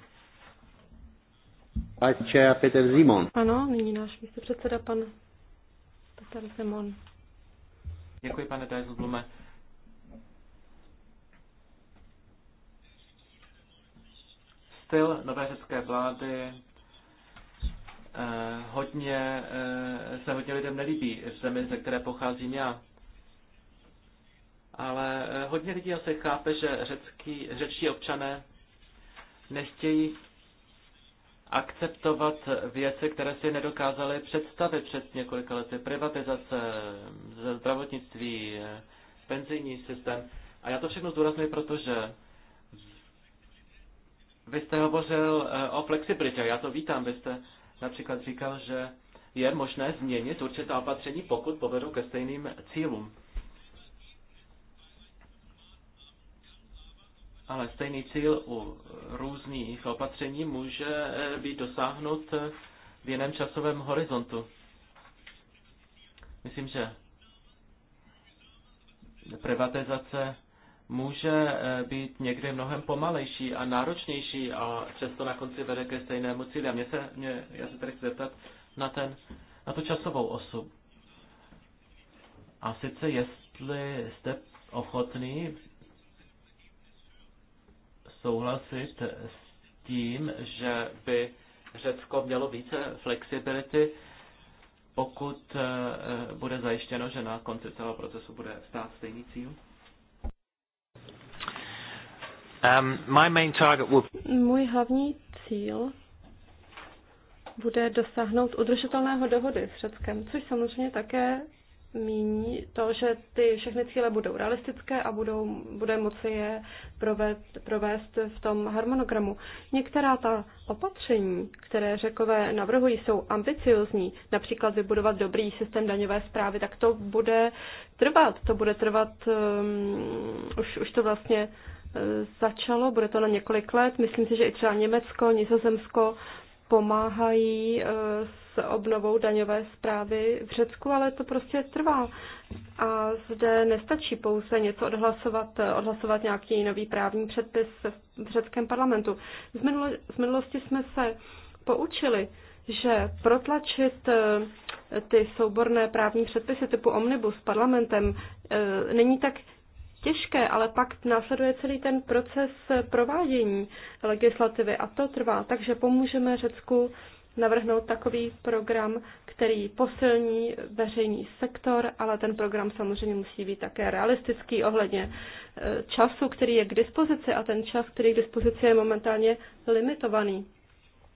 Peter Zimon. Ano, nyní náš místopředseda pan Petr Zimon. Děkuji, pane Dijsselblume. Styl nové řecké vlády Eh, hodně, eh, se hodně lidem nelíbí v zemi, ze které pocházím já. Ale eh, hodně lidí asi chápe, že řecký, řečtí občané nechtějí akceptovat věci, které si nedokázali představit před několika lety. Privatizace, zdravotnictví, penzijní systém. A já to všechno zdůraznuju, protože vy jste hovořil o flexibilitě, já to vítám, vy jste například říkal, že je možné změnit určitá opatření, pokud povedou ke stejným cílům. Ale stejný cíl u různých opatření může být dosáhnut v jiném časovém horizontu. Myslím, že privatizace může eh, být někde mnohem pomalejší a náročnější a často na konci vede ke stejnému cíli. A mě se, mě, já se tady chci zeptat na, ten, na tu časovou osu. A sice jestli jste ochotný souhlasit s tím, že by Řecko mělo více flexibility, pokud eh, eh, bude zajištěno, že na konci celého procesu bude stát stejný cíl? Um, my main target will... Můj hlavní cíl bude dosáhnout udržitelného dohody s Řeckem, což samozřejmě také míní to, že ty všechny cíle budou realistické a budou, bude moci je provést, provést v tom harmonogramu. Některá ta opatření, které řekové navrhují, jsou ambiciozní, například vybudovat dobrý systém daňové zprávy, tak to bude trvat, to bude trvat, um, už, už to vlastně začalo, bude to na několik let. Myslím si, že i třeba Německo, Nizozemsko pomáhají eh, s obnovou daňové zprávy v Řecku, ale to prostě trvá. A zde nestačí pouze něco odhlasovat, eh, odhlasovat nějaký nový právní předpis v řeckém parlamentu. Z, minulo, z minulosti jsme se poučili, že protlačit eh, ty souborné právní předpisy typu omnibus parlamentem není tak těžké, ale pak následuje celý ten proces provádění legislativy a to trvá. Takže pomůžeme Řecku navrhnout takový program, který posilní veřejný sektor, ale ten program samozřejmě musí být také realistický ohledně e, času, který je k dispozici a ten čas, který je k dispozici je momentálně limitovaný.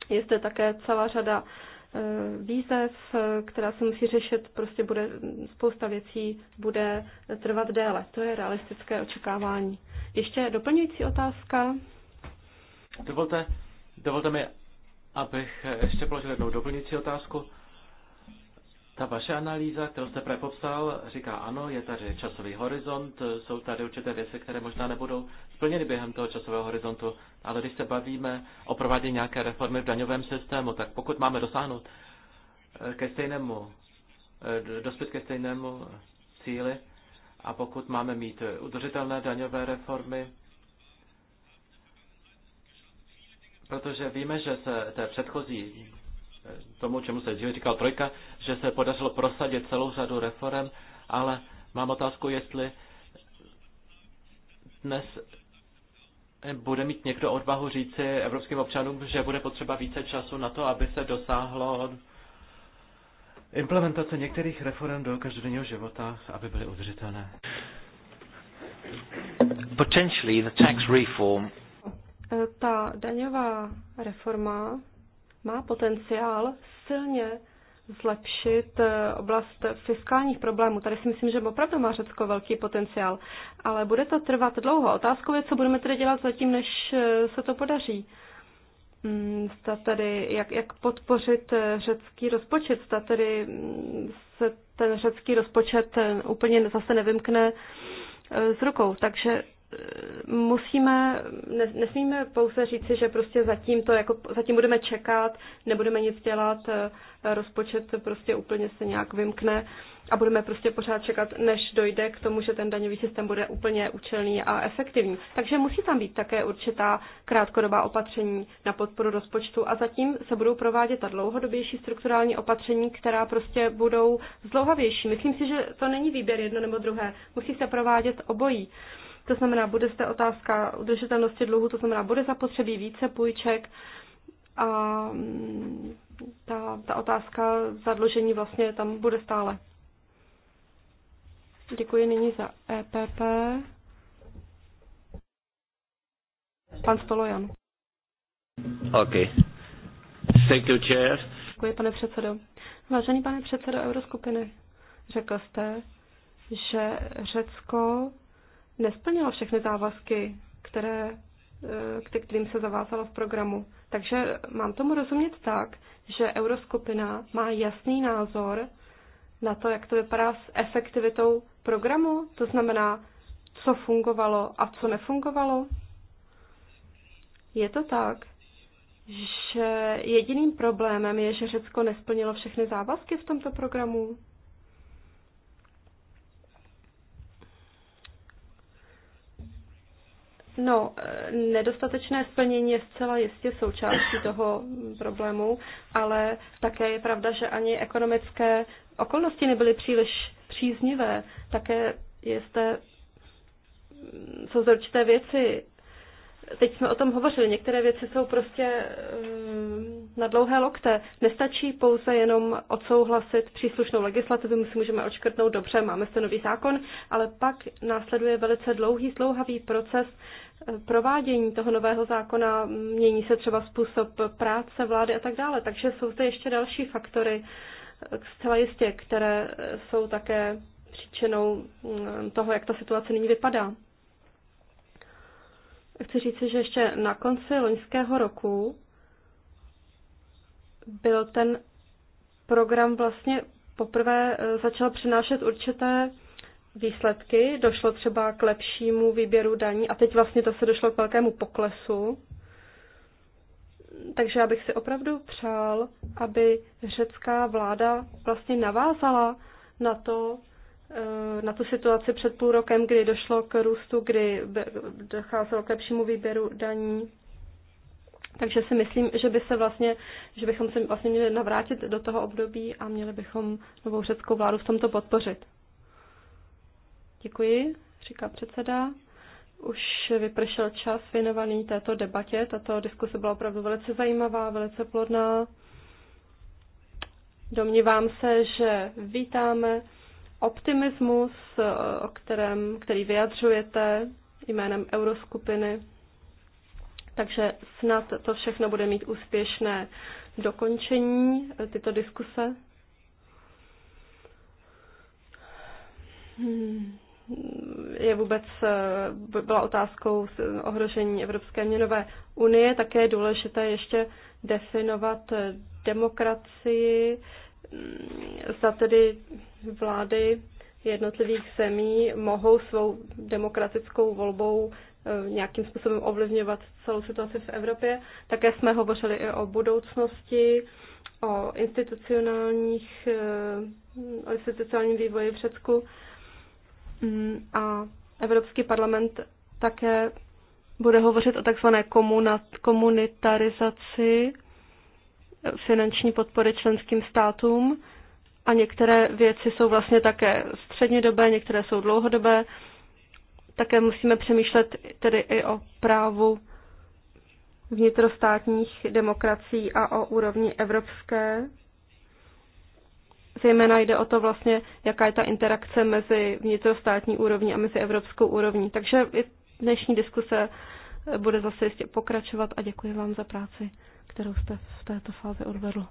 Je zde také celá řada Eh, výzev, eh, která se musí řešit, prostě bude spousta věcí, bude trvat déle. To je realistické očekávání. Ještě doplňující otázka. Dovolte, dovolte mi, abych ještě položil jednou doplňující otázku. Ta vaše analýza, kterou jste právě popsal, říká ano, je tady časový horizont, jsou tady určité věci, které možná nebudou splněny během toho časového horizontu, ale když se bavíme o provádění nějaké reformy v daňovém systému, tak pokud máme dosáhnout eh, ke stejnému, eh, dospět ke stejnému cíli a pokud máme mít eh, udržitelné daňové reformy, protože víme, že se té předchozí tomu, čemu se dříve říkal trojka, že se podařilo prosadit celou řadu reform, ale mám otázku, jestli dnes bude mít někdo odvahu říci evropským občanům, že bude potřeba více času na to, aby se dosáhlo implementace některých reform do každodenního života, aby byly udržitelné. Potentially the tax reform. Ta daňová reforma má potenciál silně zlepšit eh, oblast fiskálních problémů. Tady si myslím, že opravdu má Řecko velký potenciál, ale bude to trvat dlouho. Otázkou je, co budeme tedy dělat zatím, než eh, se to podaří. Hmm, zda tedy, jak, jak podpořit eh, řecký rozpočet, zda tedy mm, se ten řecký rozpočet úplně zase nevymkne z rukou. Takže musíme, nesmíme pouze říci, že prostě zatím, to jako, zatím budeme čekat, nebudeme nic dělat, eh, rozpočet prostě úplně se nějak vymkne a budeme prostě pořád čekat, než dojde k tomu, že ten daňový systém bude úplně účelný a efektivní. Takže musí tam být také určitá krátkodobá opatření na podporu rozpočtu a zatím se budou provádět ta dlouhodobější strukturální opatření, která prostě budou zdlouhavější. Myslím si, že to není výběr jedno nebo druhé, musí se provádět obojí. To znamená, bude zde otázka udržitelnosti dluhu, to znamená, bude zapotřebí více půjček a mm, ta, ta otázka zadlužení vlastně tam bude stále. Děkuji nyní za EPP. Pan Stolojan. OK. Thank you, chair. Děkuji, pane předsedo. Vážený pane předsedo Euroskupiny, řekl jste, že Řecko nesplnilo všechny závazky, které, eh, k kterým se zavázala v programu. Takže mám tomu rozumět tak, že Euroskupina má jasný názor na to, jak to vypadá s efektivitou programu, to znamená, co fungovalo a co nefungovalo. Je to tak, že jediným problémem je, že Řecko nesplnilo všechny závazky v tomto programu. No, eh, nedostatečné splnění je zcela jistě součástí toho problému, ale také je pravda, že ani ekonomické okolnosti nebyly příliš příznivé. Také jste, jsou zde určité věci, teď jsme o tom hovořili, některé věci jsou prostě eh, na dlouhé lokte. Nestačí pouze jenom odsouhlasit příslušnou legislativu, my si můžeme očkrtnout dobře, máme zde nový zákon, ale pak následuje velice dlouhý, zdlouhavý proces eh, provádění toho nového zákona, mění se třeba způsob práce vlády a tak dále. Takže jsou zde ještě další faktory, eh, zcela jistě, které jsou také příčinou mm, toho, jak ta situace nyní vypadá. Chci říct, že ještě na konci loňského roku byl ten program vlastně poprvé e, začal přinášet určité výsledky, došlo třeba k lepšímu výběru daní a teď vlastně to se došlo k velkému poklesu. Takže já bych si opravdu přál, aby řecká vláda vlastně navázala na to, Eh, na tu situaci před půl rokem, kdy došlo k růstu, kdy docházelo k lepšímu výběru daní. Takže si myslím, že by se vlastně, že bychom se vlastně měli navrátit do toho období a měli bychom novou řeckou vládu v tomto podpořit. Děkuji, říká předseda. Už vypršel čas věnovaný této debatě. Tato diskuse byla opravdu velice zajímavá, velice plodná. Domnívám se, že vítáme Optimismus, eh, o kterém, který vyjadřujete jménem euroskupiny, takže snad to všechno bude mít úspěšné dokončení eh, tyto diskuse. Hmm. Je vůbec eh, byla otázkou ohrožení Evropské měnové unie. Také je důležité ještě definovat demokracii, za tedy vlády jednotlivých zemí mohou svou demokratickou volbou eh, nějakým způsobem ovlivňovat celou situaci v Evropě. Také jsme hovořili i o budoucnosti, o institucionálních, eh, o institucionálním vývoji v Řecku mm, a Evropský parlament také bude hovořit o takzvané komunitarizaci finanční podpory členským státům a některé věci jsou vlastně také střednědobé, některé jsou dlouhodobé. Také musíme přemýšlet tedy i o právu vnitrostátních demokracií a o úrovni evropské. Zejména jde o to vlastně, jaká je ta interakce mezi vnitrostátní úrovní a mezi evropskou úrovní. Takže i dnešní diskuse bude zase jistě pokračovat a děkuji vám za práci kterou jste v této fázi odvedl.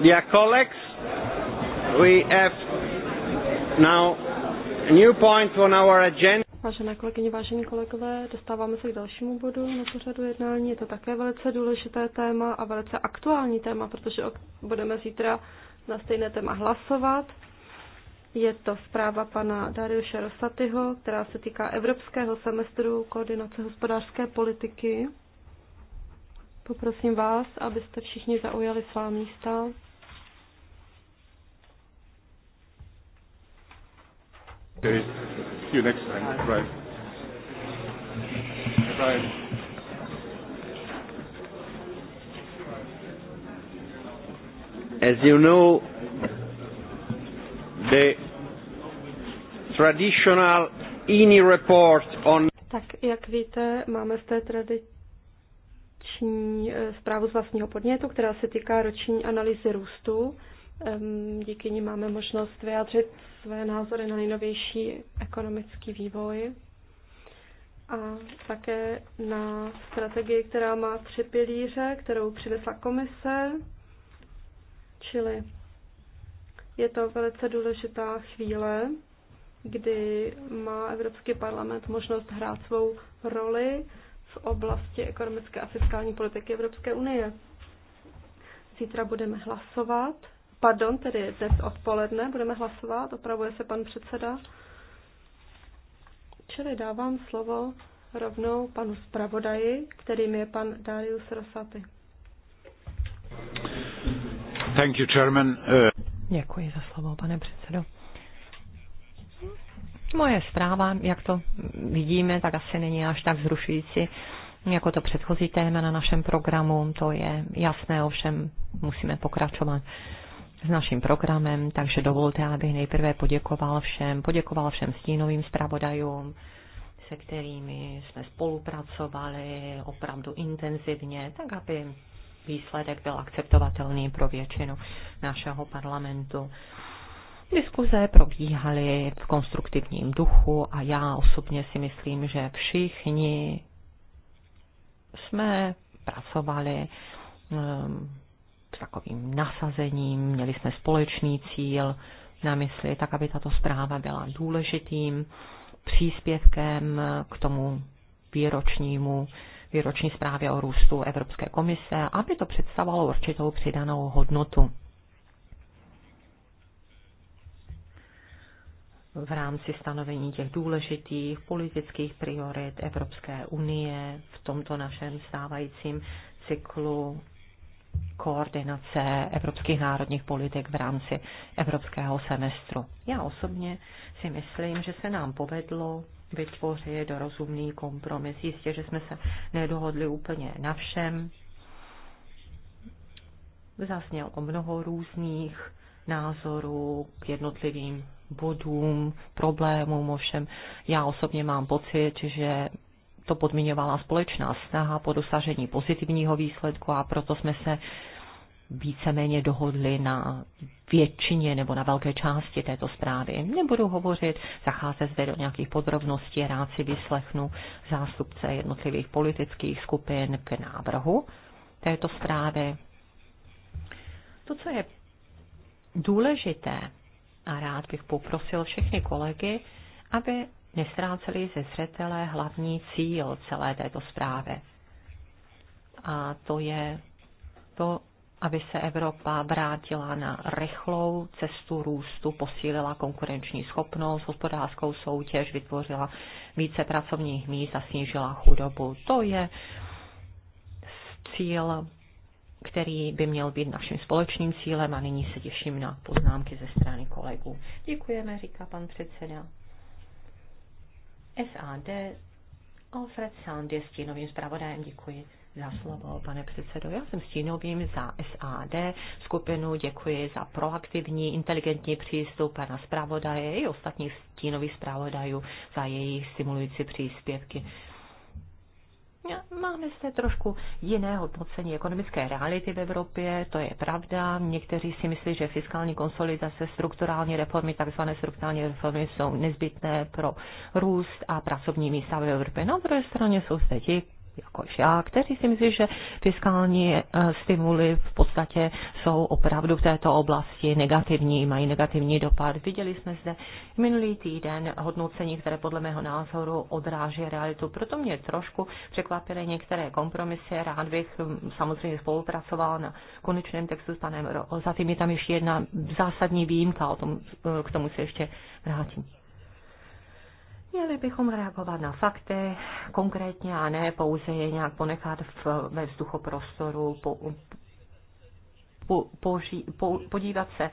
Dear colleagues, we have now a new point on our agenda. Vážené kolegyně, vážení kolegové, dostáváme se k dalšímu bodu na pořadu jednání. Je to také velice důležité téma a velice aktuální téma, protože budeme zítra na stejné téma hlasovat. Je to zpráva pana Dariuše Rosatyho, která se týká Evropského semestru koordinace hospodářské politiky. Poprosím vás, abyste všichni zaujali svá místa. Okay. See you next time. Bye. Bye. Bye. As you know, the traditional INI e report on tak jak víte, máme té tradiční eh, zprávu z vlastního podnětu, která se týká roční analýzy růstu. Díky ní máme možnost vyjádřit své názory na nejnovější ekonomický vývoj a také na strategii, která má tři pilíře, kterou přinesla komise, čili je to velice důležitá chvíle, kdy má Evropský parlament možnost hrát svou roli v oblasti ekonomické a fiskální politiky Evropské unie. Zítra budeme hlasovat Pardon, tedy dnes odpoledne budeme hlasovat, opravuje se pan předseda. Čili dávám slovo rovnou panu zpravodaji, kterým je pan Darius Rosaty. Thank you, Chairman. Uh, Děkuji za slovo, pane předsedo. Moje zpráva, jak to vidíme, tak asi není až tak zrušující jako to předchozí téma na našem programu. To je jasné, ovšem musíme pokračovat. Uh, s naším programem, takže dovolte, abych nejprve poděkoval všem, poděkoval všem stínovým zpravodajům, se kterými jsme spolupracovali opravdu intenzivně, tak aby výsledek byl akceptovatelný pro většinu našeho parlamentu. Diskuze probíhaly v konstruktivním duchu a já osobně si myslím, že všichni jsme pracovali um, takovým nasazením, měli jsme společný cíl na mysli, tak aby tato zpráva byla důležitým příspěvkem k tomu výročnímu, výroční zprávě o růstu Evropské komise, aby to představovalo určitou přidanou hodnotu. v rámci stanovení těch důležitých politických priorit Evropské unie v tomto našem stávajícím cyklu koordinace evropských národních politik v rámci evropského semestru. Já osobně si myslím, že se nám povedlo vytvořit rozumný kompromis. Jistě, že jsme se nedohodli úplně na všem. Zasněl o mnoho různých názorů k jednotlivým bodům, problémům, ovšem já osobně mám pocit, že to podmiňovala společná snaha po dosažení pozitivního výsledku a proto jsme se víceméně dohodli na většině nebo na velké části této zprávy. Nebudu hovořit, zacházet zde do nějakých podrobností, rád si vyslechnu zástupce jednotlivých politických skupin k návrhu této zprávy. To, co je důležité, a rád bych poprosil všechny kolegy, aby nestráceli ze zřetele hlavní cíl celé této zprávy. A to je to, aby se Evropa vrátila na rychlou cestu růstu, posílila konkurenční schopnost, hospodářskou soutěž, vytvořila více pracovních míst a snížila chudobu. To je cíl, který by měl být naším společným cílem a nyní se těším na poznámky ze strany kolegů. Děkujeme, říká pan předseda. SAD Alfred Sand je stínovým zpravodajem. Děkuji za slovo, pane předsedo. Já jsem stínovým za SAD skupinu. Děkuji za proaktivní, inteligentní přístup pana zpravodaje i ostatních stínových zpravodajů za jejich stimulující příspěvky. Máme se trošku jiné hodnocení ekonomické reality v Evropě, to je pravda. Někteří si myslí, že fiskální konsolidace, strukturální reformy, takzvané strukturální reformy jsou nezbytné pro růst a pracovní místa v Evropě. Na druhé straně jsou se ti, jakož já, kteří si myslí, že fiskální eh, stimuly v podstatě jsou opravdu v této oblasti negativní, mají negativní dopad. Viděli jsme zde minulý týden hodnocení, které podle mého názoru odráží realitu. Proto mě trošku překvapily některé kompromisy. Rád bych hm, samozřejmě spolupracoval na konečném textu s panem Rozatým. Je tam ještě jedna zásadní výjimka, o tom, eh, k tomu se ještě vrátím. Měli bychom reagovat na fakty konkrétně a ne pouze je nějak ponechat v, ve vzduchoprostoru, po, po, po, podívat se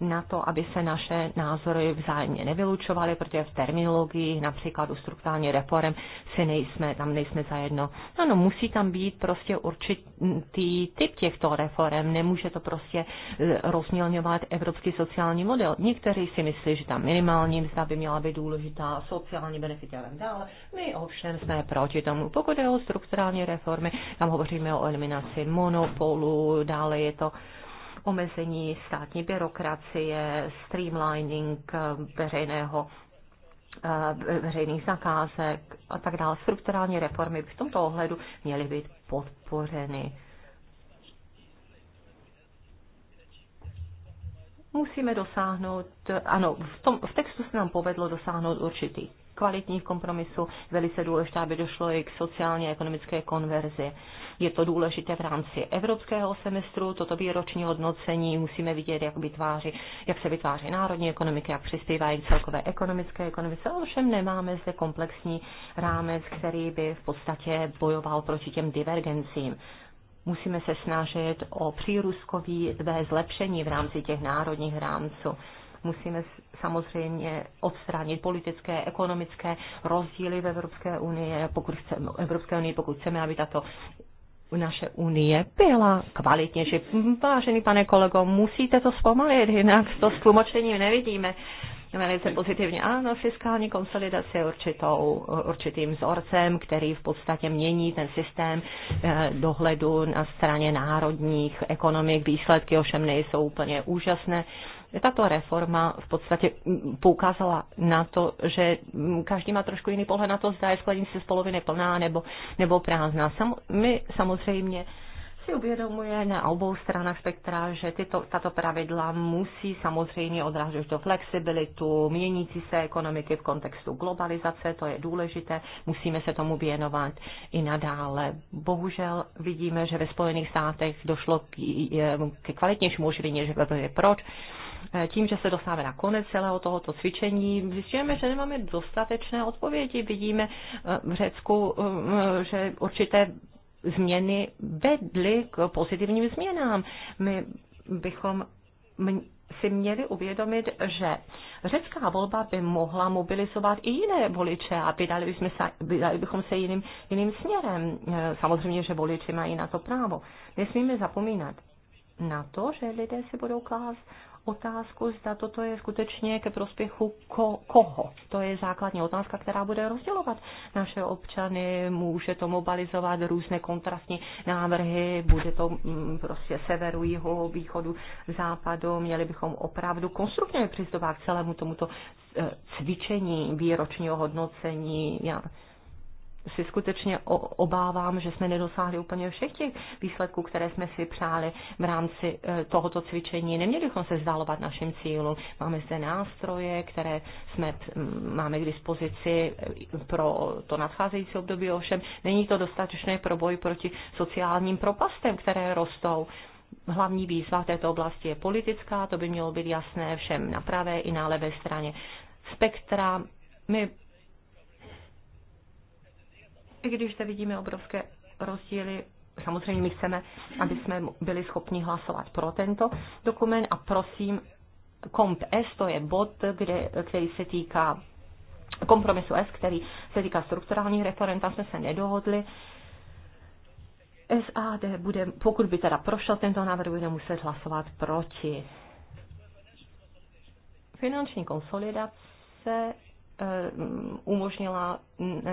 na to, aby se naše názory vzájemně nevylučovaly, protože v terminologii, například u strukturální reform, si nejsme, tam nejsme zajedno. Ano, musí tam být prostě určitý typ těchto reform, nemůže to prostě e, rozmělňovat evropský sociální model. Někteří si myslí, že tam minimální mzda by měla být důležitá, sociální benefit a dále. My ovšem jsme proti tomu. Pokud je o strukturální reformy, tam hovoříme o eliminaci monopolu, dále je to omezení státní byrokracie, streamlining eh, veřejného eh, veřejných zakázek a tak dále. Strukturální reformy by v tomto ohledu měly být podpořeny. Musíme dosáhnout, ano, v, tom, v textu se nám povedlo dosáhnout určitých kvalitních kompromisů. Velice důležité, aby došlo i k sociálně ekonomické konverzi. Je to důležité v rámci evropského semestru, toto výroční hodnocení musíme vidět, jak, vytváří, jak se vytváří národní ekonomiky, jak přispívají k celkové ekonomické ekonomice. Ovšem nemáme zde komplexní rámec, který by v podstatě bojoval proti těm divergencím musíme se snažit o přírůstkové zlepšení v rámci těch národních rámců. Musíme samozřejmě odstranit politické, ekonomické rozdíly v Evropské unii, pokud chceme, Evropské unii, pokud chceme, aby tato naše unie byla kvalitnější. Vážený pane kolego, musíte to zpomalit, jinak to s tlumočením nevidíme. Velice pozitivně. Ano, fiskální konsolidace je určitou, určitým vzorcem, který v podstatě mění ten systém eh, dohledu na straně národních ekonomik. Výsledky ovšem nejsou úplně úžasné. Tato reforma v podstatě poukázala na to, že každý má trošku jiný pohled na to, zda je skladnice z poloviny plná nebo, nebo prázdná. Sam, my samozřejmě si uvědomuje na obou stranách spektra, že tyto, tato pravidla musí samozřejmě odrážet do flexibilitu, měnící se ekonomiky v kontextu globalizace, to je důležité, musíme se tomu věnovat i nadále. Bohužel vidíme, že ve Spojených státech došlo k, k kvalitnějšímu oživení, že proč Eh, tím, že se dostáváme na konec celého tohoto cvičení, zjišťujeme, že nemáme dostatečné odpovědi. Vidíme eh, v Řecku, eh, že určité změny vedly k pozitivním změnám. My bychom si měli uvědomit, že řecká volba by mohla mobilizovat i jiné voliče a vydali, bychom se, vydali bychom se jiným, jiným směrem. Samozřejmě, že voliči mají na to právo. Nesmíme zapomínat na to, že lidé si budou klást otázku, zda toto je skutečně ke prospěchu ko, koho. To je základní otázka, která bude rozdělovat naše občany, může to mobilizovat různé kontrastní návrhy, bude to mm, prostě severu, jihu, východu, západu. Měli bychom opravdu konstruktně přistupovat k celému tomuto eh, cvičení výročního hodnocení. Já si skutečně obávám, že jsme nedosáhli úplně všech těch výsledků, které jsme si přáli v rámci eh, tohoto cvičení. Neměli bychom se zdálovat našim cílům. Máme zde nástroje, které jsme, mm, máme k dispozici eh, pro to nadcházející období, ovšem není to dostatečné pro boj proti sociálním propastem, které rostou. Hlavní výzva v této oblasti je politická, to by mělo být jasné všem na pravé i na levé straně spektra. My i když zde vidíme obrovské rozdíly samozřejmě my chceme, aby jsme byli schopni hlasovat pro tento dokument a prosím, komp S, to je bod, kde, který se týká kompromisu S, který se týká strukturálních reform, tam jsme se nedohodli. SAD bude, pokud by teda prošel tento návrh, bude muset hlasovat proti. Finanční konsolidace Eh, umožnila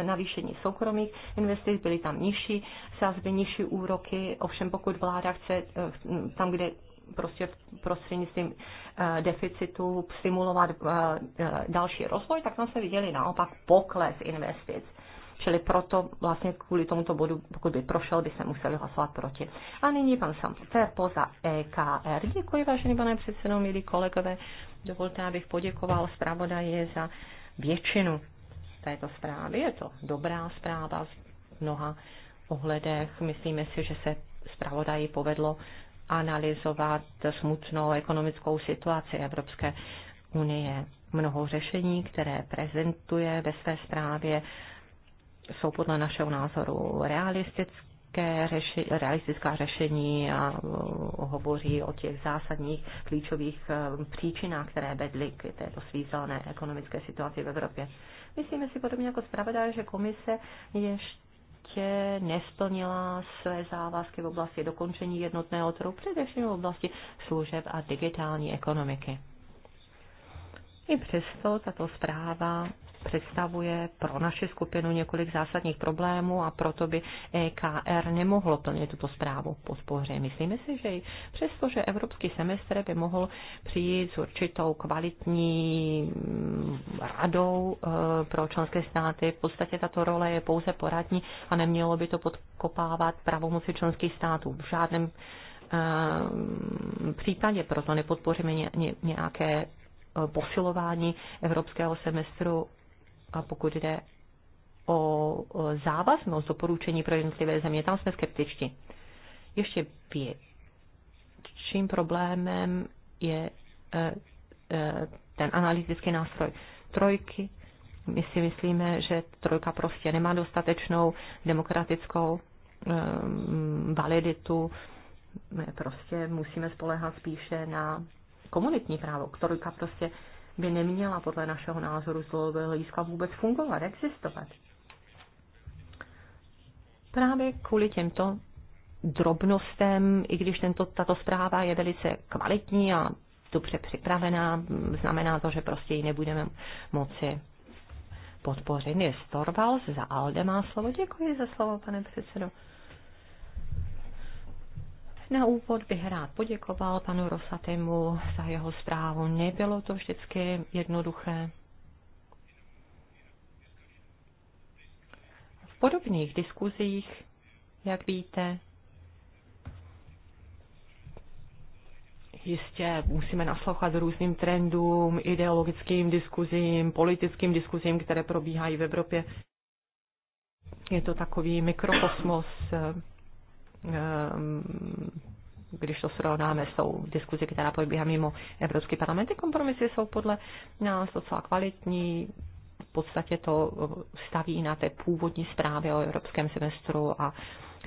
navýšení soukromých investic, byly tam nižší sazby, nižší úroky, ovšem pokud vláda chce eh, tam, kde prostě prostřednictvím eh, deficitu stimulovat další rozvoj, tak tam se viděli naopak pokles investic. Čili proto vlastně kvůli tomuto bodu, pokud by prošel, by se museli hlasovat proti. A nyní pan Sam Terpo za EKR. Děkuji, vážený pane předsedo, milí kolegové. Dovolte, abych poděkoval zpravodaji za uh, většinu této zprávy. Je to dobrá zpráva v mnoha ohledech. Myslíme si, že se zpravodaji povedlo analyzovat smutnou ekonomickou situaci Evropské unie. Mnoho řešení, které prezentuje ve své zprávě, jsou podle našeho názoru realistické také řeši, realistická řešení a hovoří o těch zásadních klíčových e, příčinách, které vedly k této svízelné ekonomické situaci v Evropě. Myslíme si podobně jako zpravodaj, že komise ještě ještě nesplnila své závazky v oblasti dokončení jednotného trhu, především v oblasti služeb a digitální ekonomiky. I přesto tato zpráva představuje pro naši skupinu několik zásadních problémů a proto by EKR nemohlo plně tuto zprávu podpořit. Myslíme si, že i přesto, že evropský semestr by mohl přijít s určitou kvalitní mm, radou e, pro členské státy, v podstatě tato role je pouze poradní a nemělo by to podkopávat pravomoci členských států. V žádném e, případě proto nepodpoříme nějaké e, posilování evropského semestru a pokud jde o závaznost doporučení pro jednotlivé země, tam jsme skeptičtí. Ještě větším problémem je e, e, ten analytický nástroj trojky. My si myslíme, že trojka prostě nemá dostatečnou demokratickou e, validitu. My prostě musíme spolehat spíše na komunitní právo. Trojka prostě by neměla podle našeho názoru z dlouhodobého hlediska vůbec fungovat, existovat. Právě kvůli těmto drobnostem, i když tento, tato zpráva je velice kvalitní a dobře připravená, znamená to, že prostě ji nebudeme moci podpořit. Je Storval za Aldemá slovo. Děkuji za slovo, pane předsedo. Na úvod bych rád poděkoval panu Rosatému za jeho zprávu. Nebylo to vždycky jednoduché. V podobných diskuzích, jak víte, jistě musíme naslouchat různým trendům, ideologickým diskuzím, politickým diskuzím, které probíhají v Evropě. Je to takový mikrokosmos Ehm, když to srovnáme s tou diskuzi, která probíhá mimo Evropský parlament, ty kompromisy jsou podle nás docela kvalitní, v podstatě to staví na té původní zprávě o evropském semestru a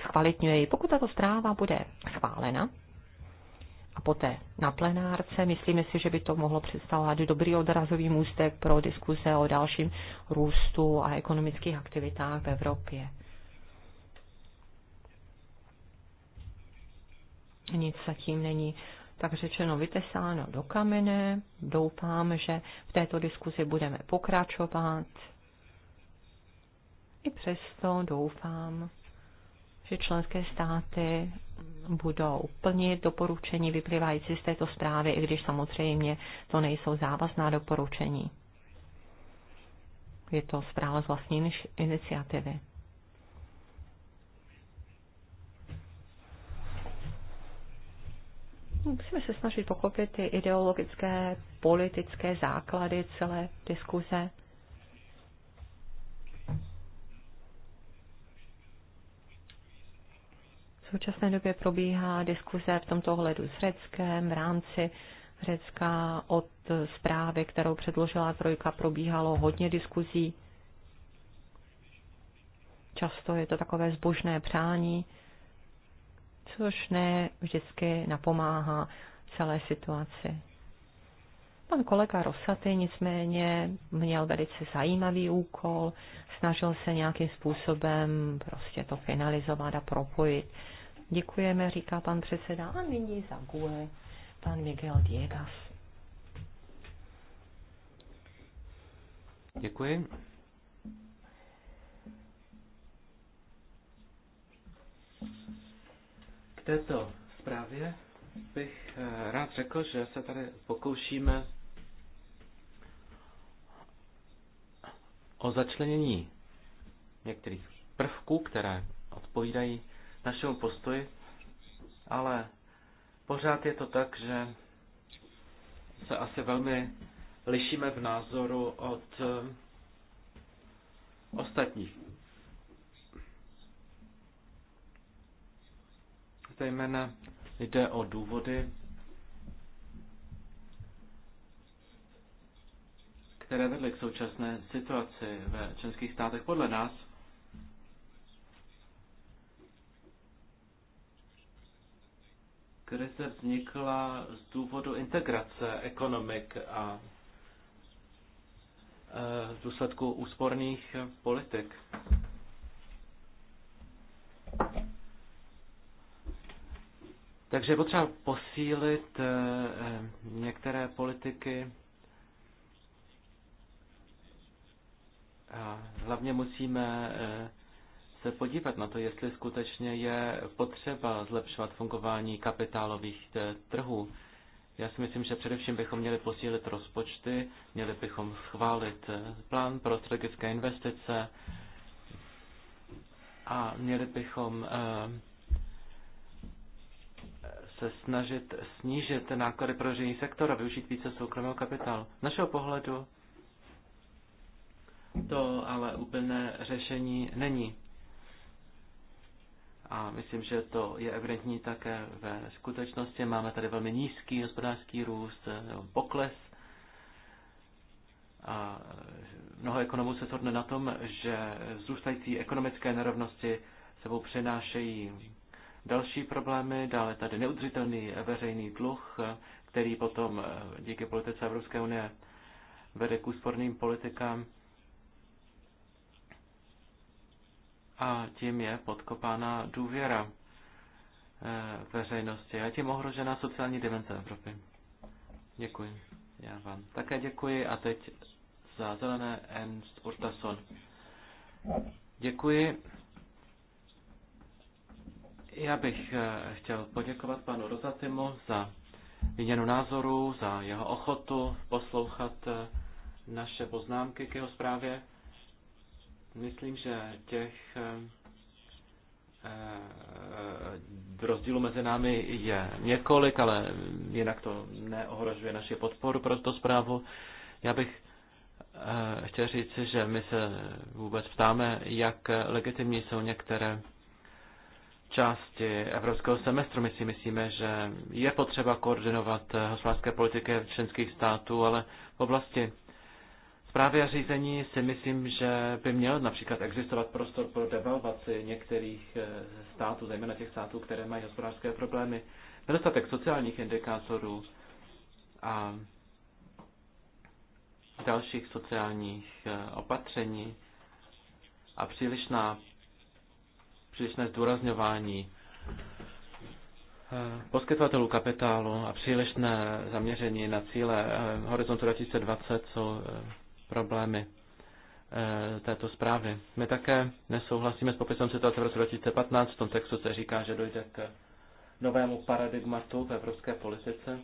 zkvalitňuje ji. Pokud tato zpráva bude schválena a poté na plenárce, myslíme si, že by to mohlo představovat dobrý odrazový můstek pro diskuse o dalším růstu a ekonomických aktivitách v Evropě. nic zatím není tak řečeno vytesáno do kamene. Doufám, že v této diskuzi budeme pokračovat. I přesto doufám, že členské státy budou plnit doporučení vyplývající z této zprávy, i když samozřejmě to nejsou závazná doporučení. Je to zpráva z vlastní iniciativy. Musíme se snažit pochopit ty ideologické, politické základy celé diskuze. V současné době probíhá diskuze v tomto ohledu s Řeckem v rámci Řecka od zprávy, kterou předložila Trojka, probíhalo hodně diskuzí. Často je to takové zbožné přání což ne vždycky napomáhá celé situaci. Pan kolega Rosaty nicméně měl velice zajímavý úkol, snažil se nějakým způsobem prostě to finalizovat a propojit. Děkujeme, říká pan předseda, a nyní za GUE pan Miguel Diegas. Děkuji. této zprávě bych eh, rád řekl, že se tady pokoušíme o začlenění některých prvků, které odpovídají našemu postoji, ale pořád je to tak, že se asi velmi lišíme v názoru od eh, ostatních. Zejména jde o důvody, které vedly k současné situaci ve členských státech podle nás. Krize vznikla z důvodu integrace ekonomik a v e, důsledku úsporných politik. Takže je potřeba posílit eh, eh, některé politiky. A hlavně musíme eh, se podívat na to, jestli skutečně je potřeba zlepšovat fungování kapitálových trhů. Já si myslím, že především bychom měli posílit rozpočty, měli bychom schválit plán pro strategické investice a měli bychom se snažit snížit náklady pro veřejný sektor a využít více soukromého kapitálu. Z našeho pohledu to ale úplné řešení není. A myslím, že to je evidentní také ve skutečnosti. Máme tady velmi nízký hospodářský růst, pokles. A mnoho ekonomů se shodne na tom, že zůstající ekonomické nerovnosti sebou přenášejí další problémy. Dále tady neudržitelný veřejný dluh, který potom eh, díky politice Evropské unie vede k úsporným politikám a tím je podkopána důvěra eh, veřejnosti a tím ohrožena sociální dimenze Evropy. Děkuji. Já vám také děkuji a teď za zelené Ernst Urtason. Děkuji. Já bych eh, chtěl poděkovat panu Rozatimu za výměnu názoru, za jeho ochotu poslouchat eh, naše poznámky k jeho zprávě. Myslím, že těch eh, rozdílů mezi námi je několik, ale jinak to neohrožuje naši podporu pro tuto zprávu. Já bych chtěl říct, že my se vůbec ptáme, jak legitimní jsou některé části evropského semestru. My si myslíme, že je potřeba koordinovat hospodářské politiky členských států, ale v oblasti zprávy a řízení si myslím, že by měl například existovat prostor pro devalvaci některých eh, států, zejména těch států, které mají hospodářské problémy, nedostatek sociálních indikátorů a dalších sociálních eh, opatření a přílišná přílišné zdůrazňování eh, poskytovatelů kapitálu a přílišné zaměření na cíle eh, horizontu 2020 jsou eh, problémy této zprávy. My také nesouhlasíme s popisem situace v roce 2015. V tom textu se říká, že dojde k novému paradigmatu v evropské politice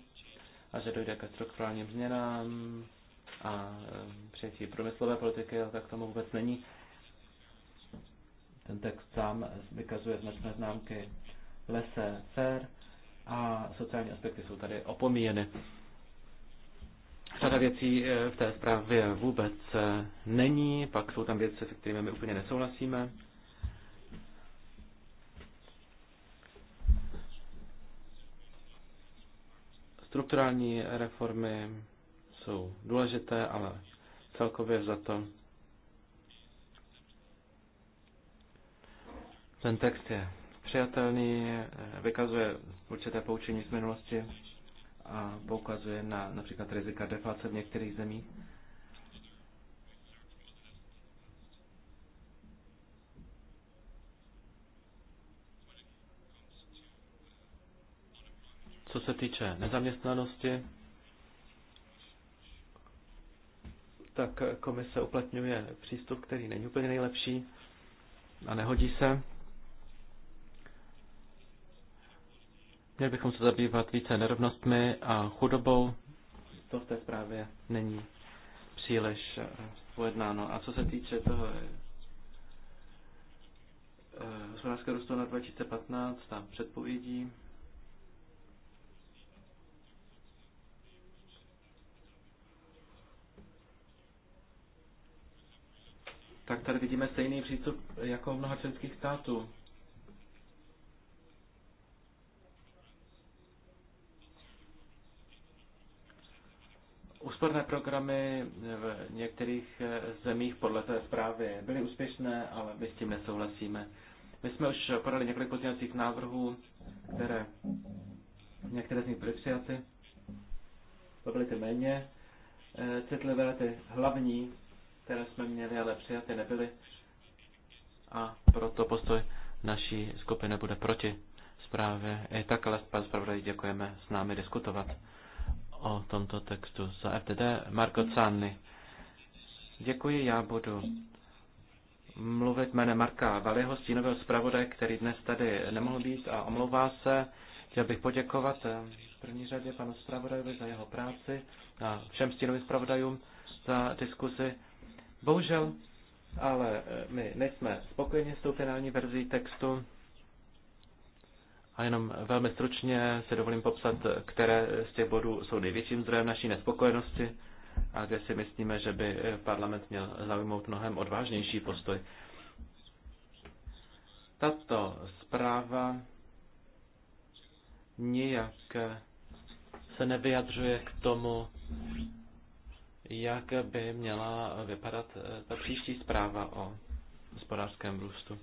a že dojde ke strukturálním změnám a přijetí průmyslové politiky, ale tak tomu vůbec není. Ten text sám vykazuje značné známky lese fair a sociální aspekty jsou tady opomíjeny. Řada věcí eh, v té zprávě vůbec eh, není, pak jsou tam věci, se kterými my úplně nesouhlasíme. Strukturální reformy jsou důležité, ale celkově za to Ten text je přijatelný, vykazuje určité poučení z minulosti a poukazuje na například rizika deflace v některých zemích. Co se týče nezaměstnanosti, tak komise uplatňuje přístup, který není úplně nejlepší a nehodí se. Měli bychom se zabývat více nerovnostmi a chudobou. To v té zprávě není příliš pojednáno. Eh, a co se týče toho eh, eh, hospodářského růstu na 2015, tam předpovědí, tak tady vidíme stejný přístup jako mnoha členských států. Úsporné programy v některých eh, zemích podle té zprávy byly úspěšné, ale my s tím nesouhlasíme. My jsme už podali několik pozměňovacích návrhů, které některé z nich byly přijaty. To byly ty méně eh, citlivé, ty hlavní, které jsme měli, ale přijaty nebyly. A proto postoj naší skupiny bude proti zprávě. I tak ale zpravodaj děkujeme s námi diskutovat o tomto textu za FTD. Marko Canny. Děkuji, já budu mluvit jménem Marka Valiho, stínového zpravodaje, který dnes tady nemohl být a omlouvá se. Chtěl bych poděkovat eh, v první řadě panu zpravodajovi za jeho práci a všem stínovým zpravodajům za diskuzi. Bohužel, ale eh, my nejsme spokojeni s tou finální verzí textu. A jenom velmi stručně se dovolím popsat, které z těch bodů jsou největším zdrojem naší nespokojenosti a kde si myslíme, že by parlament měl zaujmout mnohem odvážnější postoj. Tato zpráva nijak se nevyjadřuje k tomu, jak by měla vypadat ta příští zpráva o hospodářském růstu.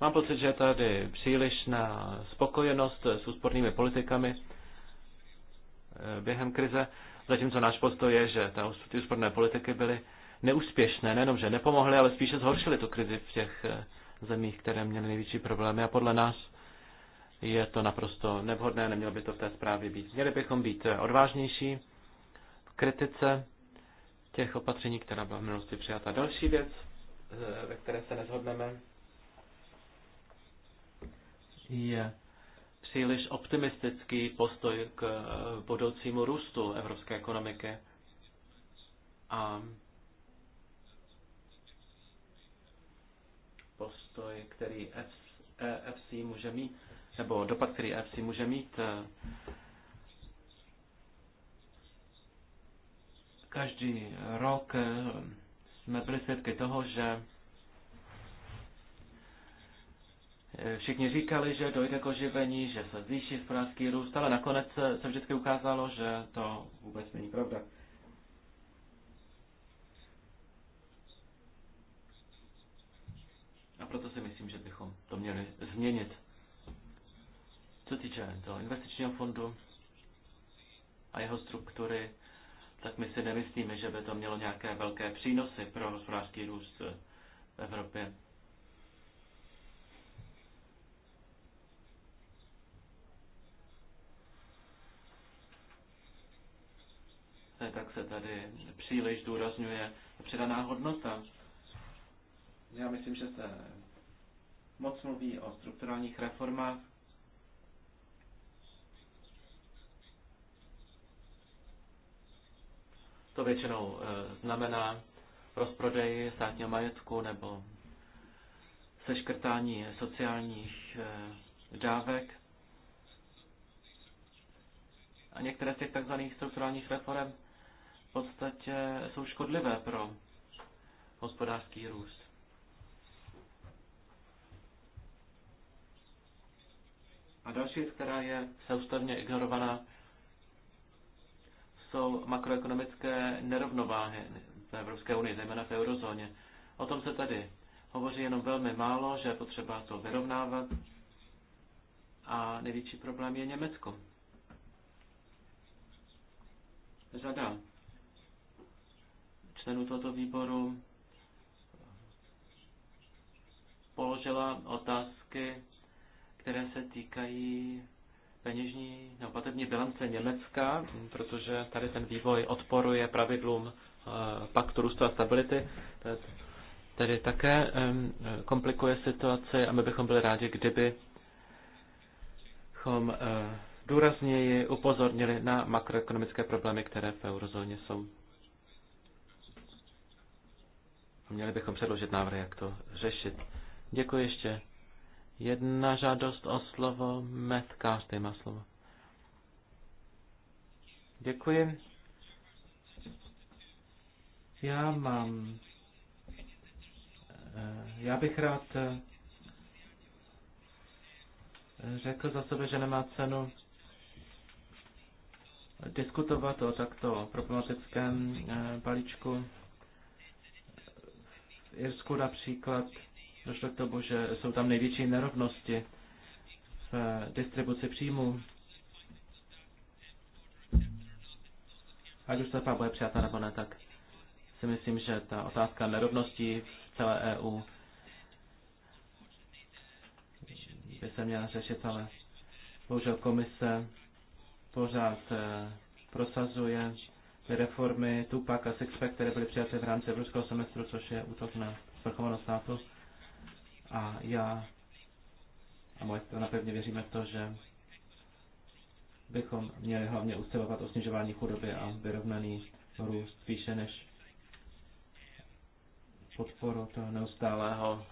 Mám pocit, že tady přílišná spokojenost s úspornými politikami eh, během krize, zatímco náš postoj je, že ty úsporné politiky byly neúspěšné, nejenom, že nepomohly, ale spíše zhoršily tu krizi v těch eh, zemích, které měly největší problémy a podle nás je to naprosto nevhodné, nemělo by to v té zprávě být. Měli bychom být eh, odvážnější v kritice těch opatření, která byla v minulosti přijata. Další věc, ve které se nezhodneme, je příliš optimistický postoj k eh, budoucímu růstu evropské ekonomiky. A postoj, který EFC eh, může mít, nebo dopad, který EFC může mít, eh, každý rok jsme byli svědky toho, že všichni říkali, že dojde k oživení, že se zvýší hospodářský růst, ale nakonec se vždycky ukázalo, že to vůbec není pravda. A proto si myslím, že bychom to měli změnit. Co týče toho investičního fondu a jeho struktury, tak my si nemyslíme, že by to mělo nějaké velké přínosy pro hospodářský růst v Evropě. se tady příliš důrazňuje přidaná hodnota. Já myslím, že se moc mluví o strukturálních reformách, To většinou eh, znamená rozprodej státního majetku nebo seškrtání sociálních eh, dávek. A některé z těch takzvaných strukturálních reform podstatě jsou škodlivé pro hospodářský růst. A další věc, která je soustavně ignorovaná, jsou makroekonomické nerovnováhy v Evropské unii, zejména v eurozóně. O tom se tady hovoří jenom velmi málo, že je potřeba to vyrovnávat. A největší problém je Německo. Řada členů tohoto výboru položila otázky, které se týkají peněžní nebo platební bilance Německa, protože tady ten vývoj odporuje pravidlům eh, paktu růstu a stability, tedy také komplikuje situaci a my bychom byli rádi, kdyby eh, důrazněji upozornili na makroekonomické problémy, které v eurozóně jsou. Měli bychom předložit návrh, jak to řešit. Děkuji ještě. Jedna žádost o slovo. Metkář, ty má slovo. Děkuji. Já mám... Eh, já bych rád eh, řekl za sebe, že nemá cenu diskutovat o takto problematickém eh, balíčku Irsku například došlo k tomu, že jsou tam největší nerovnosti v distribuci příjmů. Ať už pak bude přijata nebo ne, tak si myslím, že ta otázka nerovností v celé EU by se měla řešit, ale bohužel komise pořád eh, prosazuje ty reformy Tupac a Sixpack, které byly přijaty v rámci evropského semestru, což je útok na svrchovanost státu. A já a moje strana pevně věříme v to, že bychom měli hlavně usilovat o snižování chudoby a vyrovnaný růst spíše než podporu toho neustálého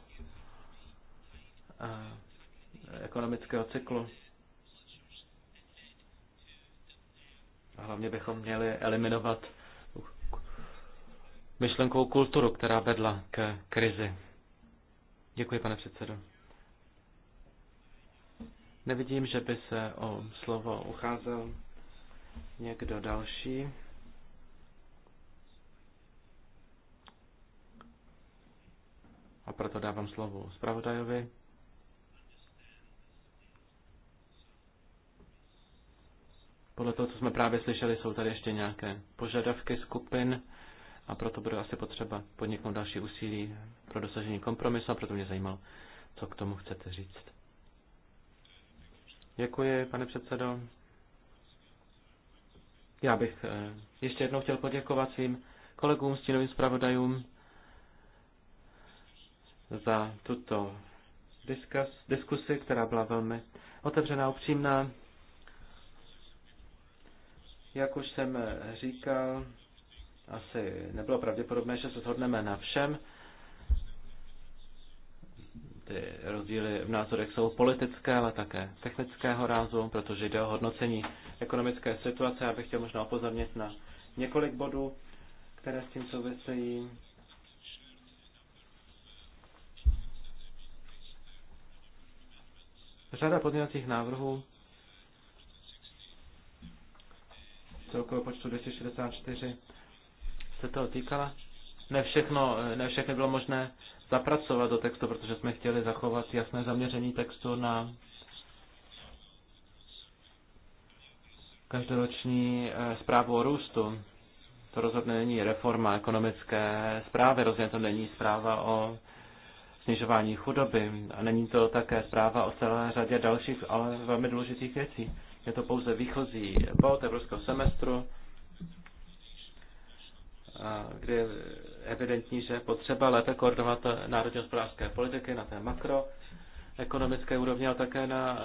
eh, ekonomického cyklu. Hlavně bychom měli eliminovat myšlenkovou kulturu, která vedla k krizi. Děkuji, pane předsedo. Nevidím, že by se o slovo ucházel někdo další. A proto dávám slovo zpravodajovi. Podle toho, co jsme právě slyšeli, jsou tady ještě nějaké požadavky skupin a proto bude asi potřeba podniknout další úsilí pro dosažení kompromisu a proto mě zajímalo, co k tomu chcete říct. Děkuji, pane předsedo. Já bych eh, ještě jednou chtěl poděkovat svým kolegům, stínovým zpravodajům za tuto diskus, diskusi, která byla velmi otevřená, upřímná. Jak už jsem říkal, asi nebylo pravděpodobné, že se shodneme na všem. Ty rozdíly v názorech jsou politické, ale také technického rázu, protože jde o hodnocení ekonomické situace. Já bych chtěl možná upozornit na několik bodů, které s tím souvisejí. Řada pozměňovacích návrhů celkového počtu 264 se toho týkala. Ne, všechno, ne všechny bylo možné zapracovat do textu, protože jsme chtěli zachovat jasné zaměření textu na každoroční eh, zprávu o růstu. To rozhodně není reforma ekonomické zprávy, rozhodně to není zpráva o snižování chudoby a není to také zpráva o celé řadě dalších, ale velmi důležitých věcí. Je to pouze výchozí bod evropského semestru, kde je evidentní, že je potřeba lépe koordinovat národní hospodářské politiky na té makroekonomické úrovni, ale také na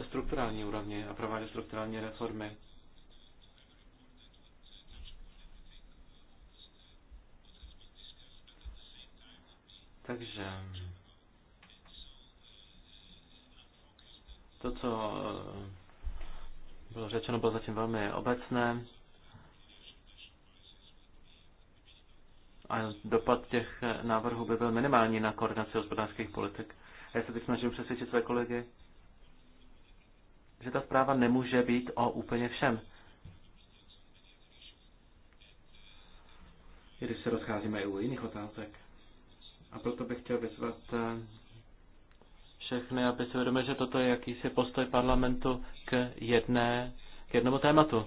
e, strukturální úrovni a provádět strukturální reformy. Takže to, co bylo řečeno, bylo zatím velmi obecné. A dopad těch návrhů by byl minimální na koordinaci hospodářských politik. A já se teď snažím přesvědčit své kolegy, že ta zpráva nemůže být o úplně všem. I když se rozcházíme i u jiných otázek. A proto bych chtěl vyzvat eh, všechny, aby si vědomili, že toto je jakýsi postoj parlamentu k, jedné, k jednomu tématu.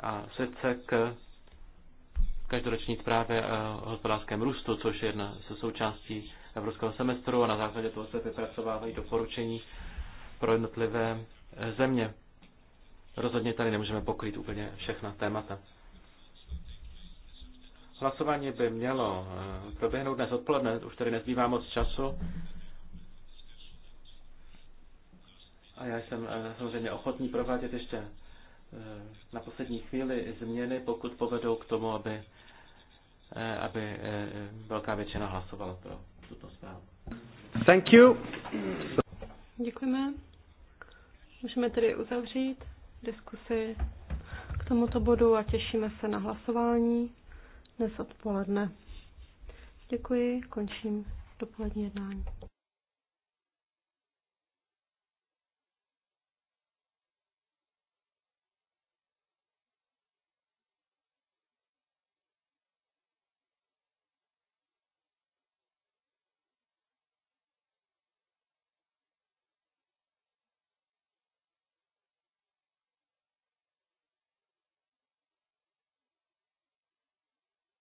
A sice k každoroční zprávě o hospodářském růstu, což je jedna ze součástí evropského semestru a na základě toho se vypracovávají doporučení pro jednotlivé země. Rozhodně tady nemůžeme pokrýt úplně všechna témata. Hlasování by mělo eh, proběhnout dnes odpoledne, už tady nezbývá moc času. A já jsem eh, samozřejmě ochotný provádět ještě eh, na poslední chvíli změny, pokud povedou k tomu, aby, aby velká většina hlasovala pro tuto zprávu. Thank you. Děkujeme. Můžeme tedy uzavřít diskusi k tomuto bodu a těšíme se na hlasování dnes odpoledne. Děkuji, končím dopolední jednání.